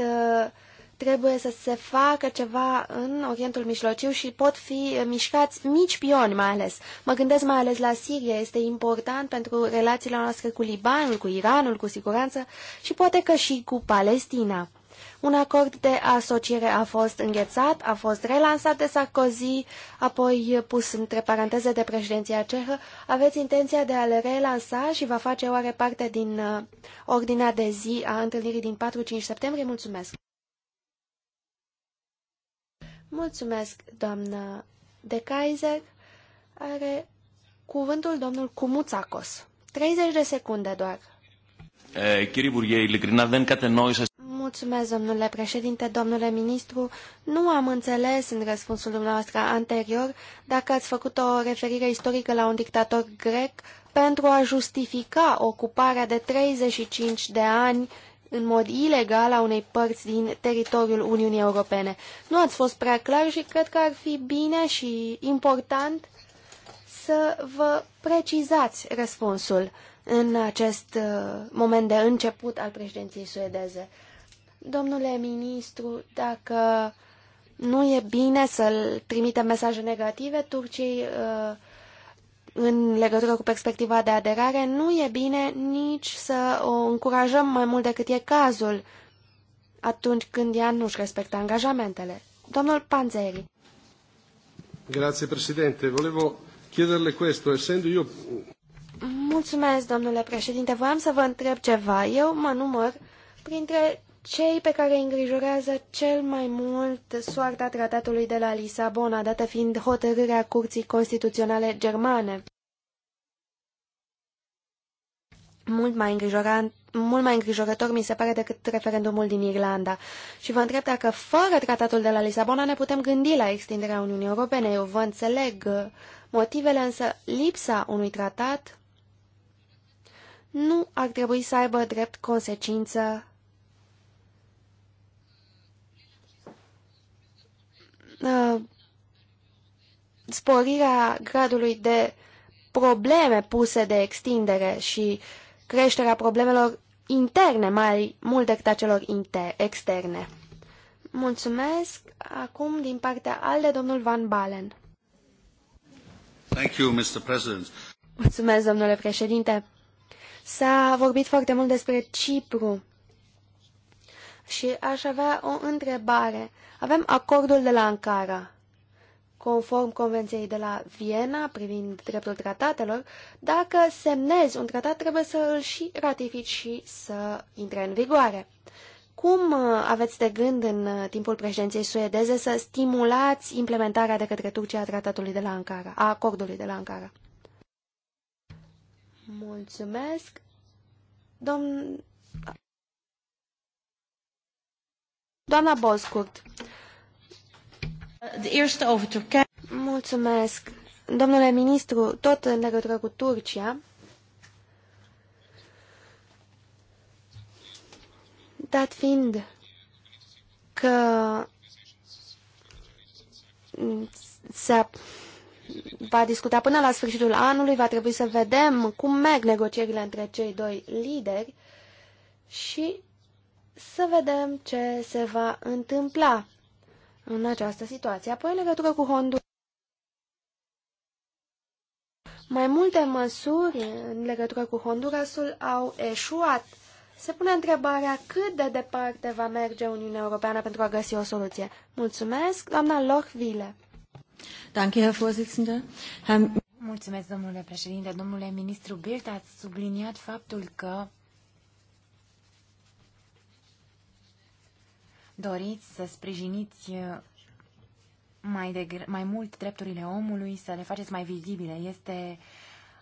trebuie să se facă ceva în Orientul Mijlociu și pot fi mișcați mici pioni mai ales. Mă gândesc mai ales la Siria, este important pentru relațiile noastre cu Libanul, cu Iranul, cu siguranță și poate că și cu Palestina. Un acord de asociere a fost înghețat, a fost relansat de Sarkozy, apoi pus între paranteze de președinția cehă. Aveți intenția de a le relansa și va face oare parte din uh, ordinea de zi a întâlnirii din 4-5 septembrie? Mulțumesc! Mulțumesc, doamnă de Kaiser. Are cuvântul domnul Cumuțacos. 30 de secunde doar. Κύριε Υπουργέ, ειλικρινά δεν κατενόησα... Mulțumesc, domnule președinte, domnule ministru. Nu am înțeles în răspunsul dumneavoastră anterior dacă ați făcut o referire istorică la un dictator grec pentru a justifica ocuparea de 35 de ani în mod ilegal a unei părți din teritoriul Uniunii Europene. Nu ați fost prea clar și cred că ar fi bine și important să vă precizați răspunsul în acest uh, moment de început al președinției suedeze. Domnule ministru, dacă nu e bine să-l trimitem mesaje negative Turciei uh, în legătură cu perspectiva de aderare, nu e bine nici să o încurajăm mai mult decât e cazul atunci când ea nu-și respectă angajamentele. Domnul Panzeri. Grazie, Presidente. Volevo chiederle questo, essendo io Mulțumesc, domnule președinte. Voiam să vă întreb ceva. Eu mă număr printre cei pe care îi îngrijorează cel mai mult soarta tratatului de la Lisabona, dată fiind hotărârea Curții Constituționale Germane. Mult mai, îngrijorant, mult mai îngrijorător mi se pare decât referendumul din Irlanda. Și vă întreb dacă fără tratatul de la Lisabona ne putem gândi la extinderea Uniunii Europene. Eu vă înțeleg motivele, însă lipsa unui tratat nu ar trebui să aibă drept consecință uh, sporirea gradului de probleme puse de extindere și creșterea problemelor interne mai mult decât acelor celor externe. Mulțumesc. Acum, din partea ALDE, domnul Van Balen. Thank you, Mr. President. Mulțumesc, domnule președinte. S-a vorbit foarte mult despre Cipru. Și aș avea o întrebare. Avem acordul de la Ankara, conform Convenției de la Viena privind dreptul tratatelor. Dacă semnezi un tratat, trebuie să îl și ratifici și să intre în vigoare. Cum uh, aveți de gând în uh, timpul președinției suedeze să stimulați implementarea de către Turcia a tratatului de la Ankara, a acordului de la Ankara? Mulțumesc. Domn... Doamna Boscurt. De eerste over Turkije. Mulțumesc. Domnule ministru, tot în legătură cu Turcia, dat fiind că se va discuta până la sfârșitul anului, va trebui să vedem cum merg negocierile între cei doi lideri și să vedem ce se va întâmpla în această situație. Apoi, în legătură cu Honduras, mai multe măsuri în legătură cu Hondurasul au eșuat. Se pune întrebarea cât de departe va merge Uniunea Europeană pentru a găsi o soluție. Mulțumesc, doamna Lochville. Danke, Herr Vorsitzender. Herr... Mulțumesc, domnule președinte. Domnule ministru Bild, ați subliniat faptul că doriți să sprijiniți uh, mai, mai mult drepturile omului, să le faceți mai vizibile. Este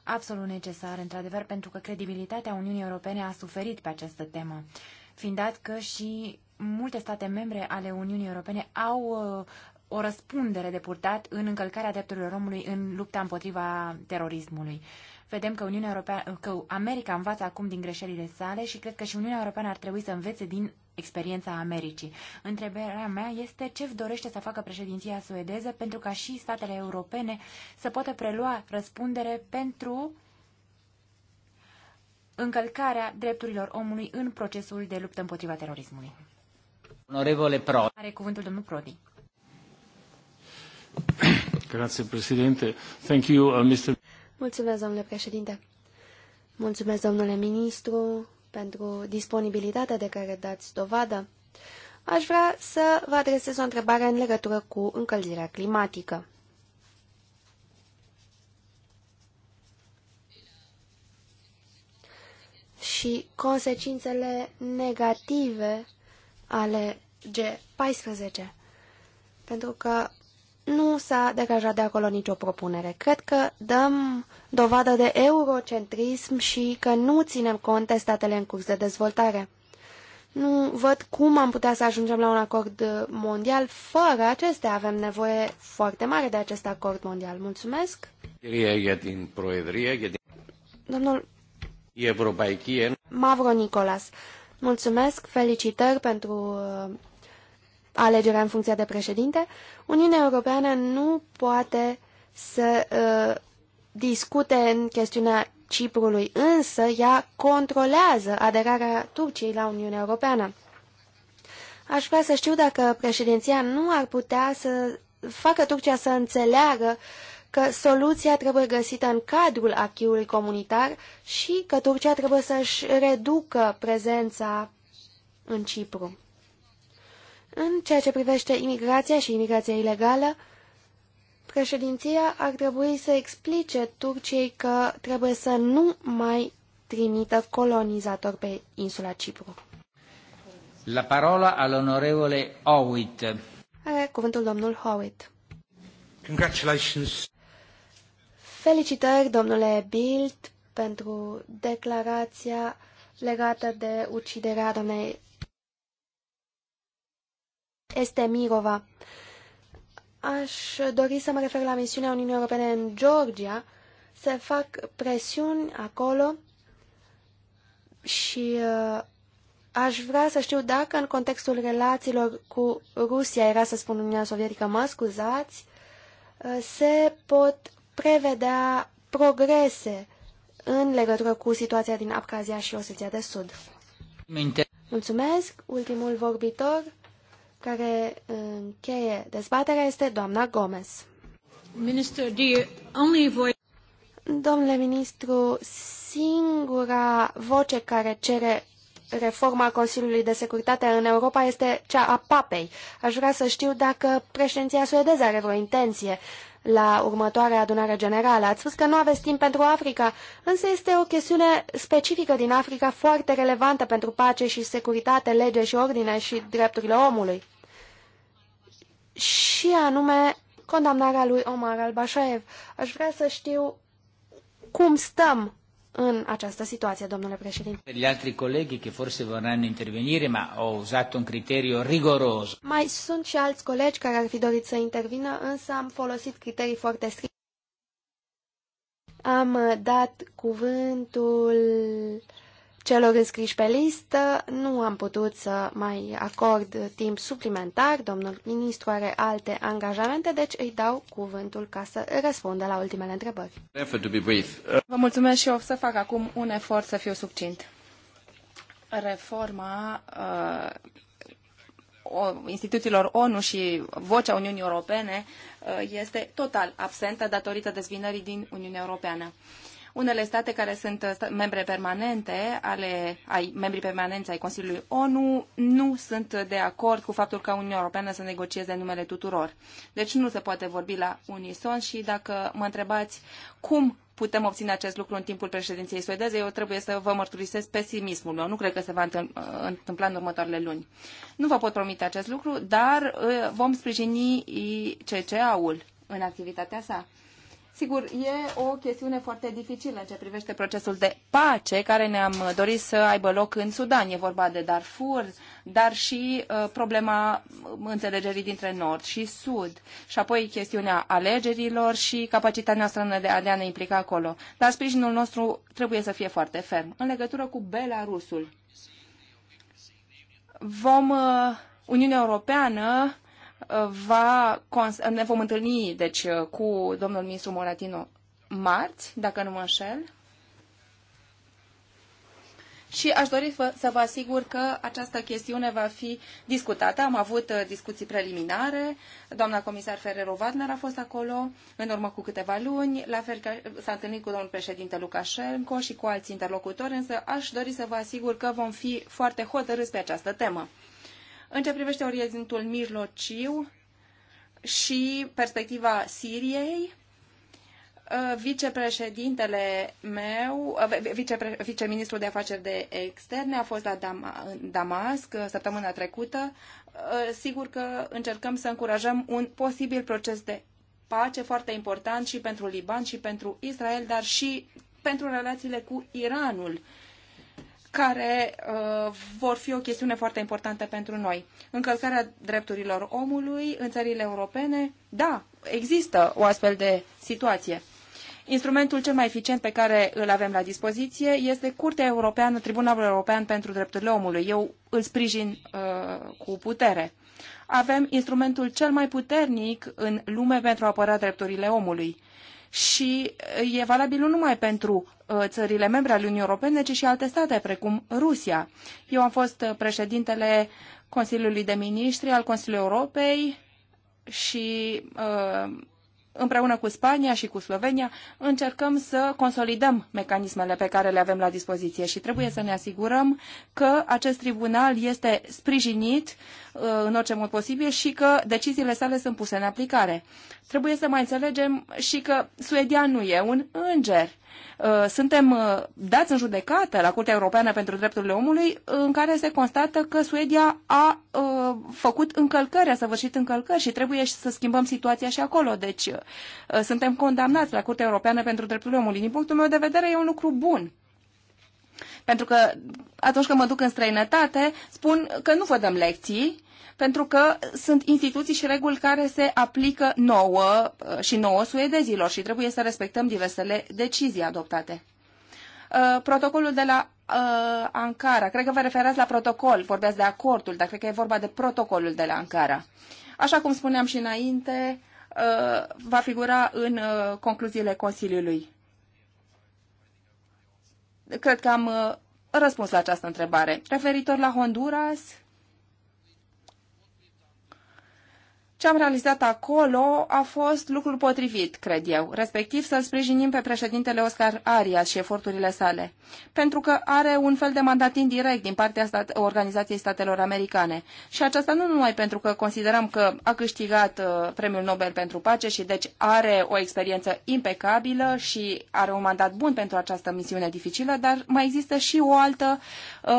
absolut necesar, într-adevăr, pentru că credibilitatea Uniunii Europene a suferit pe această temă, fiind dat că și multe state membre ale Uniunii Europene au uh, o răspundere de purtat în încălcarea drepturilor omului în lupta împotriva terorismului. Vedem că, Uniunea Europeană, că America învață acum din greșelile sale și cred că și Uniunea Europeană ar trebui să învețe din experiența Americii. Întrebarea mea este ce dorește să facă președinția suedeză pentru ca și statele europene să poată prelua răspundere pentru încălcarea drepturilor omului în procesul de luptă împotriva terorismului. Onorevole Prodi. Are cuvântul domnul Prodi. Uh, Mulțumesc, domnule președinte. Mulțumesc, domnule ministru, pentru disponibilitatea de care dați dovadă. Aș vrea să vă adresez o întrebare în legătură cu încălzirea climatică. și consecințele negative ale G14. Pentru că nu s-a degajat de acolo nicio propunere. Cred că dăm dovadă de eurocentrism și că nu ținem cont de statele în curs de dezvoltare. Nu văd cum am putea să ajungem la un acord mondial fără acestea. Avem nevoie foarte mare de acest acord mondial. Mulțumesc! Domnul Mavro Nicolas, mulțumesc, felicitări pentru uh, alegerea în funcția de președinte, Uniunea Europeană nu poate să uh, discute în chestiunea Ciprului, însă ea controlează aderarea Turciei la Uniunea Europeană. Aș vrea să știu dacă președinția nu ar putea să facă Turcia să înțeleagă că soluția trebuie găsită în cadrul achiului comunitar și că Turcia trebuie să-și reducă prezența în Cipru. În ceea ce privește imigrația și imigrația ilegală, președinția ar trebui să explice Turciei că trebuie să nu mai trimită colonizatori pe insula Cipru. La parola al onorevole Howitt. Are cuvântul domnul Howitt. Congratulations. Felicitări, domnule Bild, pentru declarația legată de uciderea domnei este Mirova. Aș dori să mă refer la misiunea Uniunii Europene în Georgia. Se fac presiuni acolo și uh, aș vrea să știu dacă în contextul relațiilor cu Rusia, era să spun Uniunea Sovietică, mă scuzați, uh, se pot prevedea progrese în legătură cu situația din Abkhazia și Osetia de Sud. Minte. Mulțumesc. Ultimul vorbitor care încheie dezbaterea este doamna Gomez. Minister, do you only voice... Domnule ministru, singura voce care cere reforma Consiliului de Securitate în Europa este cea a papei. Aș vrea să știu dacă președinția suedeză are vreo intenție la următoarea adunare generală. Ați spus că nu aveți timp pentru Africa, însă este o chestiune specifică din Africa foarte relevantă pentru pace și securitate, lege și ordine și drepturile omului și anume condamnarea lui Omar al-Bashaev. Aș vrea să știu cum stăm în această situație, domnule președinte. Per gli altri colleghi che forse vorranno intervenire, ma ho usato un criterio rigoroso. Mai sunt și alți colegi care ar fi dorit să intervină, însă am folosit criterii foarte stricte. Am dat cuvântul celor înscriși pe listă. Nu am putut să mai acord timp suplimentar. Domnul ministru are alte angajamente, deci îi dau cuvântul ca să răspundă la ultimele întrebări. Vă mulțumesc și eu să fac acum un efort să fiu succint. Reforma uh, instituțiilor ONU și vocea Uniunii Europene uh, este total absentă datorită dezvinării din Uniunea Europeană. Uh, unele state care sunt uh, membre permanente ale, ai, membrii permanenți ai Consiliului ONU nu sunt de acord cu faptul ca Uniunea Europeană să negocieze numele tuturor. Deci nu se poate vorbi la unison și dacă mă întrebați cum putem obține acest lucru în timpul președinției suedeze, eu trebuie să vă mărturisesc pesimismul meu. Nu cred că se va uh, întâmpla în următoarele luni. Nu vă pot promite acest lucru, dar uh, vom sprijini icca ul în activitatea sa. Sigur, e o chestiune foarte dificilă în ce privește procesul de pace care ne-am dorit să aibă loc în Sudan. E vorba de Darfur, dar și uh, problema înțelegerii dintre nord și sud. Și apoi chestiunea alegerilor și capacitatea noastră de a, de a ne implica acolo. Dar sprijinul nostru trebuie să fie foarte ferm. În legătură cu Belarusul, vom, uh, Uniunea Europeană va, ne vom întâlni deci, cu domnul ministru Moratino marți, dacă nu mă înșel. Și aș dori să vă asigur că această chestiune va fi discutată. Am avut uh, discuții preliminare. Doamna comisar Ferrero Wagner a fost acolo în urmă cu câteva luni. La fel că s-a întâlnit cu domnul președinte Lukashenko și cu alți interlocutori, însă aș dori să vă asigur că vom fi foarte hotărâți pe această temă. În ce privește Orientul Mijlociu și perspectiva Siriei, uh, vicepreședintele meu, uh, vicepre, viceministrul de afaceri de externe a fost la Damasc uh, săptămâna trecută. Sigur că încercăm să încurajăm un posibil proces de pace foarte important și pentru Liban și pentru Israel, dar și pentru relațiile cu Iranul care uh, vor fi o chestiune foarte importantă pentru noi. Încălcarea drepturilor omului în țările europene, da, există o astfel de situație. Instrumentul cel mai eficient pe care îl avem la dispoziție este Curtea Europeană, Tribunalul European pentru Drepturile Omului. Eu îl sprijin uh, cu putere. Avem instrumentul cel mai puternic în lume pentru a apăra drepturile omului și e valabil nu numai pentru uh, țările membre ale Uniunii Europene, ci și alte state, precum Rusia. Eu am fost uh, președintele Consiliului de Ministri al Consiliului Europei și uh, împreună cu Spania și cu Slovenia încercăm să consolidăm mecanismele pe care le avem la dispoziție și trebuie să ne asigurăm că acest tribunal este sprijinit uh, Uh, în orice mod posibil și că deciziile sale sunt puse în aplicare. Trebuie să mai înțelegem și că Suedia nu e un înger. Uh, suntem uh, dați în judecată la Curtea Europeană pentru Drepturile Omului în care se constată că Suedia a făcut încălcări, a săvârșit încălcări și trebuie să schimbăm situația și acolo. Deci suntem condamnați la Curtea Europeană pentru Drepturile Omului. Din punctul meu de vedere e un lucru bun pentru că atunci când mă duc în străinătate, spun că nu vă dăm lecții, pentru că sunt instituții și reguli care se aplică nouă uh, și nouă suedezilor și trebuie să respectăm diversele decizii adoptate. Uh, protocolul de la uh, Ankara, cred că vă referați la protocol, vorbeați de acordul, dar cred că e vorba de protocolul de la Ankara. Așa cum spuneam și înainte, va figura în concluziile Consiliului. Cred că am uh, răspuns la această întrebare. Referitor la Honduras, Ce am realizat acolo a fost lucrul potrivit, cred eu, respectiv să-l sprijinim pe președintele Oscar Arias și eforturile sale, pentru că are un fel de mandat indirect din partea stat Organizației Statelor Americane. Și aceasta nu numai pentru că considerăm că a câștigat uh, Premiul Nobel pentru Pace și deci are o experiență impecabilă și are un mandat bun pentru această misiune dificilă, dar mai există și o altă Uh,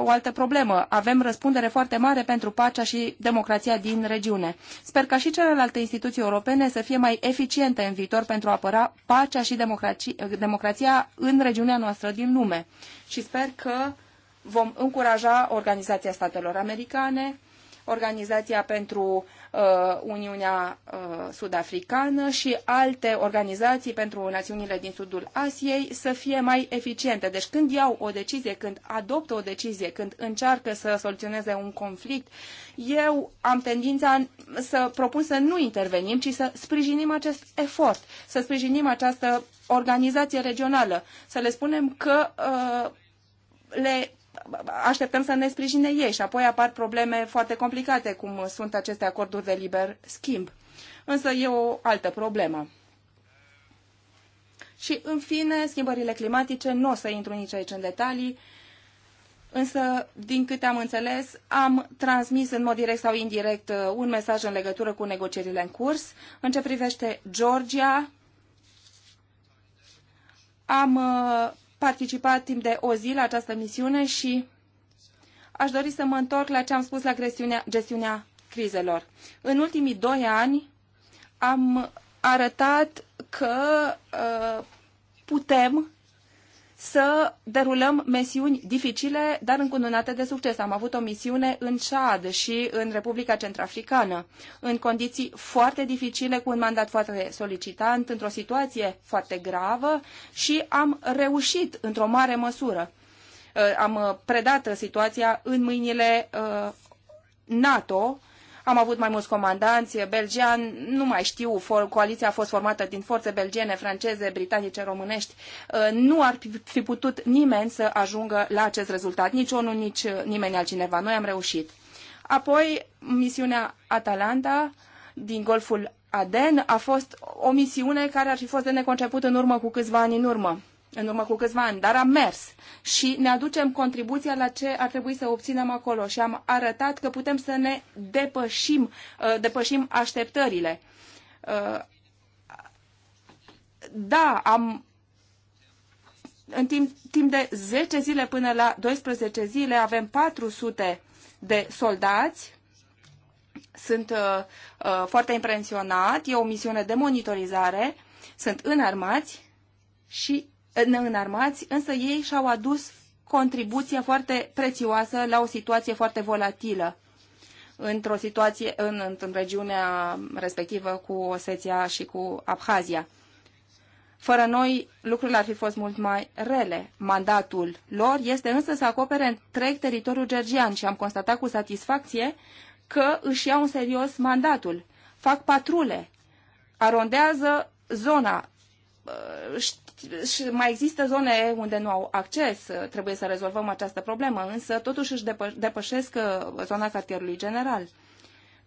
o altă problemă. Avem răspundere foarte mare pentru pacea și democrația din regiune. Sper ca și celelalte instituții europene să fie mai eficiente în viitor pentru a apăra pacea și democrația în regiunea noastră din lume. Și sper că vom încuraja Organizația Statelor Americane, Organizația pentru Uh, Uniunea uh, Sud-Africană și alte organizații pentru națiunile din sudul Asiei să fie mai eficiente. Deci când iau o decizie, când adoptă o decizie, când încearcă să soluționeze un conflict, eu am tendința să propun să nu intervenim, ci să sprijinim acest efort, să sprijinim această organizație regională, să le spunem că uh, le așteptăm să ne sprijine ei și apoi apar probleme foarte complicate, cum sunt aceste acorduri de liber schimb. Însă e o altă problemă. Și, în fine, schimbările climatice, nu o să intru nici aici în detalii, însă, din câte am înțeles, am transmis în mod direct sau indirect uh, un mesaj în legătură cu negocierile în curs. În ce privește Georgia, am uh, participat timp de o zi la această misiune și aș dori să mă întorc la ce am spus la gestiunea, gestiunea crizelor. În ultimii doi ani am arătat că uh, putem să derulăm misiuni dificile, dar încununate de succes. Am avut o misiune în Chad și în Republica Centrafricană, în condiții foarte dificile, cu un mandat foarte solicitant, într-o situație foarte gravă și am reușit într-o mare măsură. Uh, am predat situația în mâinile uh, NATO, am avut mai mulți comandanți Belgian. nu mai știu, coaliția a fost formată din forțe belgiene, franceze, britanice, românești. Uh, nu ar fi putut nimeni să ajungă la acest rezultat, nici unul, nici uh, nimeni altcineva. Noi am reușit. Apoi, misiunea Atalanta din Golful Aden a fost o misiune care ar fi fost de neconceput în urmă cu câțiva ani în urmă în urmă cu câțiva ani, dar am mers și ne aducem contribuția la ce ar trebui să obținem acolo și am arătat că putem să ne depășim, uh, depășim așteptările. Uh, da, am în timp, timp de 10 zile până la 12 zile avem 400 de soldați sunt uh, uh, foarte impresionat, e o misiune de monitorizare, sunt înarmați și neînarmați, însă ei și-au adus contribuția foarte prețioasă la o situație foarte volatilă într-o situație în, în, în regiunea respectivă cu Osetia și cu Abhazia. Fără noi, lucrurile ar fi fost mult mai rele. Mandatul lor este însă să acopere întreg teritoriul georgian și am constatat cu satisfacție că își iau în serios mandatul. Fac patrule, arondează zona Uh, mai există zone unde nu au acces, uh, trebuie să rezolvăm această problemă, însă totuși își depășesc uh, zona cartierului general.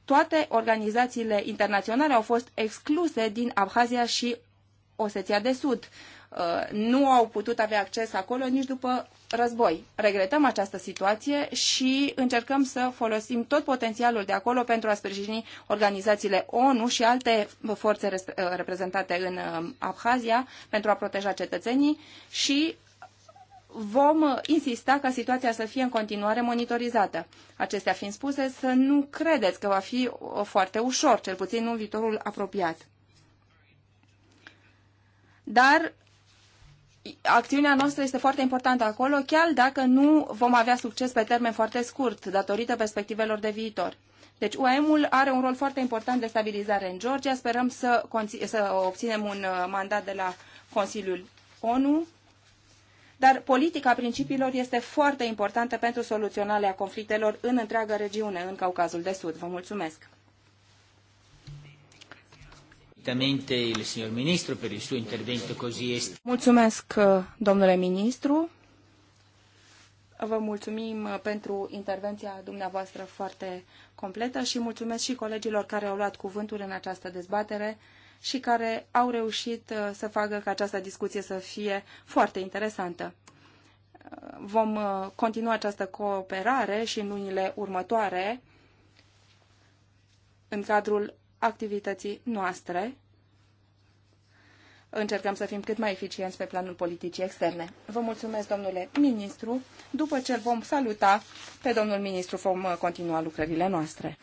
Toate organizațiile internaționale au fost excluse din Abhazia și Osetia de Sud. Uh, nu au putut avea acces acolo nici după război. Regretăm această situație și încercăm să folosim tot potențialul de acolo pentru a sprijini organizațiile ONU și alte forțe uh, reprezentate în uh, Abhazia pentru a proteja cetățenii și vom insista ca situația să fie în continuare monitorizată. Acestea fiind spuse, să nu credeți că va fi foarte ușor, cel puțin în viitorul apropiat. Dar acțiunea noastră este foarte importantă acolo, chiar dacă nu vom avea succes pe termen foarte scurt, datorită perspectivelor de viitor. Deci UAM-ul are un rol foarte important de stabilizare în Georgia. Sperăm să, să obținem un uh, mandat de la Consiliul ONU. Dar politica principiilor este foarte importantă pentru soluționarea conflictelor în întreaga regiune, în Caucazul de Sud. Vă mulțumesc! Certamente il signor Ministro per il suo intervento così Mulțumesc, uh, domnule Ministru. Vă mulțumim uh, pentru intervenția dumneavoastră foarte completă și mulțumesc și colegilor care au luat cuvântul în această dezbatere și care au reușit uh, să facă ca această discuție să fie foarte interesantă. Vom continua această cooperare și în lunile următoare în cadrul activității noastre. Încercăm să fim cât mai eficienți pe planul politicii externe. Vă mulțumesc, domnule ministru. După ce vom saluta pe domnul ministru, vom continua lucrările noastre.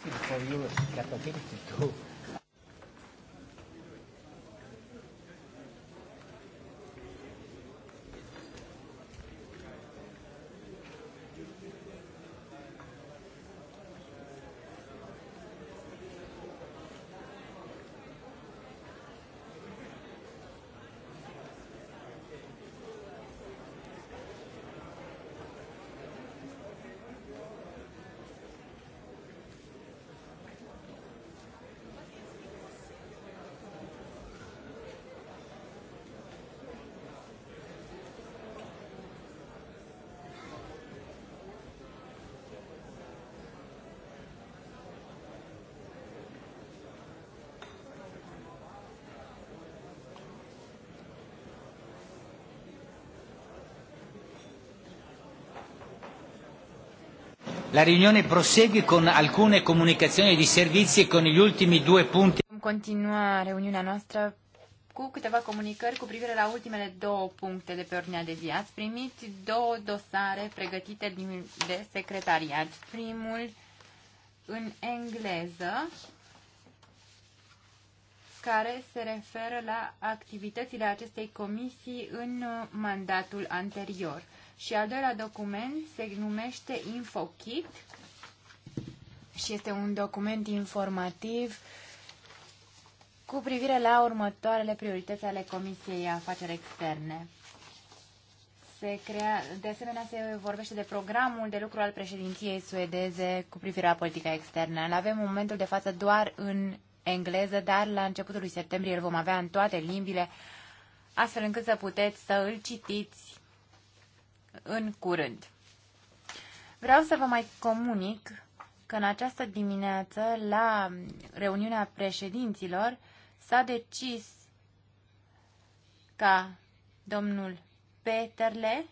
La riunione prosegue con alcune comunicazioni di servizi e con gli ultimi due punti. Vom continua reuniunea noastră cu câteva comunicări cu privire la ultimele două puncte de pe ordinea de zi. Ați primit două dosare pregătite din, de secretariat. Primul în engleză, care se referă la activitățile acestei comisii în mandatul anterior. Și al doilea document se numește InfoKit și este un document informativ cu privire la următoarele priorități ale Comisiei Afaceri Externe. Se crea, de asemenea, se vorbește de programul de lucru al președinției suedeze cu privire la politica externă. Îl avem în momentul de față doar în engleză, dar la începutul lui septembrie îl vom avea în toate limbile, astfel încât să puteți să îl citiți în curând. Vreau să vă mai comunic că în această dimineață, la reuniunea președinților, s-a decis ca domnul Peterle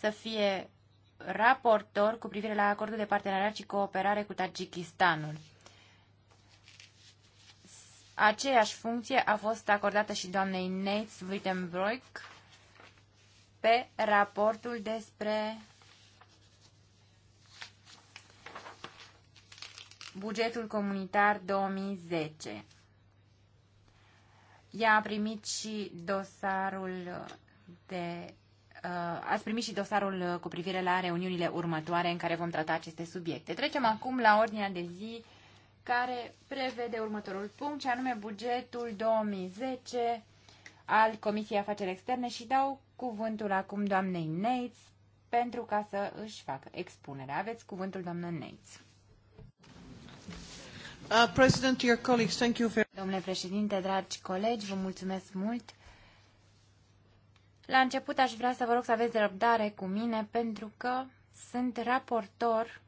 să fie raportor cu privire la acordul de parteneriat și cooperare cu Tajikistanul. Aceeași funcție a fost acordată și doamnei Nates Wittenbroek, pe raportul despre bugetul comunitar 2010. Ea a primit și dosarul de uh, ați primit și dosarul uh, cu privire la reuniunile următoare în care vom trata aceste subiecte. Trecem acum la ordinea de zi care prevede următorul punct, și anume bugetul 2010 al Comisiei Afaceri Externe și dau cuvântul acum doamnei Neitz pentru ca să își facă expunerea. Aveți cuvântul doamnă Neitz. Uh, Domnule președinte, dragi colegi, vă mulțumesc mult. La început aș vrea să vă rog să aveți răbdare cu mine pentru că sunt raportor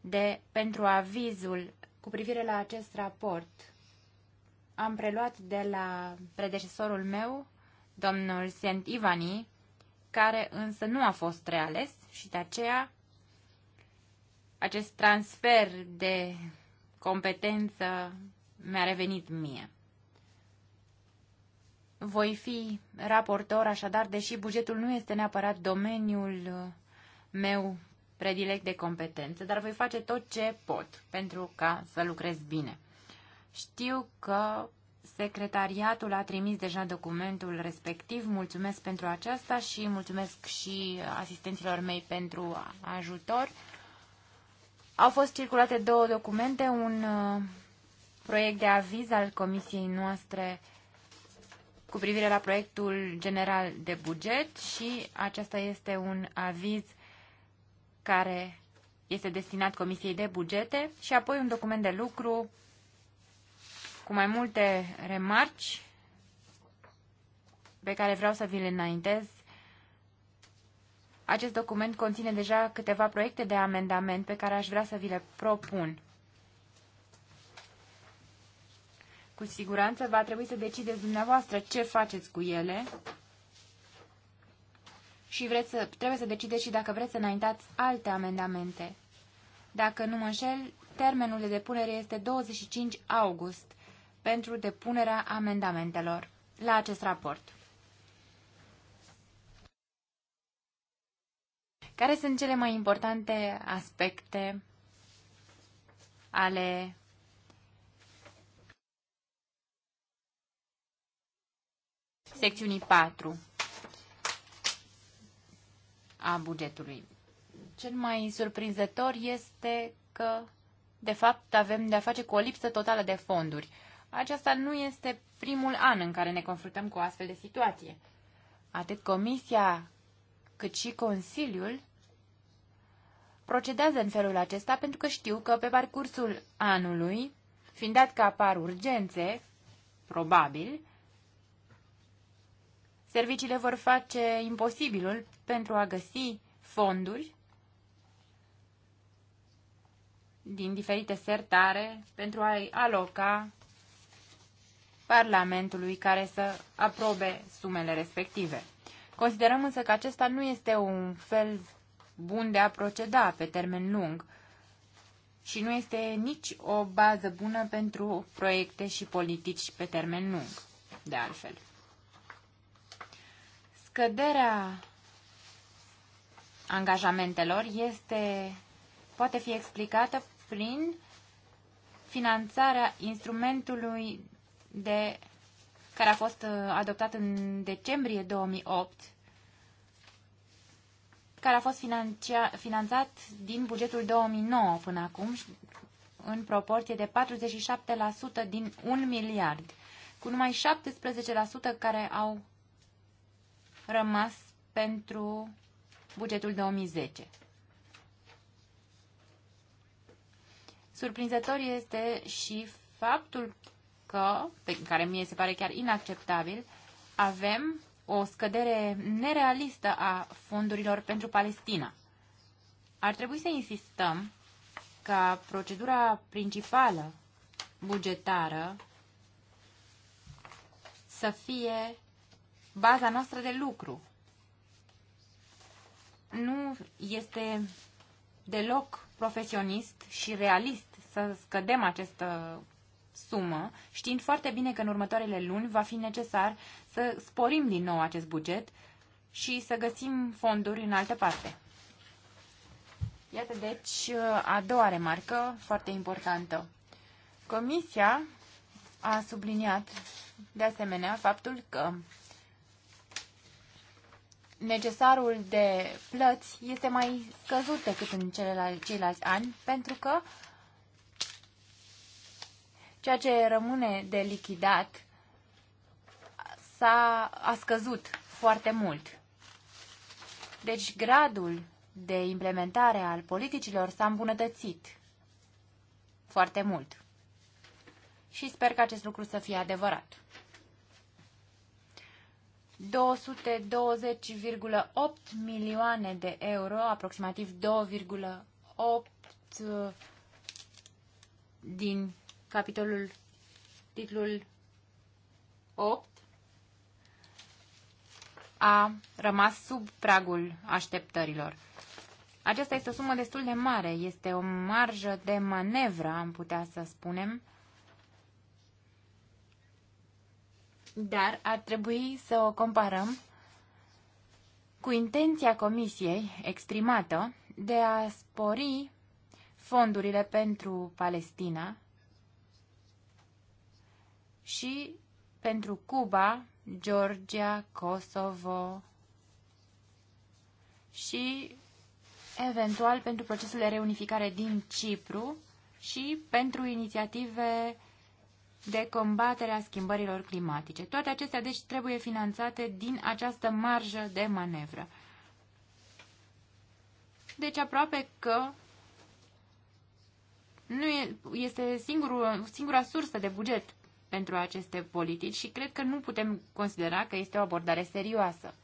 de, pentru avizul cu privire la acest raport. Am preluat de la predecesorul meu domnul Sent Ivani, care însă nu a fost reales și de aceea acest transfer de competență mi-a revenit mie. Voi fi raportor, așadar, deși bugetul nu este neapărat domeniul meu predilect de competență, dar voi face tot ce pot pentru ca să lucrez bine. Știu că Secretariatul a trimis deja documentul respectiv. Mulțumesc pentru aceasta și mulțumesc și asistenților mei pentru ajutor. Au fost circulate două documente, un uh, proiect de aviz al comisiei noastre cu privire la proiectul general de buget și acesta este un aviz care este destinat Comisiei de Bugete și apoi un document de lucru cu mai multe remarci pe care vreau să vi le înaintez. Acest document conține deja câteva proiecte de amendament pe care aș vrea să vi le propun. Cu siguranță va trebui să decideți dumneavoastră ce faceți cu ele și vreți să, trebuie să decideți și dacă vreți să înaintați alte amendamente. Dacă nu mă înșel, termenul de depunere este 25 august pentru depunerea amendamentelor la acest raport. Care sunt cele mai importante aspecte ale secțiunii 4 a bugetului? Cel mai surprinzător este că, de fapt, avem de-a face cu o lipsă totală de fonduri. Aceasta nu este primul an în care ne confruntăm cu o astfel de situație. Atât Comisia cât și Consiliul procedează în felul acesta pentru că știu că pe parcursul anului, fiind dat că apar urgențe, probabil, serviciile vor face imposibilul pentru a găsi fonduri din diferite sertare pentru a aloca Parlamentului care să aprobe sumele respective. Considerăm însă că acesta nu este un fel bun de a proceda pe termen lung și nu este nici o bază bună pentru proiecte și politici pe termen lung, de altfel. Scăderea angajamentelor este, poate fi explicată prin finanțarea instrumentului de, care a fost uh, adoptat în decembrie 2008, care a fost financia, finanțat din bugetul 2009 până acum, în proporție de 47% din 1 miliard, cu numai 17% care au rămas pentru bugetul 2010. Surprinzător este și faptul că, pe care mie se pare chiar inacceptabil, avem o scădere nerealistă a fondurilor pentru Palestina. Ar trebui să insistăm ca procedura principală bugetară să fie baza noastră de lucru. Nu este deloc profesionist și realist să scădem această sumă, știind foarte bine că în următoarele luni va fi necesar să sporim din nou acest buget și să găsim fonduri în altă parte. Iată deci a doua remarcă foarte importantă. Comisia a subliniat de asemenea faptul că necesarul de plăți este mai scăzut decât în celelalte, ceilalți ani, pentru că ceea ce rămâne de lichidat s-a a scăzut foarte mult. Deci gradul de implementare al politicilor s-a îmbunătățit foarte mult. Și sper că acest lucru să fie adevărat. 220,8 milioane de euro, aproximativ 2,8 uh, din capitolul, titlul 8 a rămas sub pragul așteptărilor. Aceasta este o sumă destul de mare, este o marjă de manevră, am putea să spunem, dar ar trebui să o comparăm cu intenția Comisiei exprimată de a spori fondurile pentru Palestina și pentru Cuba, Georgia, Kosovo și eventual pentru procesul de reunificare din Cipru și pentru inițiative de combatere a schimbărilor climatice. Toate acestea, deci, trebuie finanțate din această marjă de manevră. Deci, aproape că nu e, este singurul, singura sursă de buget pentru aceste politici și cred că nu putem considera că este o abordare serioasă.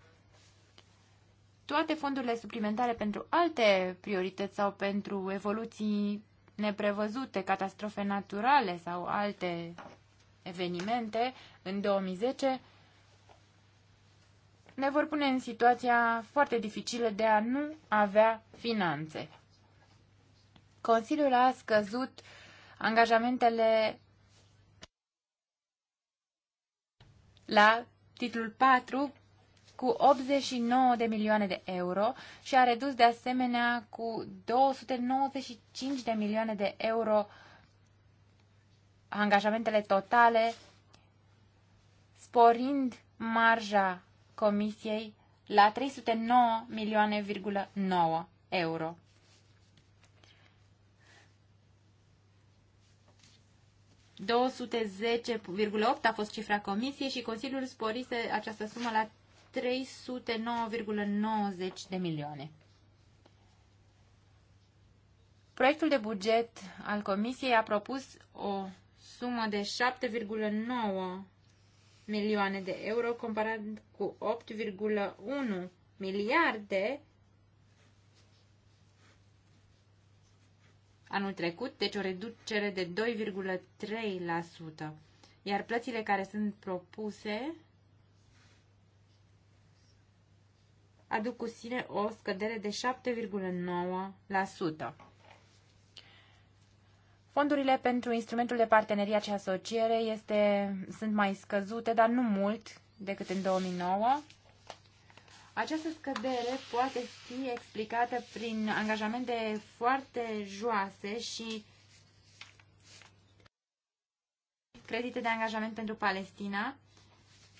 Toate fondurile suplimentare pentru alte priorități sau pentru evoluții neprevăzute, catastrofe naturale sau alte evenimente în 2010 ne vor pune în situația foarte dificilă de a nu avea finanțe. Consiliul a scăzut angajamentele la titlul 4 cu 89 de milioane de euro și a redus de asemenea cu 295 de milioane de euro angajamentele totale, sporind marja comisiei la 309 milioane,9 euro. 210,8 a fost cifra comisiei și Consiliul sporise această sumă la 309,90 de milioane. Proiectul de buget al comisiei a propus o sumă de 7,9 milioane de euro comparat cu 8,1 miliarde anul trecut, deci o reducere de 2,3%. Iar plățile care sunt propuse aduc cu sine o scădere de 7,9%. Fondurile pentru instrumentul de parteneriat și asociere este, sunt mai scăzute, dar nu mult decât în 2009 această scădere poate fi explicată prin angajamente foarte joase și credite de angajament pentru Palestina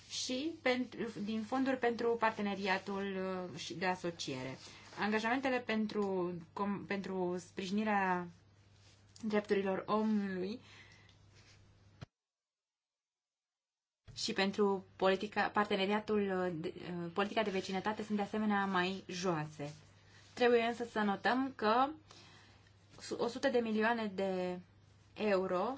și pentru, din fonduri pentru parteneriatul uh, și de asociere. Angajamentele pentru, pentru sprijinirea drepturilor omului și pentru politica, parteneriatul, uh, uh, politica de vecinătate sunt de asemenea mai joase. Trebuie însă să notăm că 100 de milioane de euro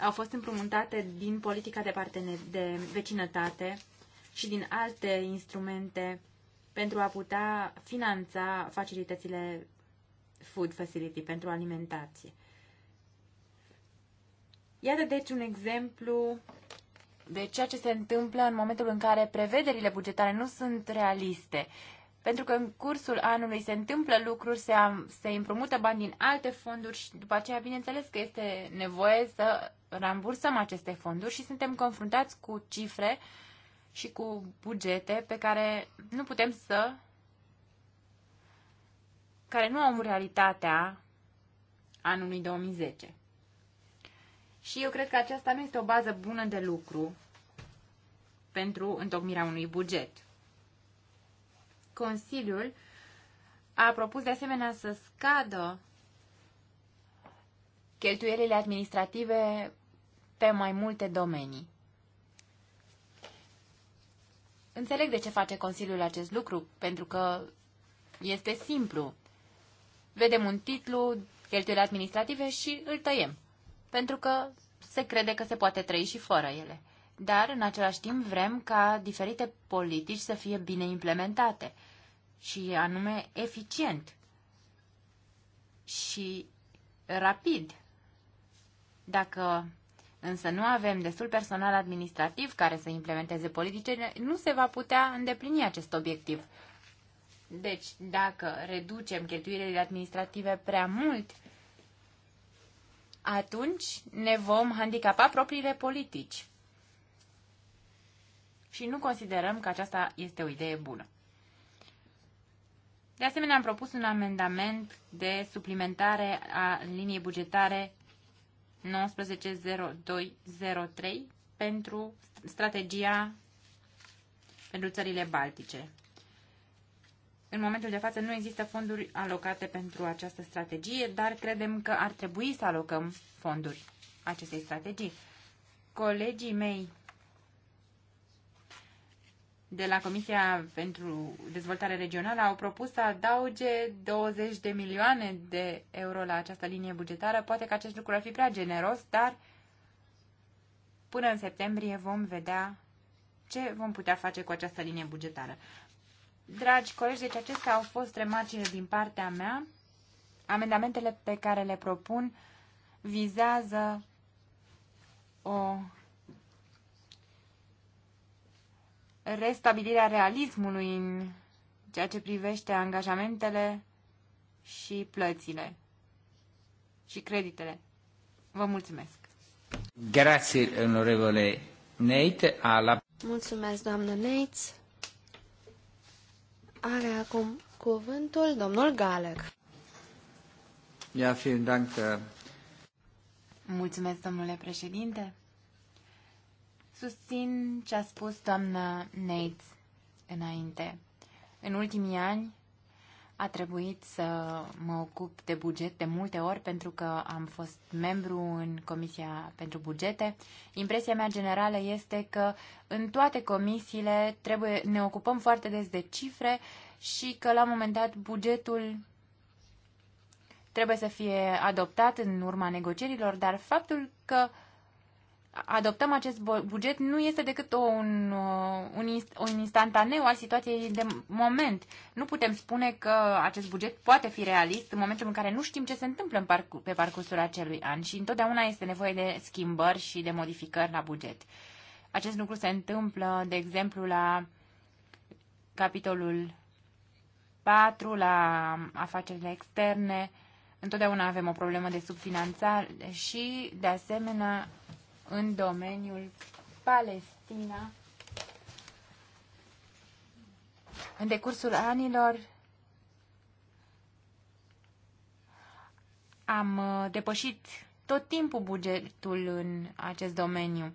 au fost împrumutate din politica de, partener, de vecinătate și din alte instrumente pentru a putea finanța facilitățile Food Facility pentru alimentație. Iată deci un exemplu de ceea ce se întâmplă în momentul în care prevederile bugetare nu sunt realiste. Pentru că în cursul anului se întâmplă lucruri, se, am, se împrumută bani din alte fonduri și după aceea, bineînțeles că este nevoie să rambursăm aceste fonduri și suntem confruntați cu cifre și cu bugete pe care nu putem să care nu au realitatea anului 2010. Și eu cred că aceasta nu este o bază bună de lucru pentru întocmirea unui buget. Consiliul a propus de asemenea să scadă cheltuielile administrative pe mai multe domenii. Înțeleg de ce face Consiliul acest lucru, pentru că este simplu vedem un titlu, cheltuieli administrative și îl tăiem. Pentru că se crede că se poate trăi și fără ele. Dar, în același timp, vrem ca diferite politici să fie bine implementate și anume eficient și rapid. Dacă însă nu avem destul personal administrativ care să implementeze politicile, nu se va putea îndeplini acest obiectiv. Deci, dacă reducem cheltuielile administrative prea mult, atunci ne vom handicapa propriile politici. Și nu considerăm că aceasta este o idee bună. De asemenea, am propus un amendament de suplimentare a liniei bugetare 190203 pentru strategia pentru țările baltice. În momentul de față nu există fonduri alocate pentru această strategie, dar credem că ar trebui să alocăm fonduri acestei strategii. Colegii mei de la Comisia pentru Dezvoltare Regională au propus să adauge 20 de milioane de euro la această linie bugetară. Poate că acest lucru ar fi prea generos, dar până în septembrie vom vedea ce vom putea face cu această linie bugetară. Dragi colegi, deci acestea au fost remarcile din partea mea. Amendamentele pe care le propun vizează o restabilire a realismului în ceea ce privește angajamentele și plățile și creditele. Vă mulțumesc! Grazie, onorevole Nate. Mulțumesc, doamnă Neitz. Are acum cuvântul domnul Galec. Ja, vielen Dank. Mulțumesc, domnule președinte. Susțin ce a spus doamna Nates înainte. În ultimii ani, a trebuit să mă ocup de buget de multe ori pentru că am fost membru în Comisia pentru Bugete. Impresia mea generală este că în toate comisiile trebuie, ne ocupăm foarte des de cifre și că la un moment dat bugetul trebuie să fie adoptat în urma negocierilor, dar faptul că uh, adoptăm acest buget nu este decât o, un, uh, un, un instantaneu al situației de moment. Nu putem spune că acest buget poate fi realist în momentul în care nu știm ce se întâmplă în parcu- pe parcursul acelui an și întotdeauna este nevoie de schimbări și de modificări la buget. Acest lucru se întâmplă, de exemplu, la capitolul 4, la afacerile externe. Întotdeauna avem o problemă de subfinanțare și, de asemenea, în domeniul Palestina. În decursul anilor am uh, depășit tot timpul bugetul în acest domeniu.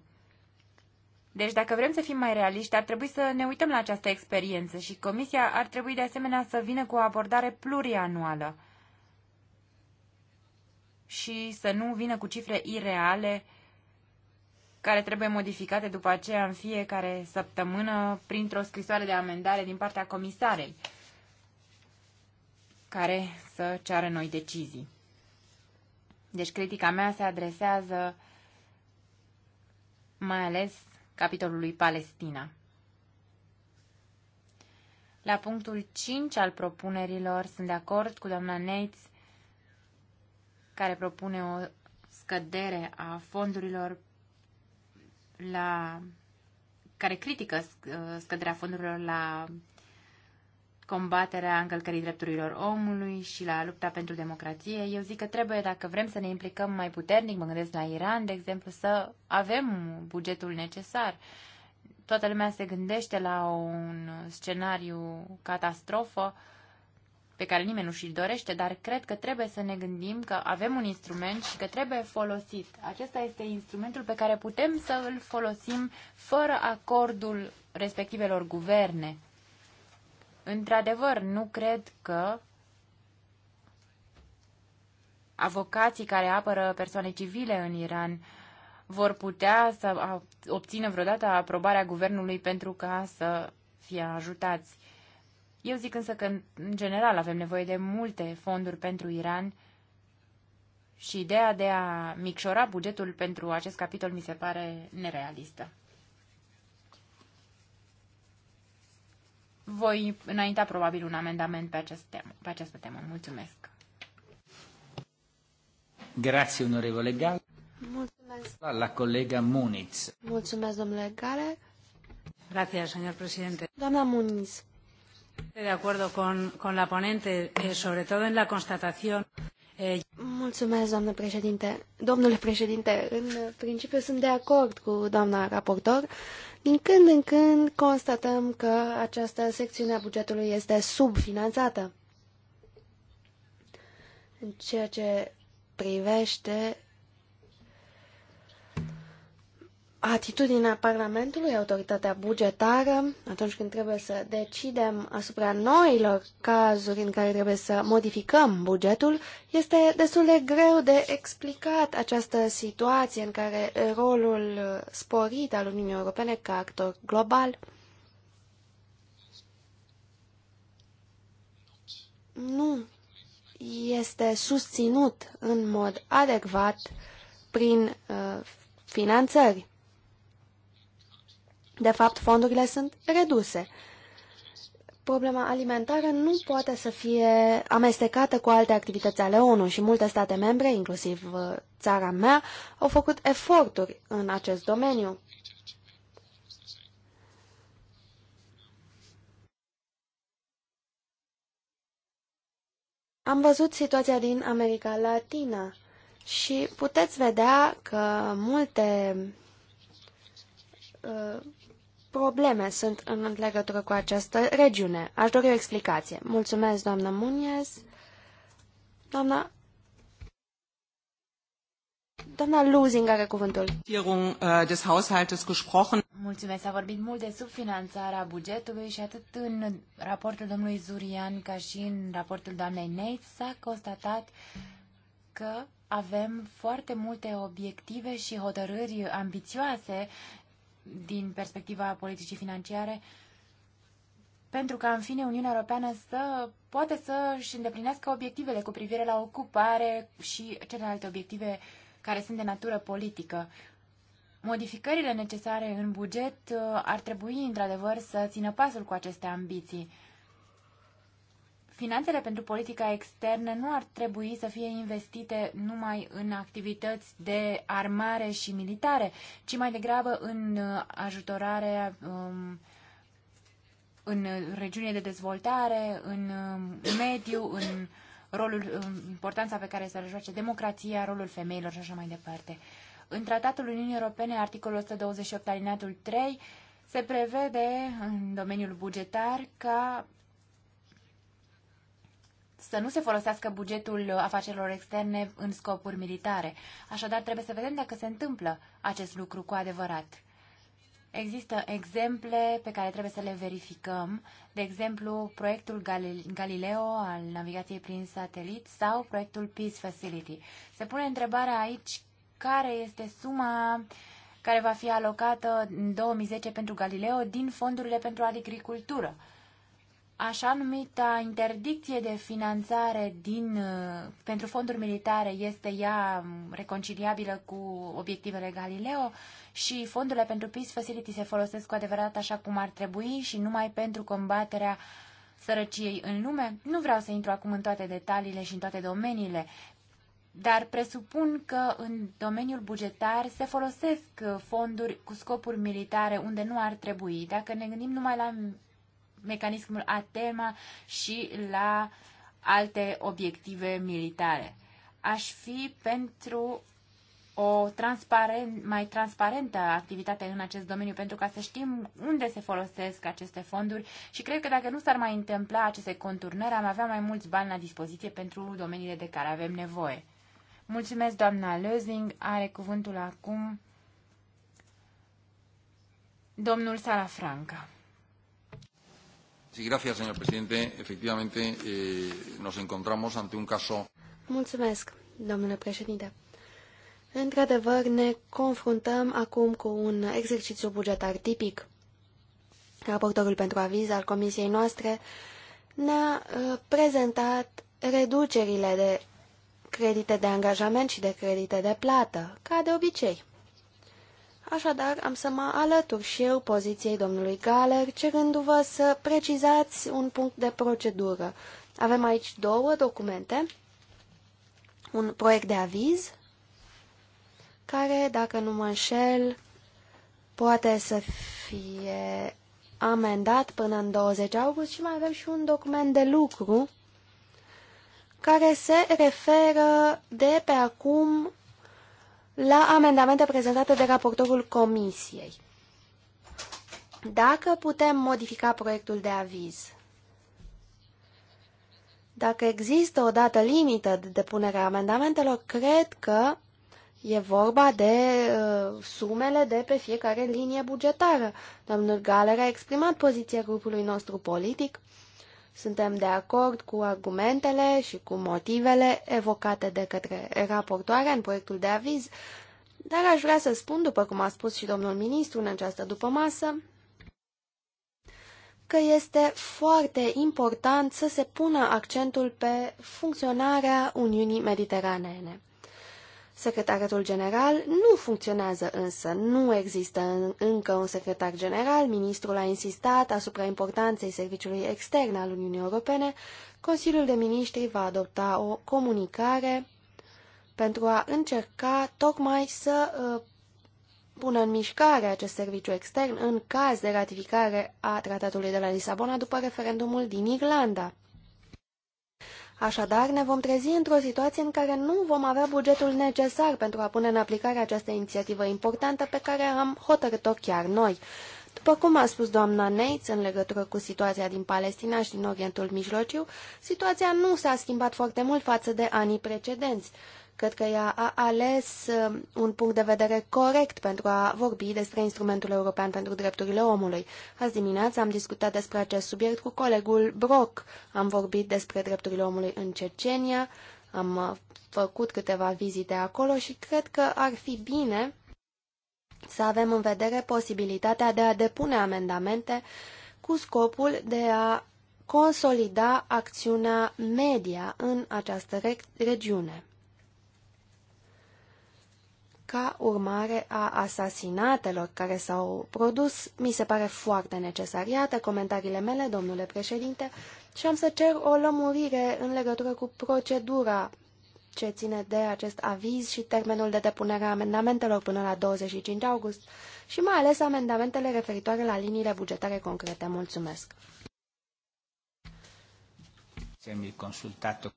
Deci dacă vrem să fim mai realiști, ar trebui să ne uităm la această experiență și Comisia ar trebui de asemenea să vină cu o abordare plurianuală și să nu vină cu cifre ireale care trebuie modificate după aceea în fiecare săptămână printr-o scrisoare de amendare din partea comisarei care să ceară noi decizii. Deci critica mea se adresează mai ales capitolului Palestina. La punctul 5 al propunerilor sunt de acord cu doamna Neitz, care propune o scădere a fondurilor la care critică uh, scăderea fondurilor la combaterea încălcării drepturilor omului și la lupta pentru democrație. Eu zic că trebuie, dacă vrem să ne implicăm mai puternic, mă gândesc la Iran, de exemplu, să avem bugetul necesar. Toată lumea se gândește la un scenariu catastrofă, uh, pe care nimeni nu și-l dorește, dar cred că trebuie să ne gândim că avem un instrument și că trebuie folosit. Acesta este instrumentul pe care putem să îl folosim fără acordul respectivelor guverne. Într-adevăr, nu cred că avocații care apără persoane civile în Iran vor putea să obțină vreodată aprobarea guvernului pentru ca să fie ajutați. Eu zic însă că, în general, avem nevoie de multe fonduri pentru Iran și ideea de a micșora bugetul pentru acest capitol mi se pare nerealistă. Voi înainta probabil un amendament pe, acest temă, pe această temă. Mulțumesc. Grazie, onorevole Gale. Mulțumesc. La, la colega Muniz. Mulțumesc, domnule Gale. Grazie, domnule presidente. Doamna Muniz. De acord cu con la ponente, eh, sobre todo en la constatación. Eh, Mulțumesc, doamnă președinte. Domnule președinte, în principiu sunt de acord cu doamna raportor. Din când în când constatăm că această secțiune a bugetului este subfinanțată. În ceea ce privește atitudinea Parlamentului, autoritatea bugetară, atunci când trebuie să decidem asupra noilor cazuri în care trebuie să modificăm bugetul, este destul de greu de explicat această situație în care rolul sporit al Uniunii Europene ca actor global nu este susținut în mod adecvat prin uh, finanțări. De fapt, fondurile sunt reduse. Problema alimentară nu poate să fie amestecată cu alte activități ale ONU și multe state membre, inclusiv uh, țara mea, au făcut eforturi în acest domeniu. Am văzut situația din America Latina și puteți vedea că multe uh, probleme sunt în legătură cu această regiune. Aș dori o explicație. Mulțumesc, doamnă Muniez. Doamna... Doamna Luzing are cuvântul. Uh, Mulțumesc. S-a vorbit mult de subfinanțarea bugetului și atât în raportul domnului Zurian ca și în raportul doamnei Neitz s-a constatat că avem foarte multe obiective și hotărâri ambițioase din perspectiva politicii financiare pentru ca, în fine, Uniunea Europeană să poate să își îndeplinească obiectivele cu privire la ocupare și celelalte obiective care sunt de natură politică. Modificările necesare în buget uh, ar trebui, într-adevăr, să țină pasul cu aceste ambiții. Finanțele pentru politica externă nu ar trebui să fie investite numai în activități de armare și militare, ci mai degrabă în ajutorare, um, în regiune de dezvoltare, în um, mediu, în rolul, um, importanța pe care să le joace democrația, rolul femeilor și așa mai departe. În Tratatul Uniunii Europene, articolul 128, alineatul 3, se prevede în domeniul bugetar ca să nu se folosească bugetul afacerilor externe în scopuri militare. Așadar, trebuie să vedem dacă se întâmplă acest lucru cu adevărat. Există exemple pe care trebuie să le verificăm, de exemplu proiectul Galileo al navigației prin satelit sau proiectul Peace Facility. Se pune întrebarea aici care este suma care va fi alocată în 2010 pentru Galileo din fondurile pentru agricultură așa numita interdicție de finanțare din, uh, pentru fonduri militare este ea um, reconciliabilă cu obiectivele Galileo și fondurile pentru Peace Facility se folosesc cu adevărat așa cum ar trebui și numai pentru combaterea sărăciei în lume. Nu vreau să intru acum în toate detaliile și în toate domeniile, dar presupun că în domeniul bugetar se folosesc uh, fonduri cu scopuri militare unde nu ar trebui. Dacă ne gândim numai la mecanismul ATEMA și la alte obiective militare. Aș fi pentru o transparent, mai transparentă activitate în acest domeniu pentru ca să știm unde se folosesc aceste fonduri și cred că dacă nu s-ar mai întâmpla aceste conturnări, am avea mai mulți bani la dispoziție pentru domeniile de care avem nevoie. Mulțumesc, doamna Lözing. Are cuvântul acum domnul Salafranca. Sí, gracias, señor presidente. Efectivamente, eh, nos encontramos ante un caso. Mulțumesc, domnule președinte. Într-adevăr, ne confruntăm acum cu un exercițiu bugetar tipic. Raportorul pentru aviz al comisiei noastre ne-a uh, prezentat reducerile de credite de angajament și de credite de plată, ca de obicei. Așadar, am să mă alătur și eu poziției domnului Galer, cerându-vă să precizați un punct de procedură. Avem aici două documente, un proiect de aviz, care, dacă nu mă înșel, poate să fie amendat până în 20 august și mai avem și un document de lucru care se referă de pe acum la amendamente prezentate de raportorul Comisiei. Dacă putem modifica proiectul de aviz, dacă există o dată limită de depunere a amendamentelor, cred că e vorba de uh, sumele de pe fiecare linie bugetară. Domnul Galer a exprimat poziția grupului nostru politic suntem de acord cu argumentele și cu motivele evocate de către raportoare în proiectul de aviz, dar aș vrea să spun, după cum a spus și domnul ministru în această dupămasă, că este foarte important să se pună accentul pe funcționarea Uniunii Mediteraneene. Secretariatul General nu funcționează însă, nu există încă un secretar general, ministrul a insistat asupra importanței serviciului extern al Uniunii Europene, Consiliul de Ministri va adopta o comunicare pentru a încerca tocmai să uh, pună în mișcare acest serviciu extern în caz de ratificare a tratatului de la Lisabona după referendumul din Irlanda. Așadar, ne vom trezi într-o situație în care nu vom avea bugetul necesar pentru a pune în aplicare această inițiativă importantă pe care am hotărât-o chiar noi. După cum a spus doamna Neitz în legătură cu situația din Palestina și din Orientul Mijlociu, situația nu s-a schimbat foarte mult față de anii precedenți Cred că ea a ales uh, un punct de vedere corect pentru a vorbi despre instrumentul european pentru drepturile omului. Azi dimineața am discutat despre acest subiect cu colegul Brock. Am vorbit despre drepturile omului în Cecenia, am uh, făcut câteva vizite acolo și cred că ar fi bine să avem în vedere posibilitatea de a depune amendamente cu scopul de a consolida acțiunea media în această regiune ca urmare a asasinatelor care s-au produs, mi se pare foarte necesar. Iată comentariile mele, domnule președinte, și am să cer o lămurire în legătură cu procedura ce ține de acest aviz și termenul de depunere a amendamentelor până la 25 august și mai ales amendamentele referitoare la liniile bugetare concrete. Mulțumesc!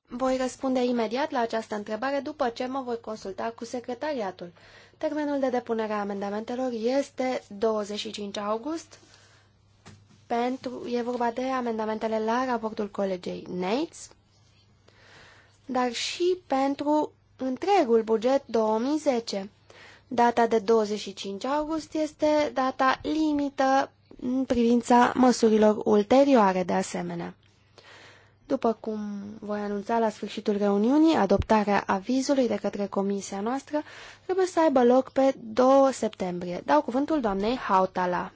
Voi răspunde imediat la această întrebare după ce mă voi consulta cu secretariatul. Termenul de depunere a amendamentelor este 25 august. Pentru, e vorba de amendamentele la raportul colegei Nates, dar și pentru întregul buget 2010. Data de 25 august este data limită în privința măsurilor ulterioare de asemenea. După cum voi anunța la sfârșitul reuniunii, adoptarea avizului de către comisia noastră trebuie să aibă loc pe 2 septembrie. Dau cuvântul doamnei Hautala.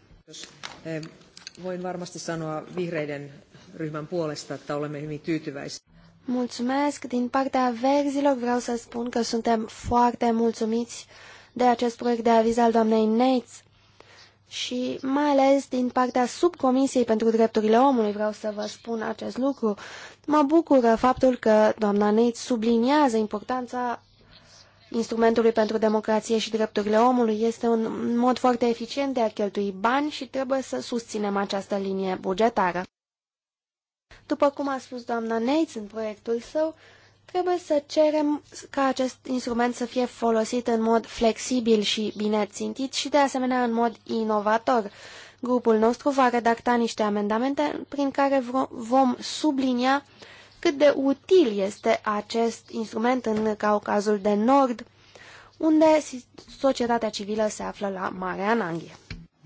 Voin varmasti sanoa vihreiden ryhmän puolesta, että olemme hyvin tyytyväisiä. Mulțumesc. Din partea verzilor vreau să spun că suntem foarte mulțumiți de acest proiect de aviz al doamnei Neitz și mai ales din partea subcomisiei pentru drepturile omului vreau să vă spun acest lucru. Mă bucură faptul că doamna Neitz subliniază importanța instrumentului pentru democrație și drepturile omului. Este un mod foarte eficient de a cheltui bani și trebuie să susținem această linie bugetară. După cum a spus doamna Neitz în proiectul său, Trebuie să cerem ca acest instrument să fie folosit în mod flexibil și bine țintit și de asemenea în mod inovator. Grupul nostru va redacta niște amendamente prin care vom sublinia cât de util este acest instrument în Caucazul de Nord, unde societatea civilă se află la Marea Nanghie.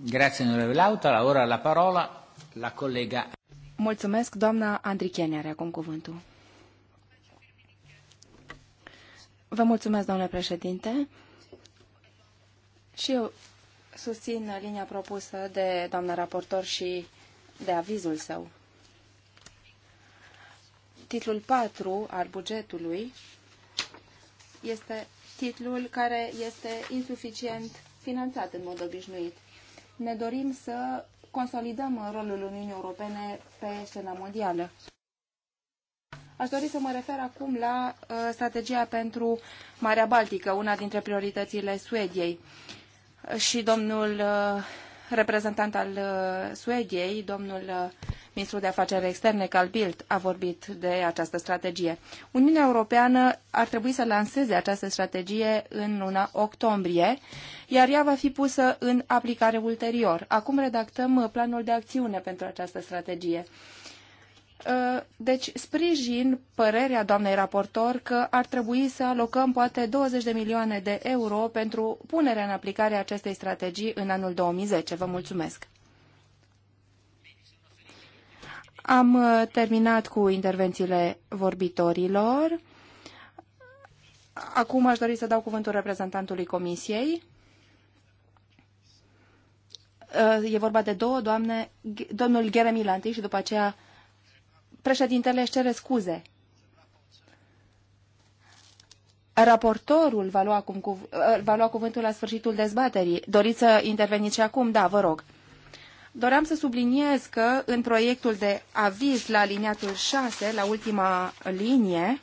Grazie, onorevole Ora la parola la colega. Mulțumesc, doamna Andrichene are acum cuvântul. Vă mulțumesc, domnule președinte. Și eu susțin linia propusă de doamna raportor și de avizul său. Titlul 4 al bugetului este titlul care este insuficient finanțat în mod obișnuit. Ne dorim să consolidăm rolul Uniunii Europene pe scena mondială. Aș dori să mă refer acum la uh, strategia pentru Marea Baltică, una dintre prioritățile Suediei. Și domnul uh, reprezentant al uh, Suediei, domnul ministru de afaceri externe, Carl Bildt, a vorbit de această strategie. Uniunea Europeană ar trebui să lanseze această strategie în luna octombrie, iar ea va fi pusă în aplicare ulterior. Acum redactăm planul de acțiune pentru această strategie. Uh, deci sprijin părerea doamnei raportor că ar trebui să alocăm poate 20 de milioane de euro pentru punerea în aplicare a acestei strategii în anul 2010. Vă mulțumesc! Am uh, terminat cu intervențiile vorbitorilor. Acum aș dori să dau cuvântul reprezentantului Comisiei. Uh, e vorba de două doamne, domnul Gheremilanti și după aceea Președintele își cere scuze. Raportorul va lua, acum cuv- uh, va lua cuvântul la sfârșitul dezbaterii. Doriți să interveniți și acum? Da, vă rog. Doream să subliniez că în proiectul de aviz la aliniatul 6, la ultima linie,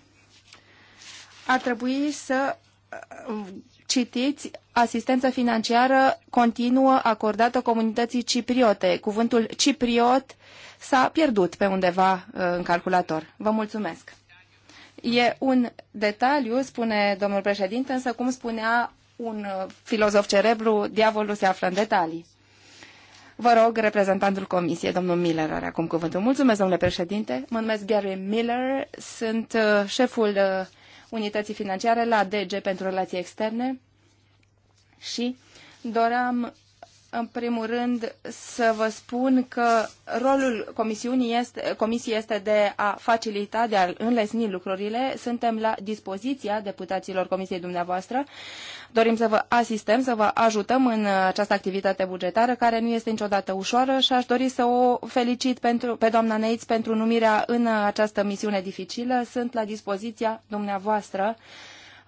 ar trebui să uh, Citiți, asistență financiară continuă acordată comunității cipriote. Cuvântul cipriot s-a pierdut pe undeva uh, în calculator. Vă mulțumesc. E un detaliu, spune domnul președinte, însă cum spunea un uh, filozof cerebru, diavolul se află în detalii. Vă rog, reprezentantul comisiei, domnul Miller, are acum cuvântul. Mulțumesc, domnule președinte. Mă numesc Gary Miller, sunt uh, șeful unității financiare la DG pentru relații externe și doream în primul rând, să vă spun că rolul comisiunii este, comisiei este de a facilita, de a înlesni lucrurile. Suntem la dispoziția deputaților comisiei dumneavoastră. Dorim să vă asistăm, să vă ajutăm în această activitate bugetară, care nu este niciodată ușoară și aș dori să o felicit pentru, pe doamna Neitz pentru numirea în această misiune dificilă. Sunt la dispoziția dumneavoastră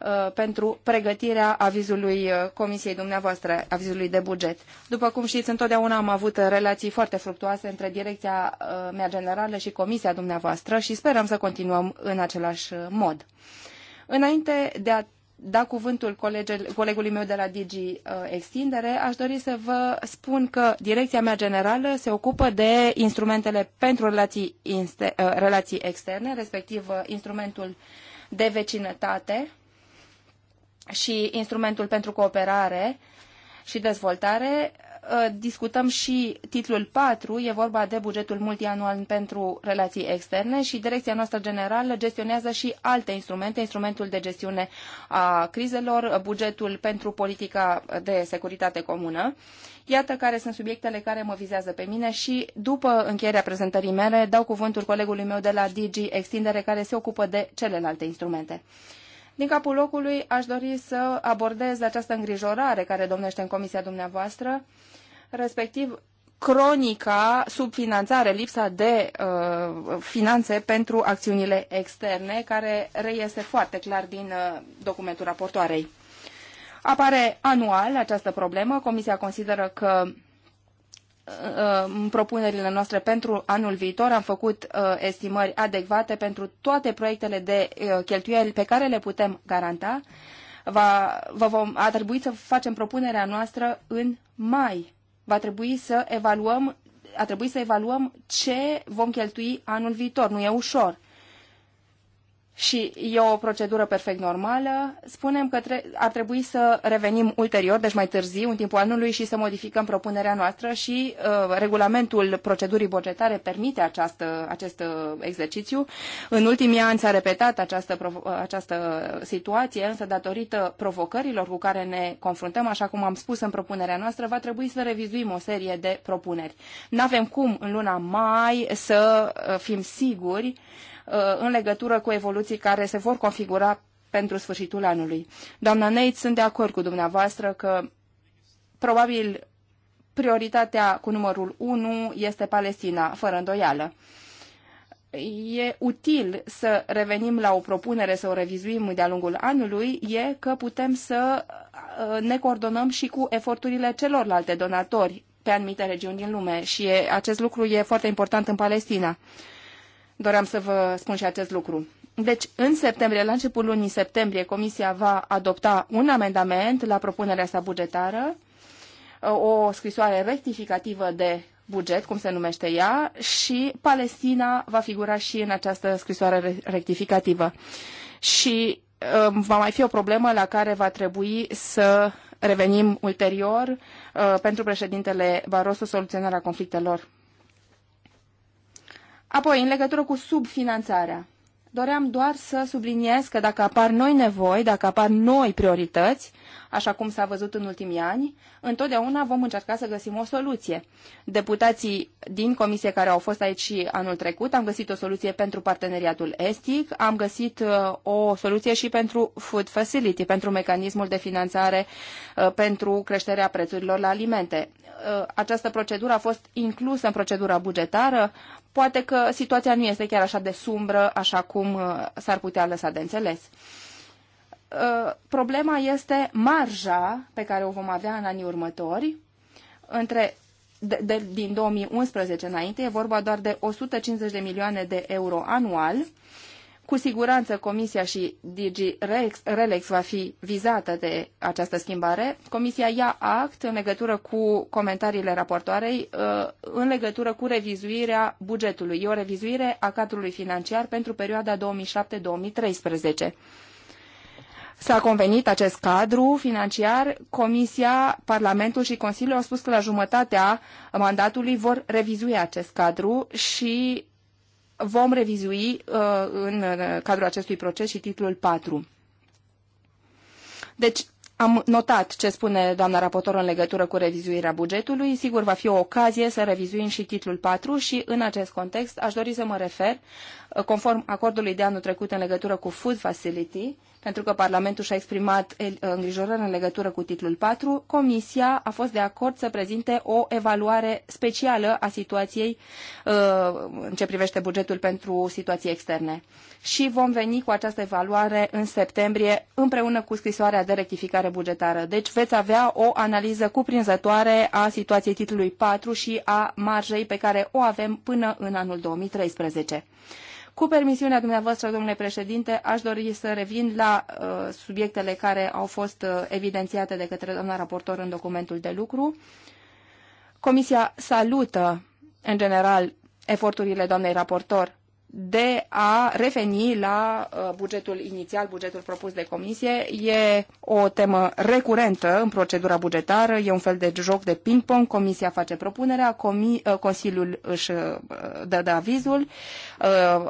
Uh, pentru pregătirea avizului uh, comisiei dumneavoastră, avizului de buget. După cum știți, întotdeauna am avut relații foarte fructuoase între direcția uh, mea generală și comisia dumneavoastră și sperăm să continuăm în același mod. Înainte de a da cuvântul colegului meu de la Digi Extindere, aș dori să vă spun că direcția mea generală se ocupă de instrumentele pentru relații, relații externe, respectiv instrumentul de vecinătate, și instrumentul pentru cooperare și dezvoltare, uh, discutăm și titlul 4, e vorba de bugetul multianual pentru relații externe și direcția noastră generală gestionează și alte instrumente, instrumentul de gestiune a crizelor, bugetul pentru politica de securitate comună. Iată care sunt subiectele care mă vizează pe mine și după încheierea prezentării mele dau cuvântul colegului meu de la DG Extindere care se ocupă de celelalte instrumente. Din capul locului aș dori să abordez această îngrijorare care domnește în comisia dumneavoastră, respectiv cronica subfinanțare, lipsa de uh, finanțe pentru acțiunile externe, care reiese foarte clar din uh, documentul raportoarei. Apare anual această problemă. Comisia consideră că Uh, în propunerile noastre pentru anul viitor am făcut uh, estimări adecvate pentru toate proiectele de uh, cheltuieli pe care le putem garanta. Va, va vom, a trebuit să facem propunerea noastră în mai. Va trebui să evaluăm, a trebuit să evaluăm ce vom cheltui anul viitor. Nu e ușor și e o procedură perfect normală. Spunem că tre- ar trebui să revenim ulterior, deci mai târziu, în timpul anului, și să modificăm propunerea noastră și uh, regulamentul procedurii bugetare permite această, acest uh, exercițiu. În ultimii ani s-a repetat această, această situație, însă datorită provocărilor cu care ne confruntăm, așa cum am spus în propunerea noastră, va trebui să revizuim o serie de propuneri. Nu avem cum în luna mai să uh, fim siguri uh, Uh, în legătură cu evoluții care se vor configura pentru sfârșitul anului. Doamna Nate, sunt de acord cu dumneavoastră că probabil prioritatea cu numărul 1 este Palestina, fără îndoială. E util să revenim la o propunere, să o revizuim de-a lungul anului, e că putem să uh, ne coordonăm și cu eforturile celorlalte donatori pe anumite regiuni din lume și acest lucru e foarte important în Palestina. Doream să vă spun și acest lucru. Deci, în septembrie, la începutul lunii septembrie, Comisia va adopta un amendament la propunerea sa bugetară, uh, o scrisoare rectificativă de buget, cum se numește ea, și Palestina va figura și în această scrisoare rectificativă. Și um, va mai fi o problemă la care va trebui să revenim ulterior uh, pentru președintele Barroso soluționarea conflictelor Apoi, în legătură cu subfinanțarea, doream doar să subliniez că dacă apar noi nevoi, dacă apar noi priorități, așa cum s-a văzut în ultimii ani, întotdeauna vom încerca să găsim o soluție. Deputații din comisie care au fost aici și anul trecut, am găsit o soluție pentru parteneriatul estic, am găsit uh, o soluție și pentru Food Facility, pentru mecanismul de finanțare uh, pentru creșterea prețurilor la alimente. Uh, această procedură a fost inclusă în procedura bugetară, poate că situația nu este chiar așa de sumbră, așa cum s-ar putea lăsa de înțeles. Uh, problema este marja pe care o vom avea în anii următori între de, de, din 2011 înainte, e vorba doar de 150 de milioane de euro anual. Cu siguranță Comisia și Digi Relex, Relex va fi vizată de această schimbare. Comisia ia act în legătură cu comentariile raportoarei, uh, în legătură cu revizuirea bugetului. E o revizuire a cadrului financiar pentru perioada 2007-2013. S-a convenit acest cadru financiar, Comisia, Parlamentul și Consiliul au spus că la jumătatea mandatului vor revizui acest cadru și vom revizui uh, în uh, cadrul acestui proces și titlul 4. Deci, am notat ce spune doamna raportor în legătură cu revizuirea bugetului. Sigur, va fi o ocazie să revizuim și titlul 4 și în acest context aș dori să mă refer, uh, conform acordului de anul trecut în legătură cu Food Facility, pentru că Parlamentul și-a exprimat uh, îngrijorări în legătură cu titlul 4, Comisia a fost de acord să prezinte o evaluare specială a situației uh, în ce privește bugetul pentru situații externe. Și vom veni cu această evaluare în septembrie împreună cu scrisoarea de rectificare bugetară. Deci veți avea o analiză cuprinzătoare a situației titlului 4 și a marjei pe care o avem până în anul 2013. Cu permisiunea dumneavoastră, domnule președinte, aș dori să revin la uh, subiectele care au fost uh, evidențiate de către doamna raportor în documentul de lucru. Comisia salută, în general, eforturile doamnei raportor de a reveni la uh, bugetul inițial, bugetul propus de comisie. E o temă recurentă în procedura bugetară, e un fel de joc de ping-pong, comisia face propunerea, uh, Consiliul își uh, dă de avizul,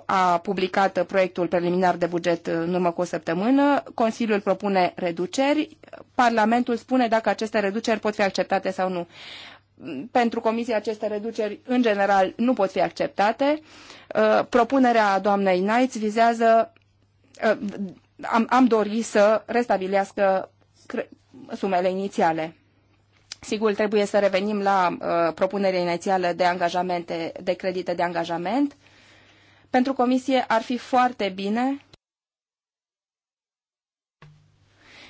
a publicat proiectul preliminar de buget în urmă cu o săptămână, Consiliul propune reduceri, Parlamentul spune dacă aceste reduceri pot fi acceptate sau nu pentru comisie aceste reduceri în general nu pot fi acceptate. Uh, propunerea doamnei Knights vizează, uh, am, am dorit să restabilească sumele inițiale. Sigur, trebuie să revenim la uh, propunerea inițială de angajamente, de credite de angajament. Pentru comisie ar fi foarte bine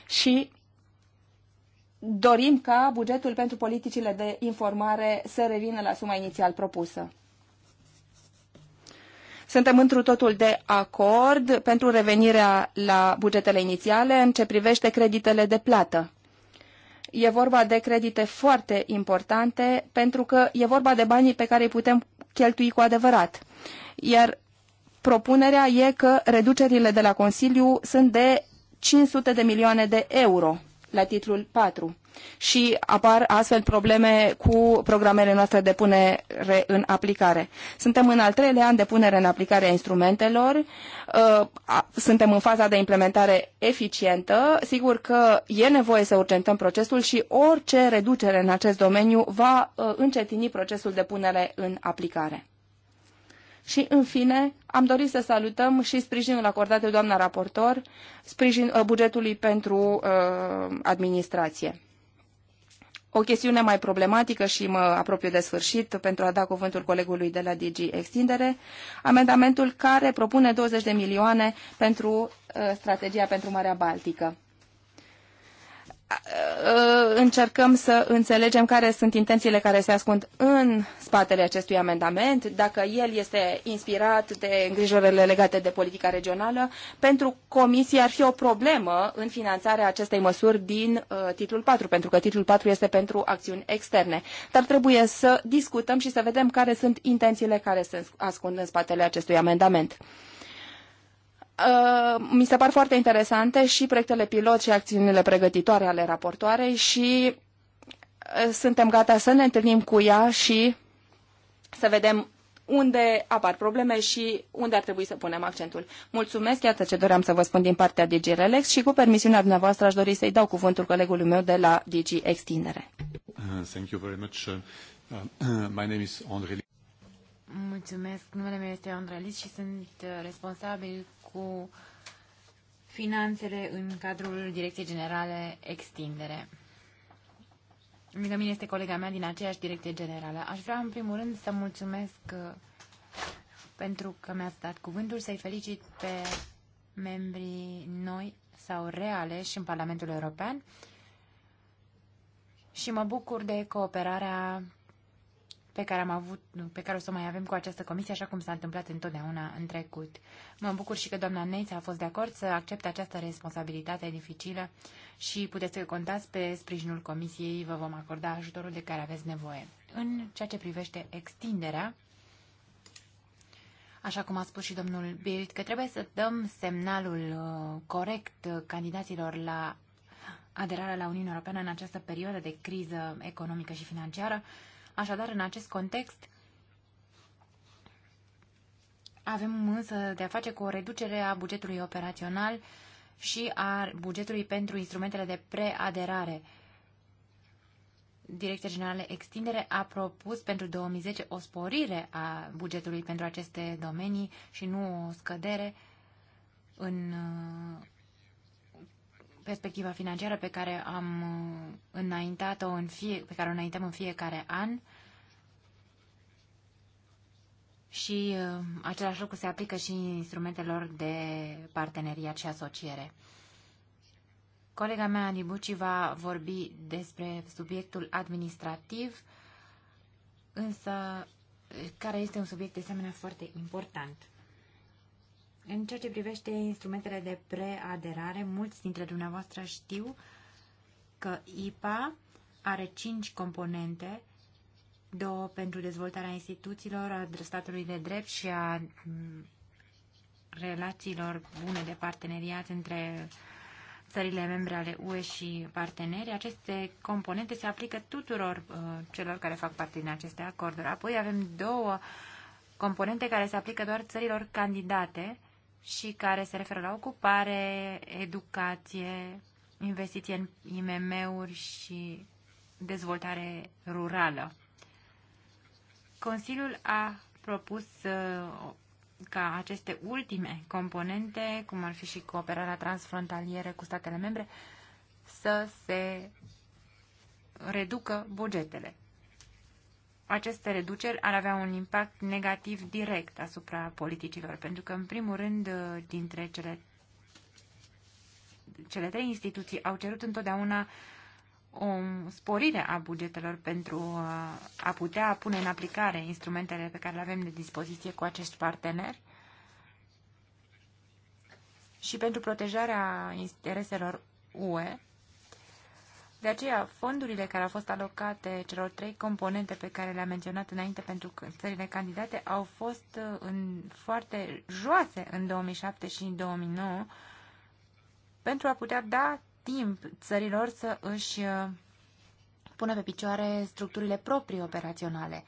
și dorim ca bugetul pentru politicile de informare să revină la suma inițial propusă. Suntem întru totul de acord pentru revenirea la bugetele inițiale în ce privește creditele de plată. E vorba de credite foarte importante pentru că e vorba de banii pe care îi putem cheltui cu adevărat. Iar propunerea e că reducerile de la Consiliu sunt de 500 de milioane de euro la titlul 4 și apar astfel probleme cu programele noastre de punere în aplicare. Suntem în al treilea an de punere în aplicare a instrumentelor, uh, suntem în faza de implementare eficientă, sigur că e nevoie să urgentăm procesul și orice reducere în acest domeniu va uh, încetini procesul de punere în aplicare. Și, în fine, am dorit să salutăm și sprijinul acordat de doamna raportor, sprijin uh, bugetului pentru uh, administrație. O chestiune mai problematică și mă apropiu de sfârșit pentru a da cuvântul colegului de la DG Extindere, amendamentul care propune 20 de milioane pentru uh, strategia pentru Marea Baltică. Uh, încercăm să înțelegem care sunt intențiile care se ascund în spatele acestui amendament, dacă el este inspirat de îngrijorările legate de politica regională. Pentru Comisie ar fi o problemă în finanțarea acestei măsuri din uh, titlul 4, pentru că titlul 4 este pentru acțiuni externe. Dar trebuie să discutăm și să vedem care sunt intențiile care se ascund în spatele acestui amendament. Uh, mi se par foarte interesante și proiectele pilot și acțiunile pregătitoare ale raportoarei și uh, suntem gata să ne întâlnim cu ea și să vedem unde apar probleme și unde ar trebui să punem accentul. Mulțumesc, iată ce doream să vă spun din partea DG RELEx și cu permisiunea dumneavoastră aș dori să-i dau cuvântul colegului meu de la DG Extindere. Uh, thank you very much. my name is Andrei. Mulțumesc, numele meu este Andrelis și sunt responsabil cu finanțele în cadrul Direcției Generale Extindere. Lângă mine este colega mea din aceeași direcție generală. Aș vrea, în primul rând, să mulțumesc uh, pentru că mi-ați dat cuvântul, să-i felicit pe membrii noi sau realeși în Parlamentul European și mă bucur de cooperarea pe care, am avut, pe care o să mai avem cu această comisie, așa cum s-a întâmplat întotdeauna în trecut. Mă bucur și că doamna Neița a fost de acord să accepte această responsabilitate dificilă și puteți să contați pe sprijinul comisiei, vă vom acorda ajutorul de care aveți nevoie. În ceea ce privește extinderea, așa cum a spus și domnul Birt, că trebuie să dăm semnalul uh, corect candidaților la aderarea la Uniunea Europeană în această perioadă de criză economică și financiară, Așadar, în acest context, avem însă de a face cu o reducere a bugetului operațional și a bugetului pentru instrumentele de preaderare. Direcția Generală Extindere a propus pentru 2010 o sporire a bugetului pentru aceste domenii și nu o scădere în perspectiva financiară pe care am uh, înaintat-o în fie, pe care o înaintăm în fiecare an și uh, același lucru se aplică și instrumentelor de parteneriat și asociere. Colega mea, Anibuci, va vorbi despre subiectul administrativ, însă care este un subiect de asemenea foarte important. În ceea ce privește instrumentele de preaderare, mulți dintre dumneavoastră știu că IPA are cinci componente, două pentru dezvoltarea instituțiilor, a statului de drept și a mm, relațiilor bune de parteneriat între țările membre ale UE și parteneri. Aceste componente se aplică tuturor uh, celor care fac parte din aceste acorduri. Apoi avem două componente care se aplică doar țărilor candidate și care se referă la ocupare, educație, investiție în IMM-uri și dezvoltare rurală. Consiliul a propus uh, ca aceste ultime componente, cum ar fi și cooperarea transfrontalieră cu statele membre, să se reducă bugetele aceste reduceri ar avea un impact negativ direct asupra politicilor, pentru că, în primul rând, uh, dintre cele, cele trei instituții au cerut întotdeauna o sporire a bugetelor pentru uh, a putea pune în aplicare instrumentele pe care le avem de dispoziție cu acești parteneri și pentru protejarea intereselor UE de aceea, fondurile care au fost alocate celor trei componente pe care le-am menționat înainte pentru țările candidate au fost uh, în foarte joase în 2007 și în 2009 pentru a putea da timp țărilor să își uh, pună pe picioare structurile proprii operaționale.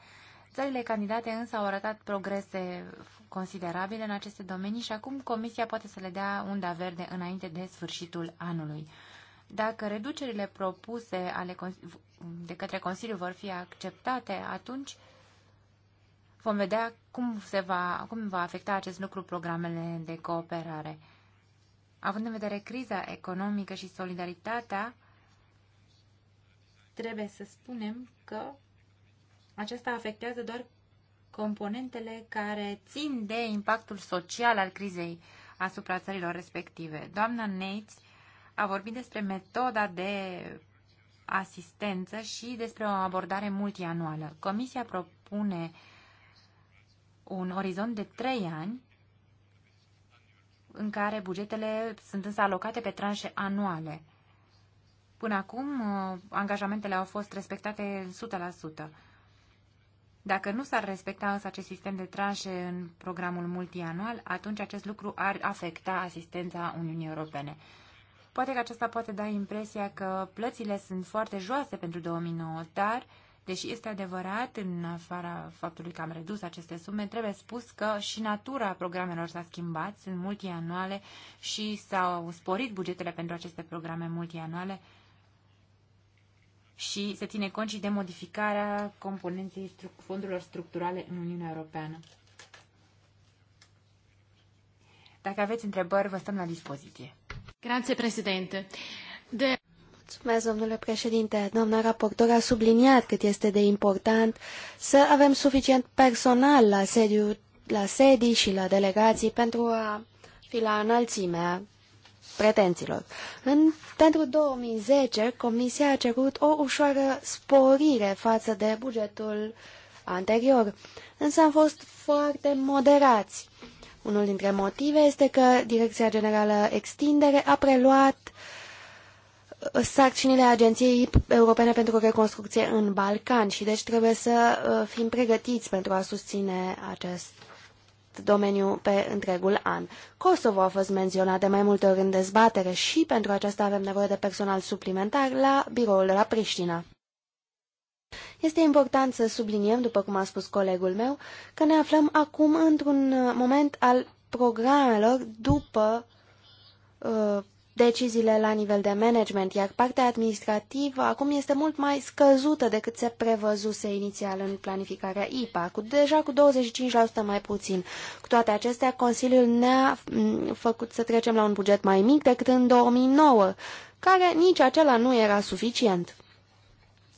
Țările candidate însă au arătat progrese considerabile în aceste domenii și acum Comisia poate să le dea unda verde înainte de sfârșitul anului. Dacă reducerile propuse ale, de către Consiliu vor fi acceptate, atunci vom vedea cum, se va, cum va afecta acest lucru programele de cooperare. Având în vedere criza economică și solidaritatea, trebuie să spunem că aceasta afectează doar componentele care țin de impactul social al crizei asupra țărilor respective. Doamna Nates a vorbit despre metoda de asistență și despre o abordare multianuală. Comisia propune un orizont de trei ani în care bugetele sunt însă alocate pe tranșe anuale. Până acum, uh, angajamentele au fost respectate 100%. Dacă nu s-ar respecta însă acest sistem de tranșe în programul multianual, atunci acest lucru ar afecta asistența Uniunii Europene. Poate că aceasta poate da impresia că plățile sunt foarte joase pentru 2009, dar, deși este adevărat, în afara faptului că am redus aceste sume, trebuie spus că și natura programelor s-a schimbat, sunt multianuale și s-au sporit bugetele pentru aceste programe multianuale și se ține cont și de modificarea componenței fondurilor structurale în Uniunea Europeană. Dacă aveți întrebări, vă stăm la dispoziție. Grazie, De... Mulțumesc, domnule președinte. Doamna raportor a subliniat cât este de important să avem suficient personal la, sediu, la sedii și la delegații pentru a fi la înălțimea pretenților. În, pentru 2010, Comisia a cerut o ușoară sporire față de bugetul anterior, însă am fost foarte moderați. Unul dintre motive este că Direcția Generală Extindere a preluat uh, sarcinile Agenției Europene pentru Reconstrucție în Balcan și deci trebuie să uh, fim pregătiți pentru a susține acest domeniu pe întregul an. Kosovo a fost menționat de mai multe ori în dezbatere și pentru aceasta avem nevoie de personal suplimentar la biroul de la Priștina. Este important să subliniem, după cum a spus colegul meu, că ne aflăm acum într-un uh, moment al programelor după uh, deciziile la nivel de management, iar partea administrativă acum este mult mai scăzută decât se prevăzuse inițial în planificarea IPA, cu deja cu 25% mai puțin. Cu toate acestea, Consiliul ne-a mm, făcut să trecem la un buget mai mic decât în 2009, care nici acela nu era suficient.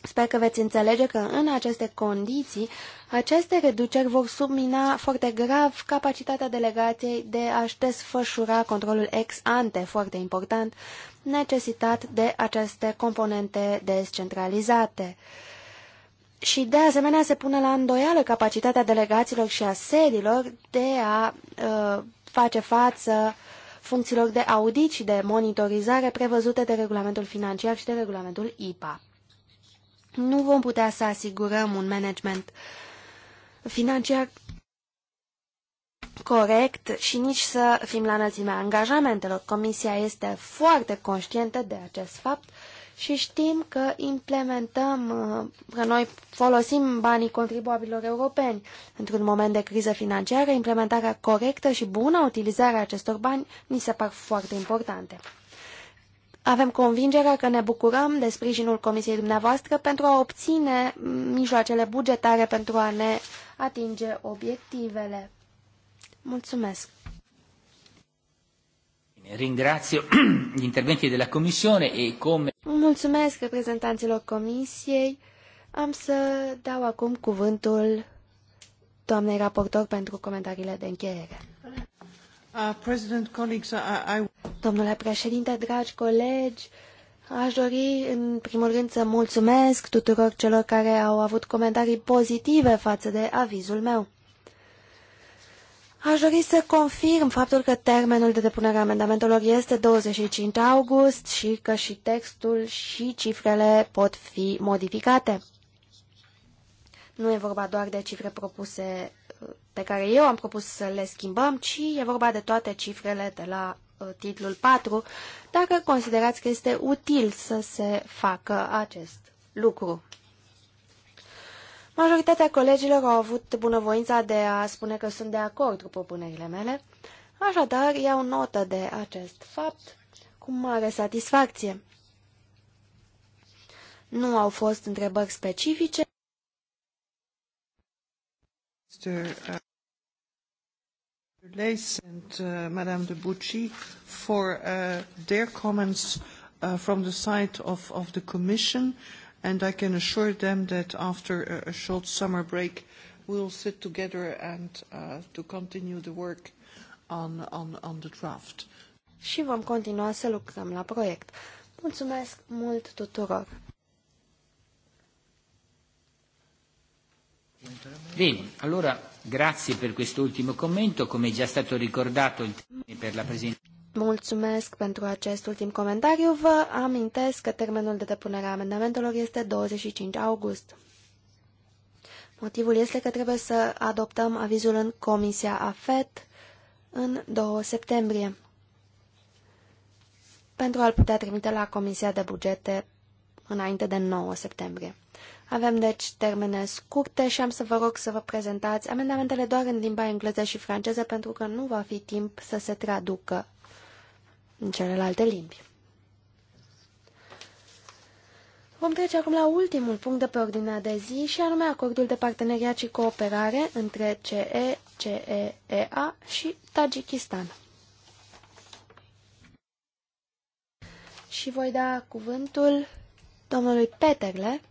Sper că veți înțelege că în aceste condiții, aceste reduceri vor submina foarte grav capacitatea delegației de a-și desfășura controlul ex ante, foarte important, necesitat de aceste componente descentralizate. Și de asemenea se pune la îndoială capacitatea delegaților și a sedilor de a uh, face față funcțiilor de audit și de monitorizare prevăzute de regulamentul financiar și de regulamentul IPA nu vom putea să asigurăm un management financiar corect și nici să fim la înălțimea angajamentelor. Comisia este foarte conștientă de acest fapt și știm că implementăm, că noi folosim banii contribuabilor europeni. Într-un moment de criză financiară, implementarea corectă și bună utilizarea acestor bani ni se par foarte importante. Avem convingerea că ne bucurăm de sprijinul Comisiei dumneavoastră pentru a obține mijloacele bugetare pentru a ne atinge obiectivele. Mulțumesc! Ringrazio gli interventi della Commissione e come... Mulțumesc reprezentanților Comisiei. Am să dau acum cuvântul doamnei raportor pentru comentariile de încheiere. Uh, President, colleagues, I... Domnule președinte, dragi colegi, aș dori în primul rând să mulțumesc tuturor celor care au avut comentarii pozitive față de avizul meu. Aș dori să confirm faptul că termenul de depunere a amendamentelor este 25 august și că și textul și cifrele pot fi modificate. Nu e vorba doar de cifre propuse pe care eu am propus să le schimbăm, ci e vorba de toate cifrele de la Uh, titlul 4, dacă considerați că este util să se facă acest lucru. Majoritatea colegilor au avut bunăvoința de a spune că sunt de acord cu propunerile mele, așadar iau notă de acest fapt cu mare satisfacție. Nu au fost întrebări specifice. Uh, Lace and uh, Madame de Bucci for uh, their comments uh, from the side of, of the Commission, and I can assure them that after a, a short summer break, we'll sit together and uh, to continue the work on, on, on the draft. Și vom continua să lucrăm la proiect. Mulțumesc mult tuturor! Bine, allora Grazie per commento, come è già stato ricordato il per la presentazione. Mulțumesc pentru acest ultim comentariu. Vă amintesc că termenul de depunere a amendamentelor este 25 august. Motivul este că trebuie să adoptăm avizul în Comisia AFET în 2 septembrie pentru a-l putea trimite la Comisia de Bugete înainte de 9 septembrie. Avem deci termene scurte și am să vă rog să vă prezentați amendamentele doar în limba engleză și franceză pentru că nu va fi timp să se traducă în celelalte limbi. Vom trece acum la ultimul punct de pe ordinea de zi și anume acordul de parteneriat și cooperare între CE, CEEA și Tajikistan. Și voi da cuvântul domnului Peterle,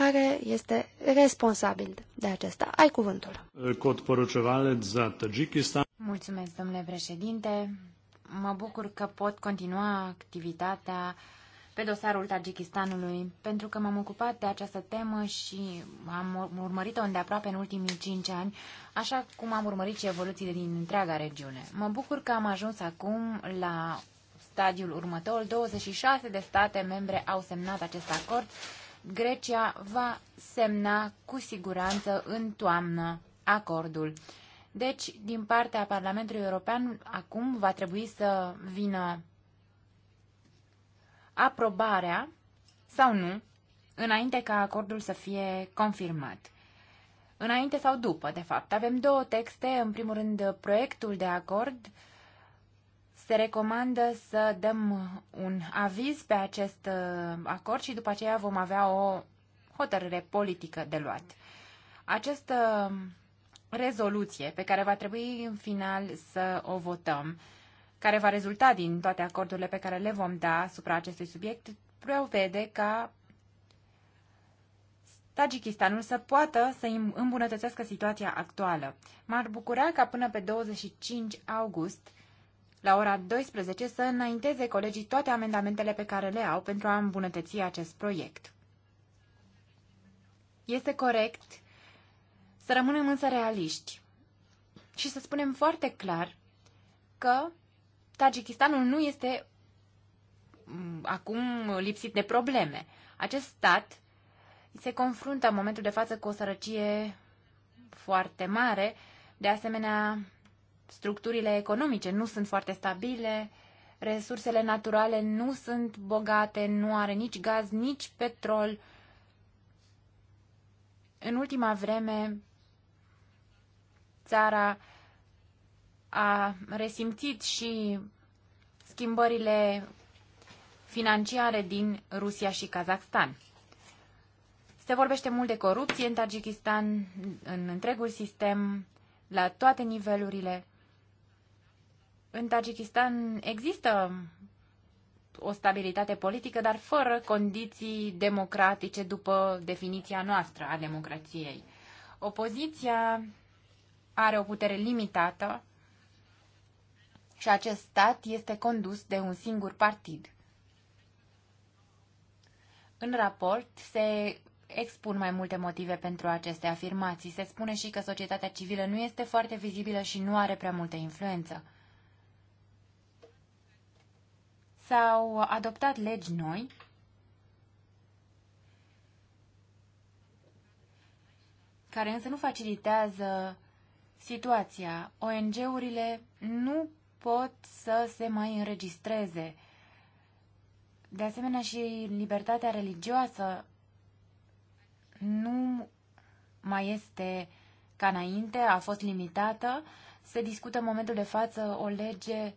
care este responsabil de acesta. Ai cuvântul. Cod za Tajikistan. Mulțumesc, domnule președinte. Mă bucur că pot continua activitatea pe dosarul Tajikistanului, pentru că m-am ocupat de această temă și am urmărit-o îndeaproape în ultimii cinci ani, așa cum am urmărit și evoluțiile din întreaga regiune. Mă bucur că am ajuns acum la stadiul următor. 26 de state membre au semnat acest acord Grecia va semna cu siguranță în toamnă acordul. Deci, din partea Parlamentului European, acum va trebui să vină aprobarea sau nu, înainte ca acordul să fie confirmat. Înainte sau după, de fapt. Avem două texte. În primul rând, proiectul de acord uh, se recomandă să dăm un aviz pe acest uh, acord și după aceea vom avea o hotărâre politică de luat. Această rezoluție pe care va trebui în final să o votăm, care va rezulta din toate acordurile pe care le vom da asupra acestui subiect, prevede ca Tajikistanul să poată să îmbunătățească situația actuală. M-ar bucura ca până pe 25 august la ora 12 să înainteze colegii toate amendamentele pe care le au pentru a îmbunătăți acest proiect. Este corect să rămânem însă realiști și să spunem foarte clar că Tajikistanul nu este mm, acum lipsit de probleme. Acest stat se confruntă în momentul de față cu o sărăcie foarte mare, de asemenea structurile economice nu sunt foarte stabile, resursele naturale nu sunt bogate, nu are nici gaz, nici petrol. În ultima vreme, țara a resimțit și schimbările financiare din Rusia și Kazakhstan. Se vorbește mult de corupție în Tajikistan, în întregul sistem, la toate nivelurile. În Tajikistan există o stabilitate politică, dar fără condiții democratice după definiția noastră a democrației. Opoziția are o putere limitată și acest stat este condus de un singur partid. În raport se expun mai multe motive pentru aceste afirmații. Se spune și că societatea civilă nu este foarte vizibilă și nu are prea multă influență. s-au adoptat legi noi care însă nu facilitează situația. ONG-urile nu pot să se mai înregistreze. De asemenea și libertatea religioasă nu mai este ca înainte, a fost limitată. Se discută în momentul de față o lege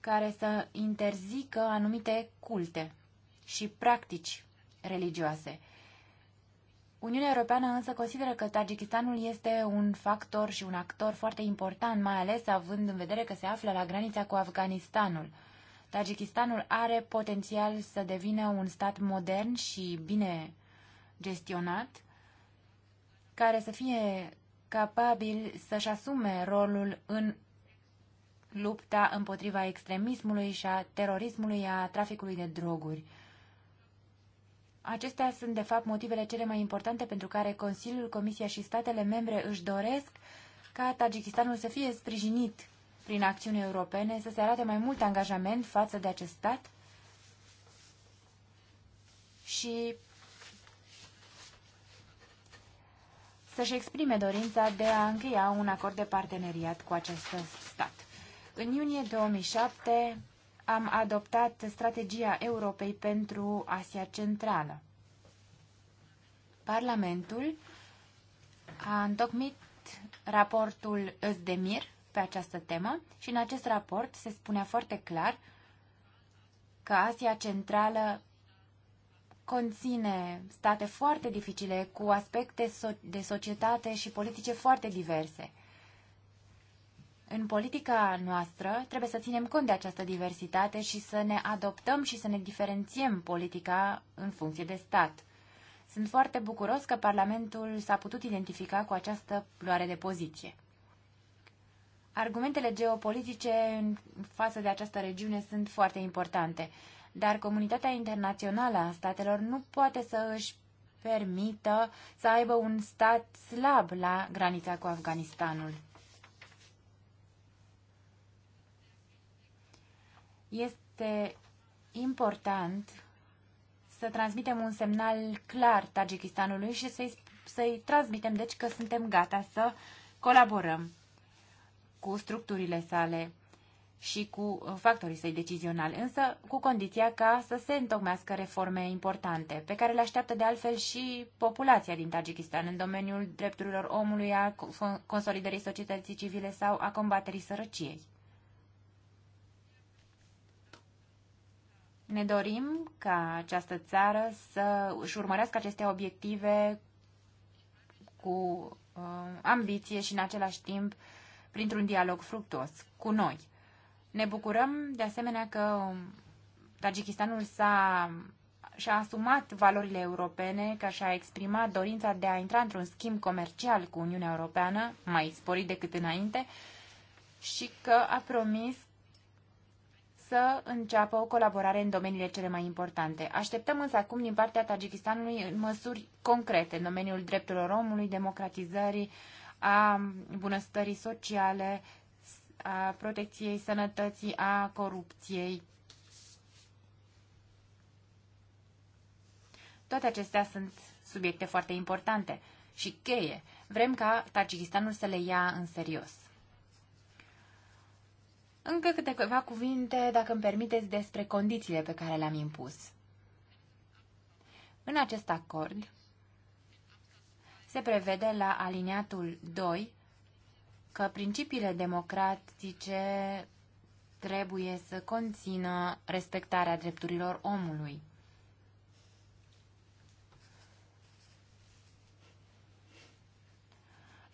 care să interzică anumite culte și practici religioase. Uniunea Europeană însă consideră că Tajikistanul este un factor și un actor foarte important, mai ales având în vedere că se află la granița cu Afganistanul. Tajikistanul are potențial să devină un stat modern și bine gestionat, care să fie capabil să-și asume rolul în lupta împotriva extremismului și a terorismului, a traficului de droguri. Acestea sunt, de fapt, motivele cele mai importante pentru care Consiliul, Comisia și statele membre își doresc ca Tajikistanul să fie sprijinit prin acțiuni europene, să se arate mai mult angajament față de acest stat și să-și exprime dorința de a încheia un acord de parteneriat cu acest stat. În iunie 2007 am adoptat strategia Europei pentru Asia Centrală. Parlamentul a întocmit raportul Özdemir pe această temă și în acest raport se spunea foarte clar că Asia Centrală conține state foarte dificile cu aspecte de societate și politice foarte diverse. În politica noastră trebuie să ținem cont de această diversitate și să ne adoptăm și să ne diferențiem politica în funcție de stat. Sunt foarte bucuros că Parlamentul s-a putut identifica cu această luare de poziție. Argumentele geopolitice în față de această regiune sunt foarte importante, dar comunitatea internațională a statelor nu poate să își permită să aibă un stat slab la granița cu Afganistanul. Este important să transmitem un semnal clar Tajikistanului și să-i, să transmitem, deci, că suntem gata să colaborăm cu structurile sale și cu factorii săi decizionali, însă cu condiția ca să se întocmească reforme importante, pe care le așteaptă de altfel și populația din Tajikistan în domeniul drepturilor omului, a consolidării societății civile sau a combaterii sărăciei. Ne dorim ca această țară să își urmărească aceste obiective cu uh, ambiție și în același timp printr-un dialog fructos cu noi. Ne bucurăm de asemenea că Tajikistanul s-a și-a asumat valorile europene, că și-a exprimat dorința de a intra într-un schimb comercial cu Uniunea Europeană, mai sporit decât înainte, și că a promis să înceapă o colaborare în domeniile cele mai importante. Așteptăm însă acum din partea Tajikistanului măsuri concrete în domeniul drepturilor omului, democratizării, a bunăstării sociale, a protecției sănătății, a corupției. Toate acestea sunt subiecte foarte importante și cheie. Vrem ca Tajikistanul să le ia în serios. Încă câteva cuvinte, dacă îmi permiteți, despre condițiile pe care le-am impus. În acest acord se prevede la aliniatul 2 că principiile democratice trebuie să conțină respectarea drepturilor omului.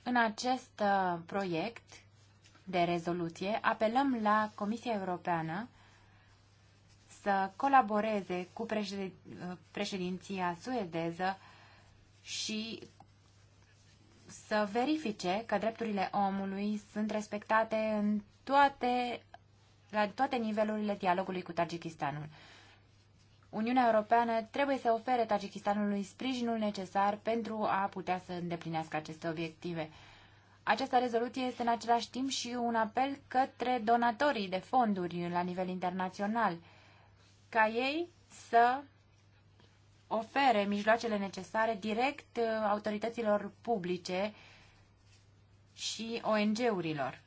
În acest uh, proiect de rezoluție, apelăm la Comisia Europeană să colaboreze cu președinția suedeză și să verifice că drepturile omului sunt respectate în toate, la toate nivelurile dialogului cu Tajikistanul. Uniunea Europeană trebuie să ofere Tajikistanului sprijinul necesar pentru a putea să îndeplinească aceste obiective. Această rezoluție este în același timp și un apel către donatorii de fonduri la nivel internațional, ca ei să ofere mijloacele necesare direct uh, autorităților publice și ONG-urilor.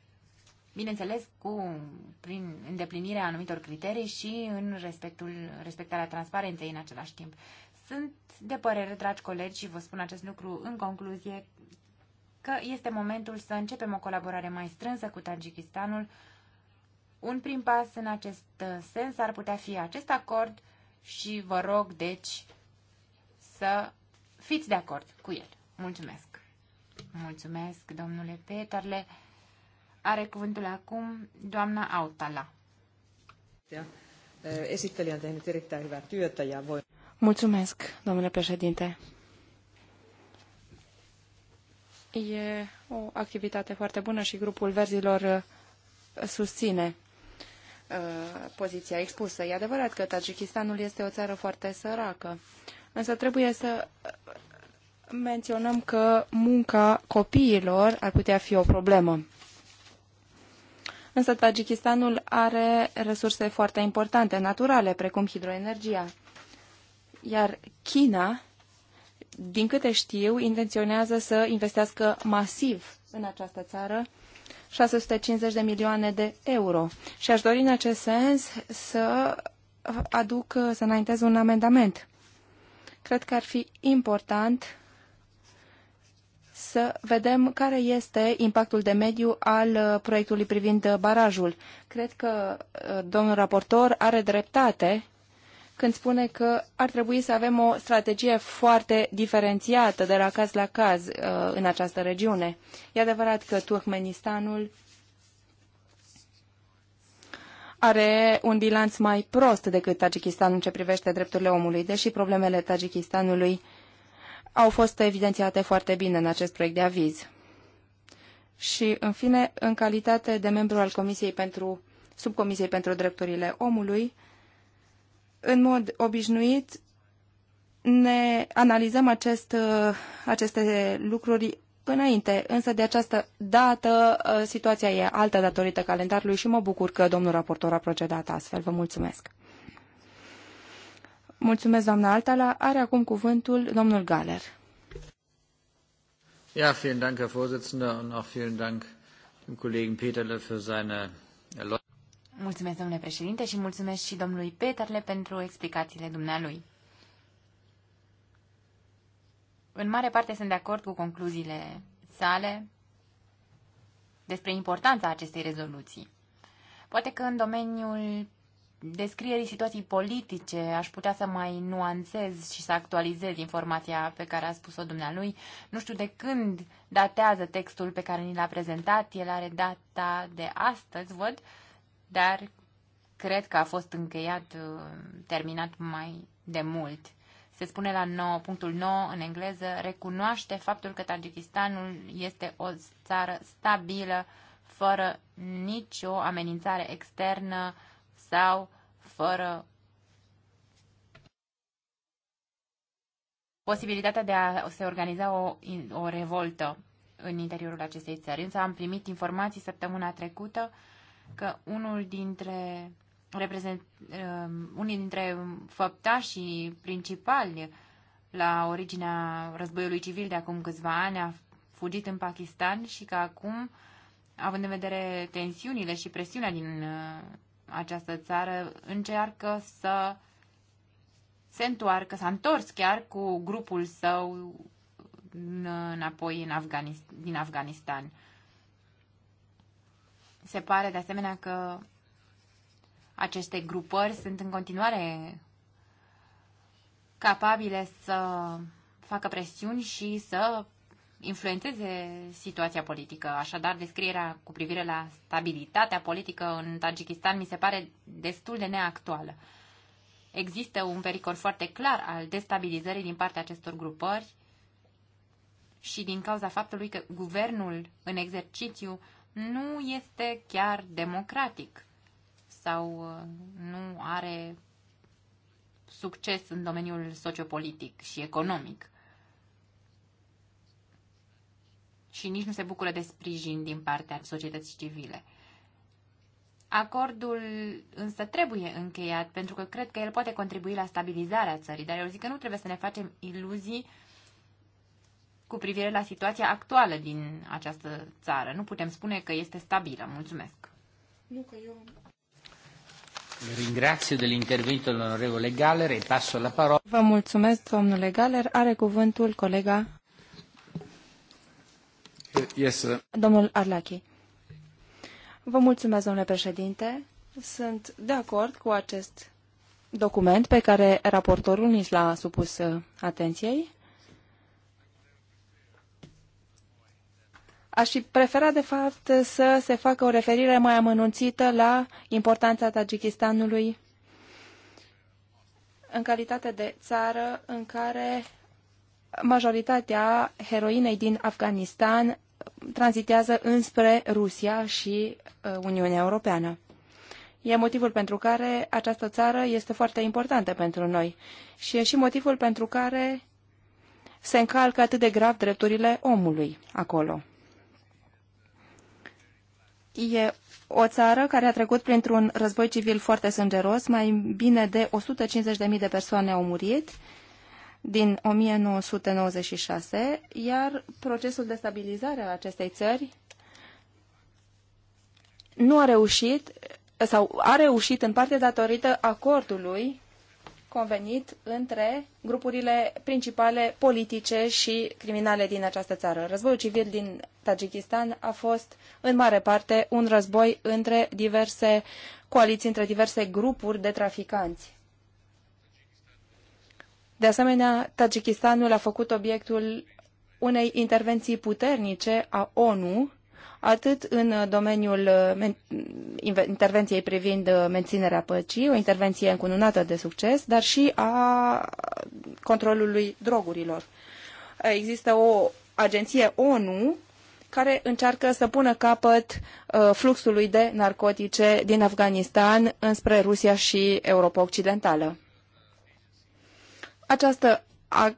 Bineînțeles, cu, prin îndeplinirea anumitor criterii și în respectul, respectarea transparenței în același timp. Sunt de părere, dragi colegi, și vă spun acest lucru în concluzie, că este momentul să începem o colaborare mai strânsă cu Tajikistanul. Un prim pas în acest uh, sens ar putea fi acest acord și vă rog, deci, să fiți de acord cu el. Mulțumesc! Mulțumesc, domnule Peterle. Are cuvântul acum doamna Autala. voi... Mulțumesc, domnule președinte. E o activitate foarte bună și grupul verzilor uh, susține uh, poziția expusă. E adevărat că Tajikistanul este o țară foarte săracă, însă trebuie să uh, menționăm că munca copiilor ar putea fi o problemă. Însă Tajikistanul are resurse foarte importante, naturale, precum hidroenergia. Iar China din câte știu, intenționează să investească masiv în această țară 650 de milioane de euro. Și aș dori în acest sens să aduc, să înaintez un amendament. Cred că ar fi important să vedem care este impactul de mediu al proiectului privind barajul. Cred că domnul raportor are dreptate când spune că ar trebui să avem o strategie foarte diferențiată de la caz la caz uh, în această regiune. E adevărat că Turkmenistanul are un bilanț mai prost decât Tajikistanul în ce privește drepturile omului, deși problemele Tajikistanului au fost evidențiate foarte bine în acest proiect de aviz. Și, în fine, în calitate de membru al Comisiei pentru, Subcomisiei pentru Drepturile Omului, în mod obișnuit, ne analizăm acest, uh, aceste lucruri înainte, însă de această dată uh, situația e altă datorită calendarului și mă bucur că domnul raportor a procedat astfel. Vă mulțumesc! Mulțumesc, doamna Altala. Are acum cuvântul domnul Galer. Ja, vielen Dank, Herr Vorsitzender, und auch vielen Dank dem Kollegen Peterle für seine Mulțumesc, domnule președinte, și mulțumesc și domnului Peterle pentru explicațiile dumnealui. În mare parte sunt de acord cu concluziile sale despre importanța acestei rezoluții. Poate că în domeniul descrierii situației politice aș putea să mai nuanțez și să actualizez informația pe care a spus-o dumnealui. Nu știu de când datează textul pe care ni l-a prezentat, el are data de astăzi, văd, dar cred că a fost încheiat, uh, terminat mai de mult. Se spune la 9, punctul 9 în engleză, recunoaște faptul că Tajikistanul este o țară stabilă, fără nicio amenințare externă sau fără posibilitatea de a se organiza o, o revoltă în interiorul acestei țări. Însă am primit informații săptămâna trecută că unul dintre reprezent, um, unii dintre făptașii principali la originea războiului civil de acum câțiva ani a fugit în Pakistan și că acum, având în vedere tensiunile și presiunea din uh, această țară, încearcă să se întoarcă, s-a întors chiar cu grupul său înapoi în Afganist- din Afganistan. Se pare de asemenea că aceste grupări sunt în continuare capabile să facă presiuni și să influențeze situația politică. Așadar, descrierea cu privire la stabilitatea politică în Tajikistan mi se pare destul de neactuală. Există un pericol foarte clar al destabilizării din partea acestor grupări și din cauza faptului că guvernul în exercițiu nu este chiar democratic sau uh, nu are succes în domeniul sociopolitic și economic. Și nici nu se bucură de sprijin din partea societății civile. Acordul însă trebuie încheiat pentru că cred că el poate contribui la stabilizarea țării, dar eu zic că nu trebuie să ne facem iluzii uh, cu privire la situația actuală din această țară. Nu putem spune că este stabilă. Mulțumesc. Nu, că eu... Ringrazio dell'intervento dell'onorevole Galler e passo la parola. Vă mulțumesc, domnule Galler. Are cuvântul colega. Yes. Domnul Arlachi. Vă mulțumesc, domnule președinte. Sunt de acord cu acest document pe care raportorul ni l-a supus uh, atenției. Aș fi preferat, de fapt, să se facă o referire mai amănunțită la importanța Tajikistanului în calitate de țară în care majoritatea heroinei din Afganistan tranzitează înspre Rusia și uh, Uniunea Europeană. E motivul pentru care această țară este foarte importantă pentru noi și e și motivul pentru care se încalcă atât de grav drepturile omului acolo. E o țară care a trecut printr-un război civil foarte sângeros, mai bine de 150.000 de persoane au murit din 1996, iar procesul de stabilizare a acestei țări nu a reușit sau a reușit în parte datorită acordului convenit între grupurile principale politice și criminale din această țară. Războiul civil din Tajikistan a fost în mare parte un război între diverse coaliții, între diverse grupuri de traficanți. De asemenea, Tajikistanul a făcut obiectul unei intervenții puternice a ONU atât în domeniul uh, intervenției privind uh, menținerea păcii, o intervenție încununată de succes, dar și a controlului drogurilor. Există o agenție ONU care încearcă să pună capăt uh, fluxului de narcotice din Afganistan înspre Rusia și Europa Occidentală. Această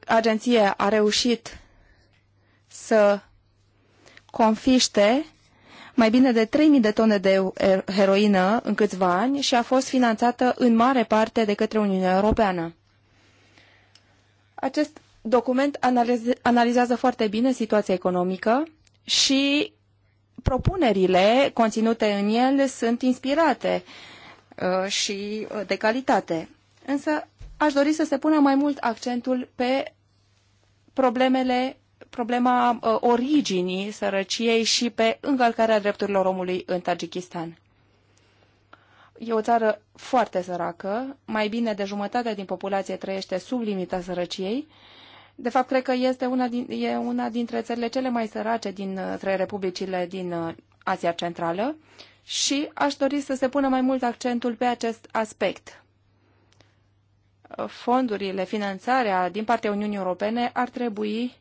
agenție a reușit să confiște mai bine de 3.000 de tone de er- heroină în câțiva ani și a fost finanțată în mare parte de către Uniunea Europeană. Acest document analizează foarte bine situația economică și propunerile conținute în el sunt inspirate uh, și uh, de calitate. Însă aș dori să se pună mai mult accentul pe problemele problema uh, originii sărăciei și pe încălcarea drepturilor omului în Tajikistan. E o țară foarte săracă, mai bine de jumătate din populație trăiește sub limita sărăciei. De fapt, cred că este una, din, e una dintre țările cele mai sărace dintre uh, republicile din uh, Asia Centrală și aș dori să se pună mai mult accentul pe acest aspect. Fondurile, finanțarea din partea Uniunii Europene ar trebui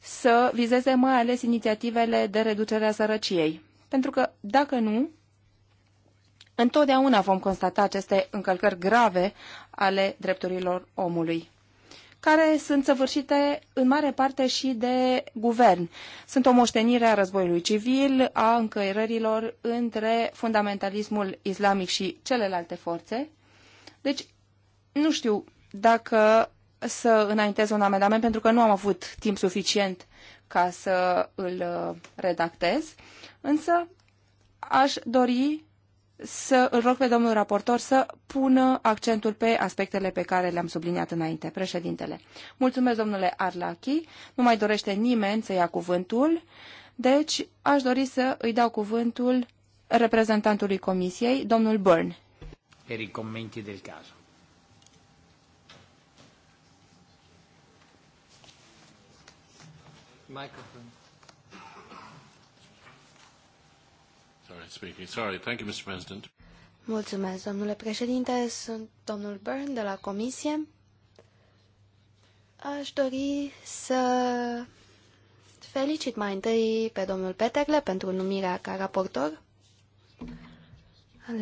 să vizeze mai ales inițiativele de reducere a sărăciei. Pentru că, dacă nu, întotdeauna vom constata aceste încălcări grave ale drepturilor omului care sunt săvârșite în mare parte și de guvern. Sunt o moștenire a războiului civil, a încăierărilor între fundamentalismul islamic și celelalte forțe. Deci, nu știu dacă să înaintez un amendament pentru că nu am avut timp suficient ca să îl uh, redactez, însă aș dori să îl rog pe domnul raportor să pună accentul pe aspectele pe care le-am subliniat înainte. Președintele, mulțumesc domnule Arlachi, nu mai dorește nimeni să ia cuvântul, deci aș dori să îi dau cuvântul reprezentantului comisiei, domnul Byrne. Per i commenti del caso. Microphone. Sorry, speaking. Sorry. Thank you, Mr. President. Mulțumesc, domnule președinte. Sunt domnul Byrne de la Comisie. Aș dori să felicit mai întâi pe domnul Peterle pentru numirea ca raportor.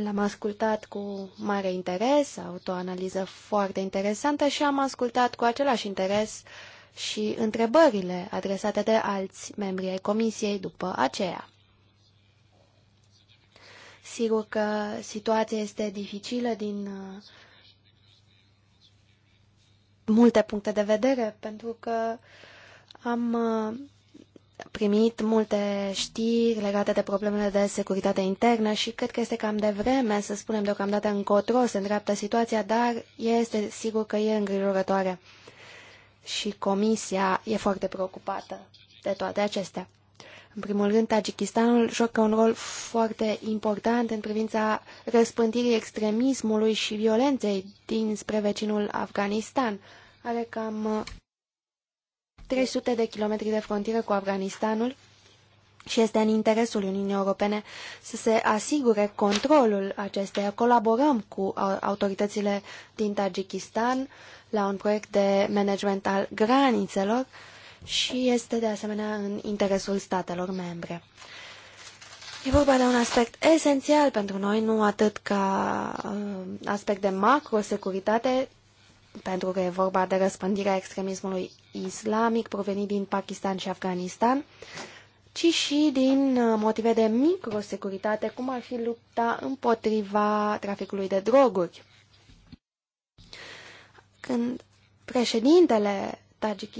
L-am ascultat cu mare interes, autoanaliză foarte interesantă și am ascultat cu același interes uh, și întrebările adresate de alți membri ai comisiei după aceea. Sigur că situația este dificilă din uh, multe puncte de vedere, pentru că am uh, primit multe știri legate de problemele de securitate internă și cred că este cam de vreme să spunem deocamdată încotro se îndreaptă situația, dar este sigur că e îngrijorătoare și Comisia e foarte preocupată de toate acestea. În primul rând, Tajikistanul joacă un rol foarte important în privința răspândirii extremismului și violenței dinspre vecinul Afganistan. Are cam 300 uh, de kilometri de frontieră cu Afganistanul și este în interesul Uniunii Europene să se asigure controlul acesteia. Colaborăm cu autoritățile din Tajikistan la un proiect de management al granițelor și este de asemenea în interesul statelor membre. E vorba de un aspect esențial pentru noi, nu atât ca uh, aspect de macrosecuritate, pentru că e vorba de răspândirea extremismului islamic provenit din Pakistan și Afganistan, ci și din uh, motive de microsecuritate, cum ar fi lupta împotriva traficului de droguri. Când președintele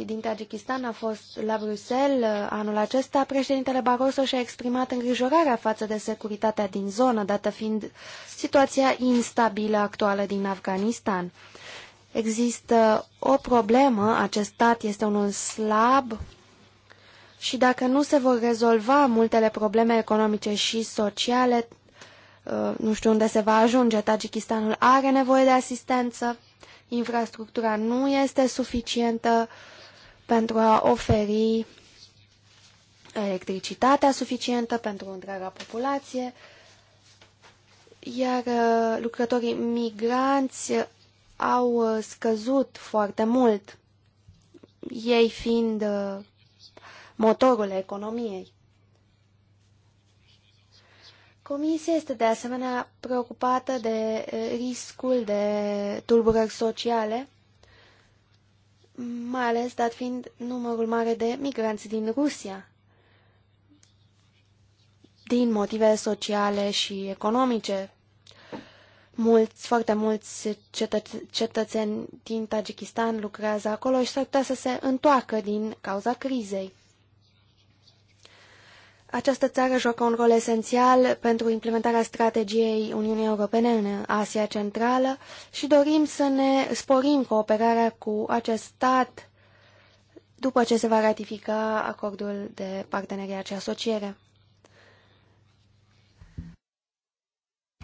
din Tajikistan a fost la Bruxelles uh, anul acesta, președintele Barroso și-a exprimat îngrijorarea față de securitatea din zonă, dată fiind situația instabilă actuală din Afganistan. Există o problemă, acest stat este unul slab și dacă nu se vor rezolva multele probleme economice și sociale, uh, nu știu unde se va ajunge, Tajikistanul are nevoie de asistență infrastructura nu este suficientă pentru a oferi electricitatea suficientă pentru întreaga populație, iar uh, lucrătorii migranți au uh, scăzut foarte mult, ei fiind uh, motorul economiei. Comisia este de asemenea preocupată de eh, riscul de tulburări sociale, mai ales dat fiind numărul mare de migranți din Rusia, din motive sociale și economice. Mulți, foarte mulți cetă cetățeni din Tajikistan lucrează acolo și s-ar putea să se întoarcă din cauza crizei. Această țară joacă un rol esențial pentru implementarea strategiei Uniunii Europene în Asia Centrală și dorim să ne sporim cooperarea cu acest stat după ce se va ratifica acordul de parteneriat și asociere.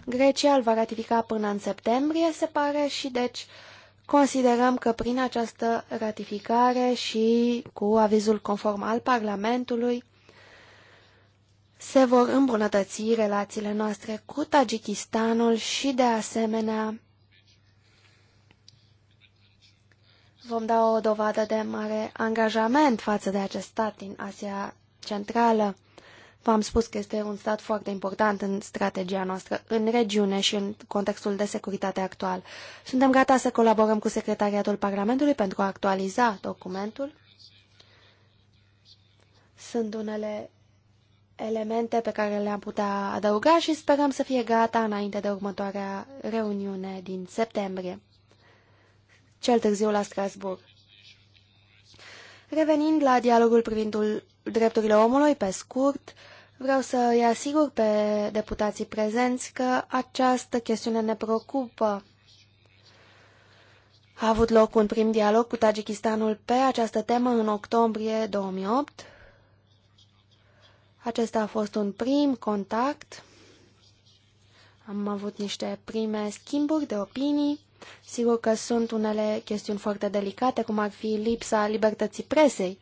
Grecia îl va ratifica până în septembrie, se pare, și deci considerăm că prin această ratificare și cu avizul conform al Parlamentului, se vor îmbunătăți relațiile noastre cu Tajikistanul și, de asemenea, vom da o dovadă de mare angajament față de acest stat din Asia Centrală. V-am spus că este un stat foarte important în strategia noastră, în regiune și în contextul de securitate actual. Suntem gata să colaborăm cu Secretariatul Parlamentului pentru a actualiza documentul. Sunt unele elemente pe care le-am putea adăuga și sperăm să fie gata înainte de următoarea reuniune din septembrie, cel târziu la Strasburg. Revenind la dialogul privind drepturile omului, pe scurt, vreau să îi asigur pe deputații prezenți că această chestiune ne preocupă. A avut loc un prim dialog cu Tajikistanul pe această temă în octombrie 2008 acesta a fost un prim contact. Am avut niște prime schimburi de opinii. Sigur că sunt unele chestiuni foarte delicate, cum ar fi lipsa libertății presei,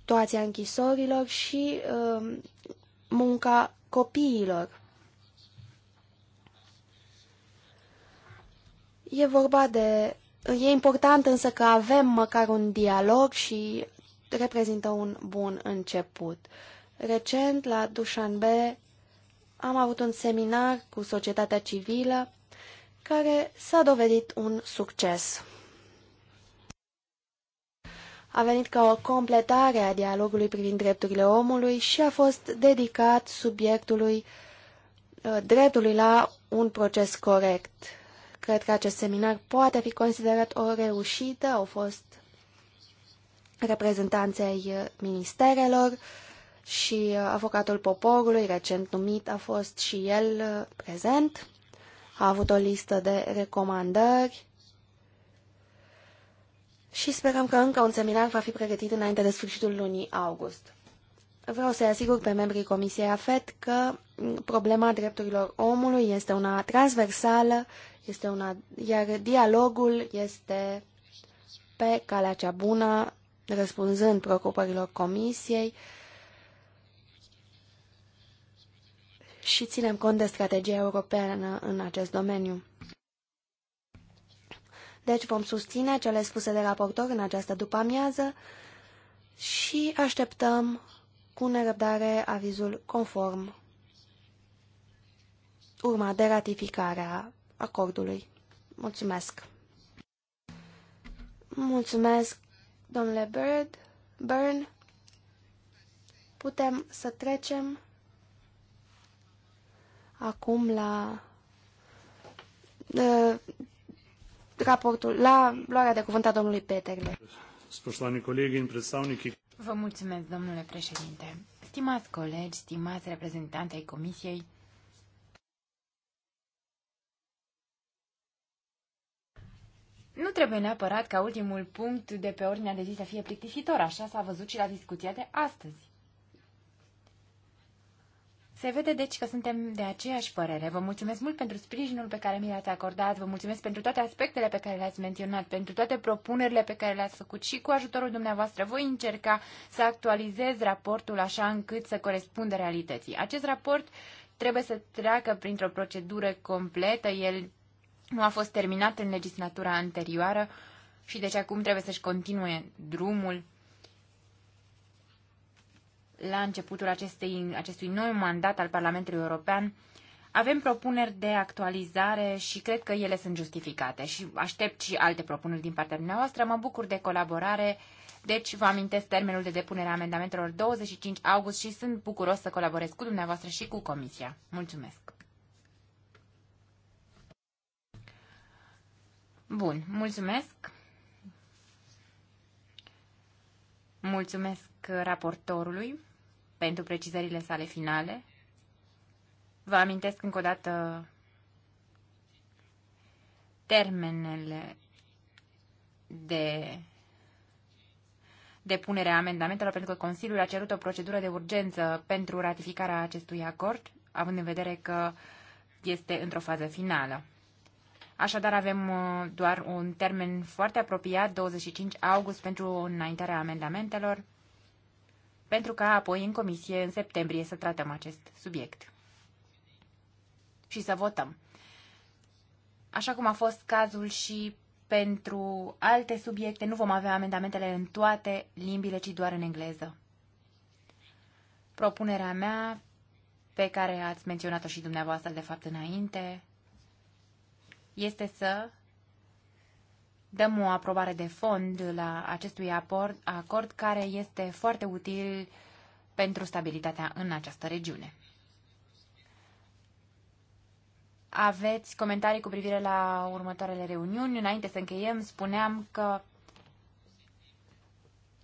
situația închisorilor și uh, munca copiilor. E vorba de... E important însă că avem măcar un dialog și reprezintă un bun început. Recent, la Dushanbe, am avut un seminar cu societatea civilă care s-a dovedit un succes. A venit ca o completare a dialogului privind drepturile omului și a fost dedicat subiectului uh, dreptului la un proces corect. Cred că acest seminar poate fi considerat o reușită, au fost reprezentanței uh, ministerelor și uh, avocatul poporului, recent numit, a fost și el uh, prezent. A avut o listă de recomandări și sperăm că încă un seminar va fi pregătit înainte de sfârșitul lunii august. Vreau să-i asigur pe membrii Comisiei AFET că mm, problema drepturilor omului este una transversală, este una, iar dialogul este pe calea cea bună răspunzând preocupărilor comisiei și ținem cont de strategia europeană în acest domeniu. Deci vom susține cele spuse de raportor în această după-amiază și așteptăm cu nerăbdare avizul conform urma de a acordului. Mulțumesc! Mulțumesc! Domnule Bird, Burn, putem să trecem acum la uh, raportul, la luarea de cuvânt a domnului Peterle. colegi, Vă mulțumesc, domnule președinte. Stimați colegi, stimați reprezentanți ai Comisiei, Nu trebuie neapărat ca ultimul punct de pe ordinea de zi să fie plictisitor, așa s-a văzut și la discuția de astăzi. Se vede deci că suntem de aceeași părere. Vă mulțumesc mult pentru sprijinul pe care mi l-ați acordat, vă mulțumesc pentru toate aspectele pe care le-ați menționat, pentru toate propunerile pe care le-ați făcut și cu ajutorul dumneavoastră voi încerca să actualizez raportul așa încât să corespundă realității. Acest raport trebuie să treacă printr-o procedură completă, el nu a fost terminat în legislatura anterioară și deci acum trebuie să-și continue drumul la începutul acestei, acestui nou mandat al Parlamentului European. Avem propuneri de actualizare și cred că ele sunt justificate și aștept și alte propuneri din partea dumneavoastră. Mă bucur de colaborare, deci vă amintesc termenul de depunere a amendamentelor 25 august și sunt bucuros să colaborez cu dumneavoastră și cu Comisia. Mulțumesc! Bun, mulțumesc. Mulțumesc raportorului pentru precizările sale finale. Vă amintesc încă o dată termenele de depunerea amendamentelor, pentru că Consiliul a cerut o procedură de urgență pentru ratificarea acestui acord, având în vedere că este într-o fază finală. Așadar, avem uh, doar un termen foarte apropiat, 25 august, pentru înaintarea amendamentelor, pentru ca apoi în comisie, în septembrie, să tratăm acest subiect și să votăm. Așa cum a fost cazul și pentru alte subiecte, nu vom avea amendamentele în toate limbile, ci doar în engleză. Propunerea mea, pe care ați menționat-o și dumneavoastră de fapt înainte, este să dăm o aprobare de fond la acestui acord care este foarte util pentru stabilitatea în această regiune. Aveți comentarii cu privire la următoarele reuniuni. Înainte să încheiem, spuneam că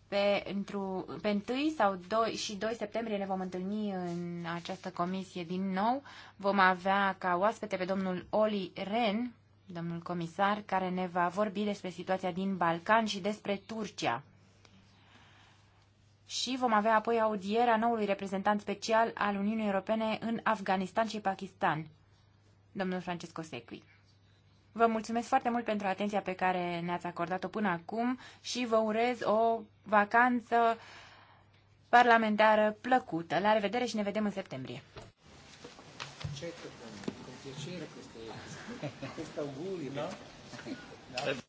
pe, întru, pe 1 sau 2 și 2 septembrie ne vom întâlni în această comisie din nou. Vom avea ca oaspete pe domnul Oli Ren, domnul comisar, care ne va vorbi despre situația din Balcan și despre Turcia. Și vom avea apoi audierea noului reprezentant special al Uniunii Europene în Afganistan și Pakistan, domnul Francesco Secui. Vă mulțumesc foarte mult pentru atenția pe care ne-ați acordat-o până acum și vă urez o vacanță parlamentară plăcută. La revedere și ne vedem în septembrie. Certo,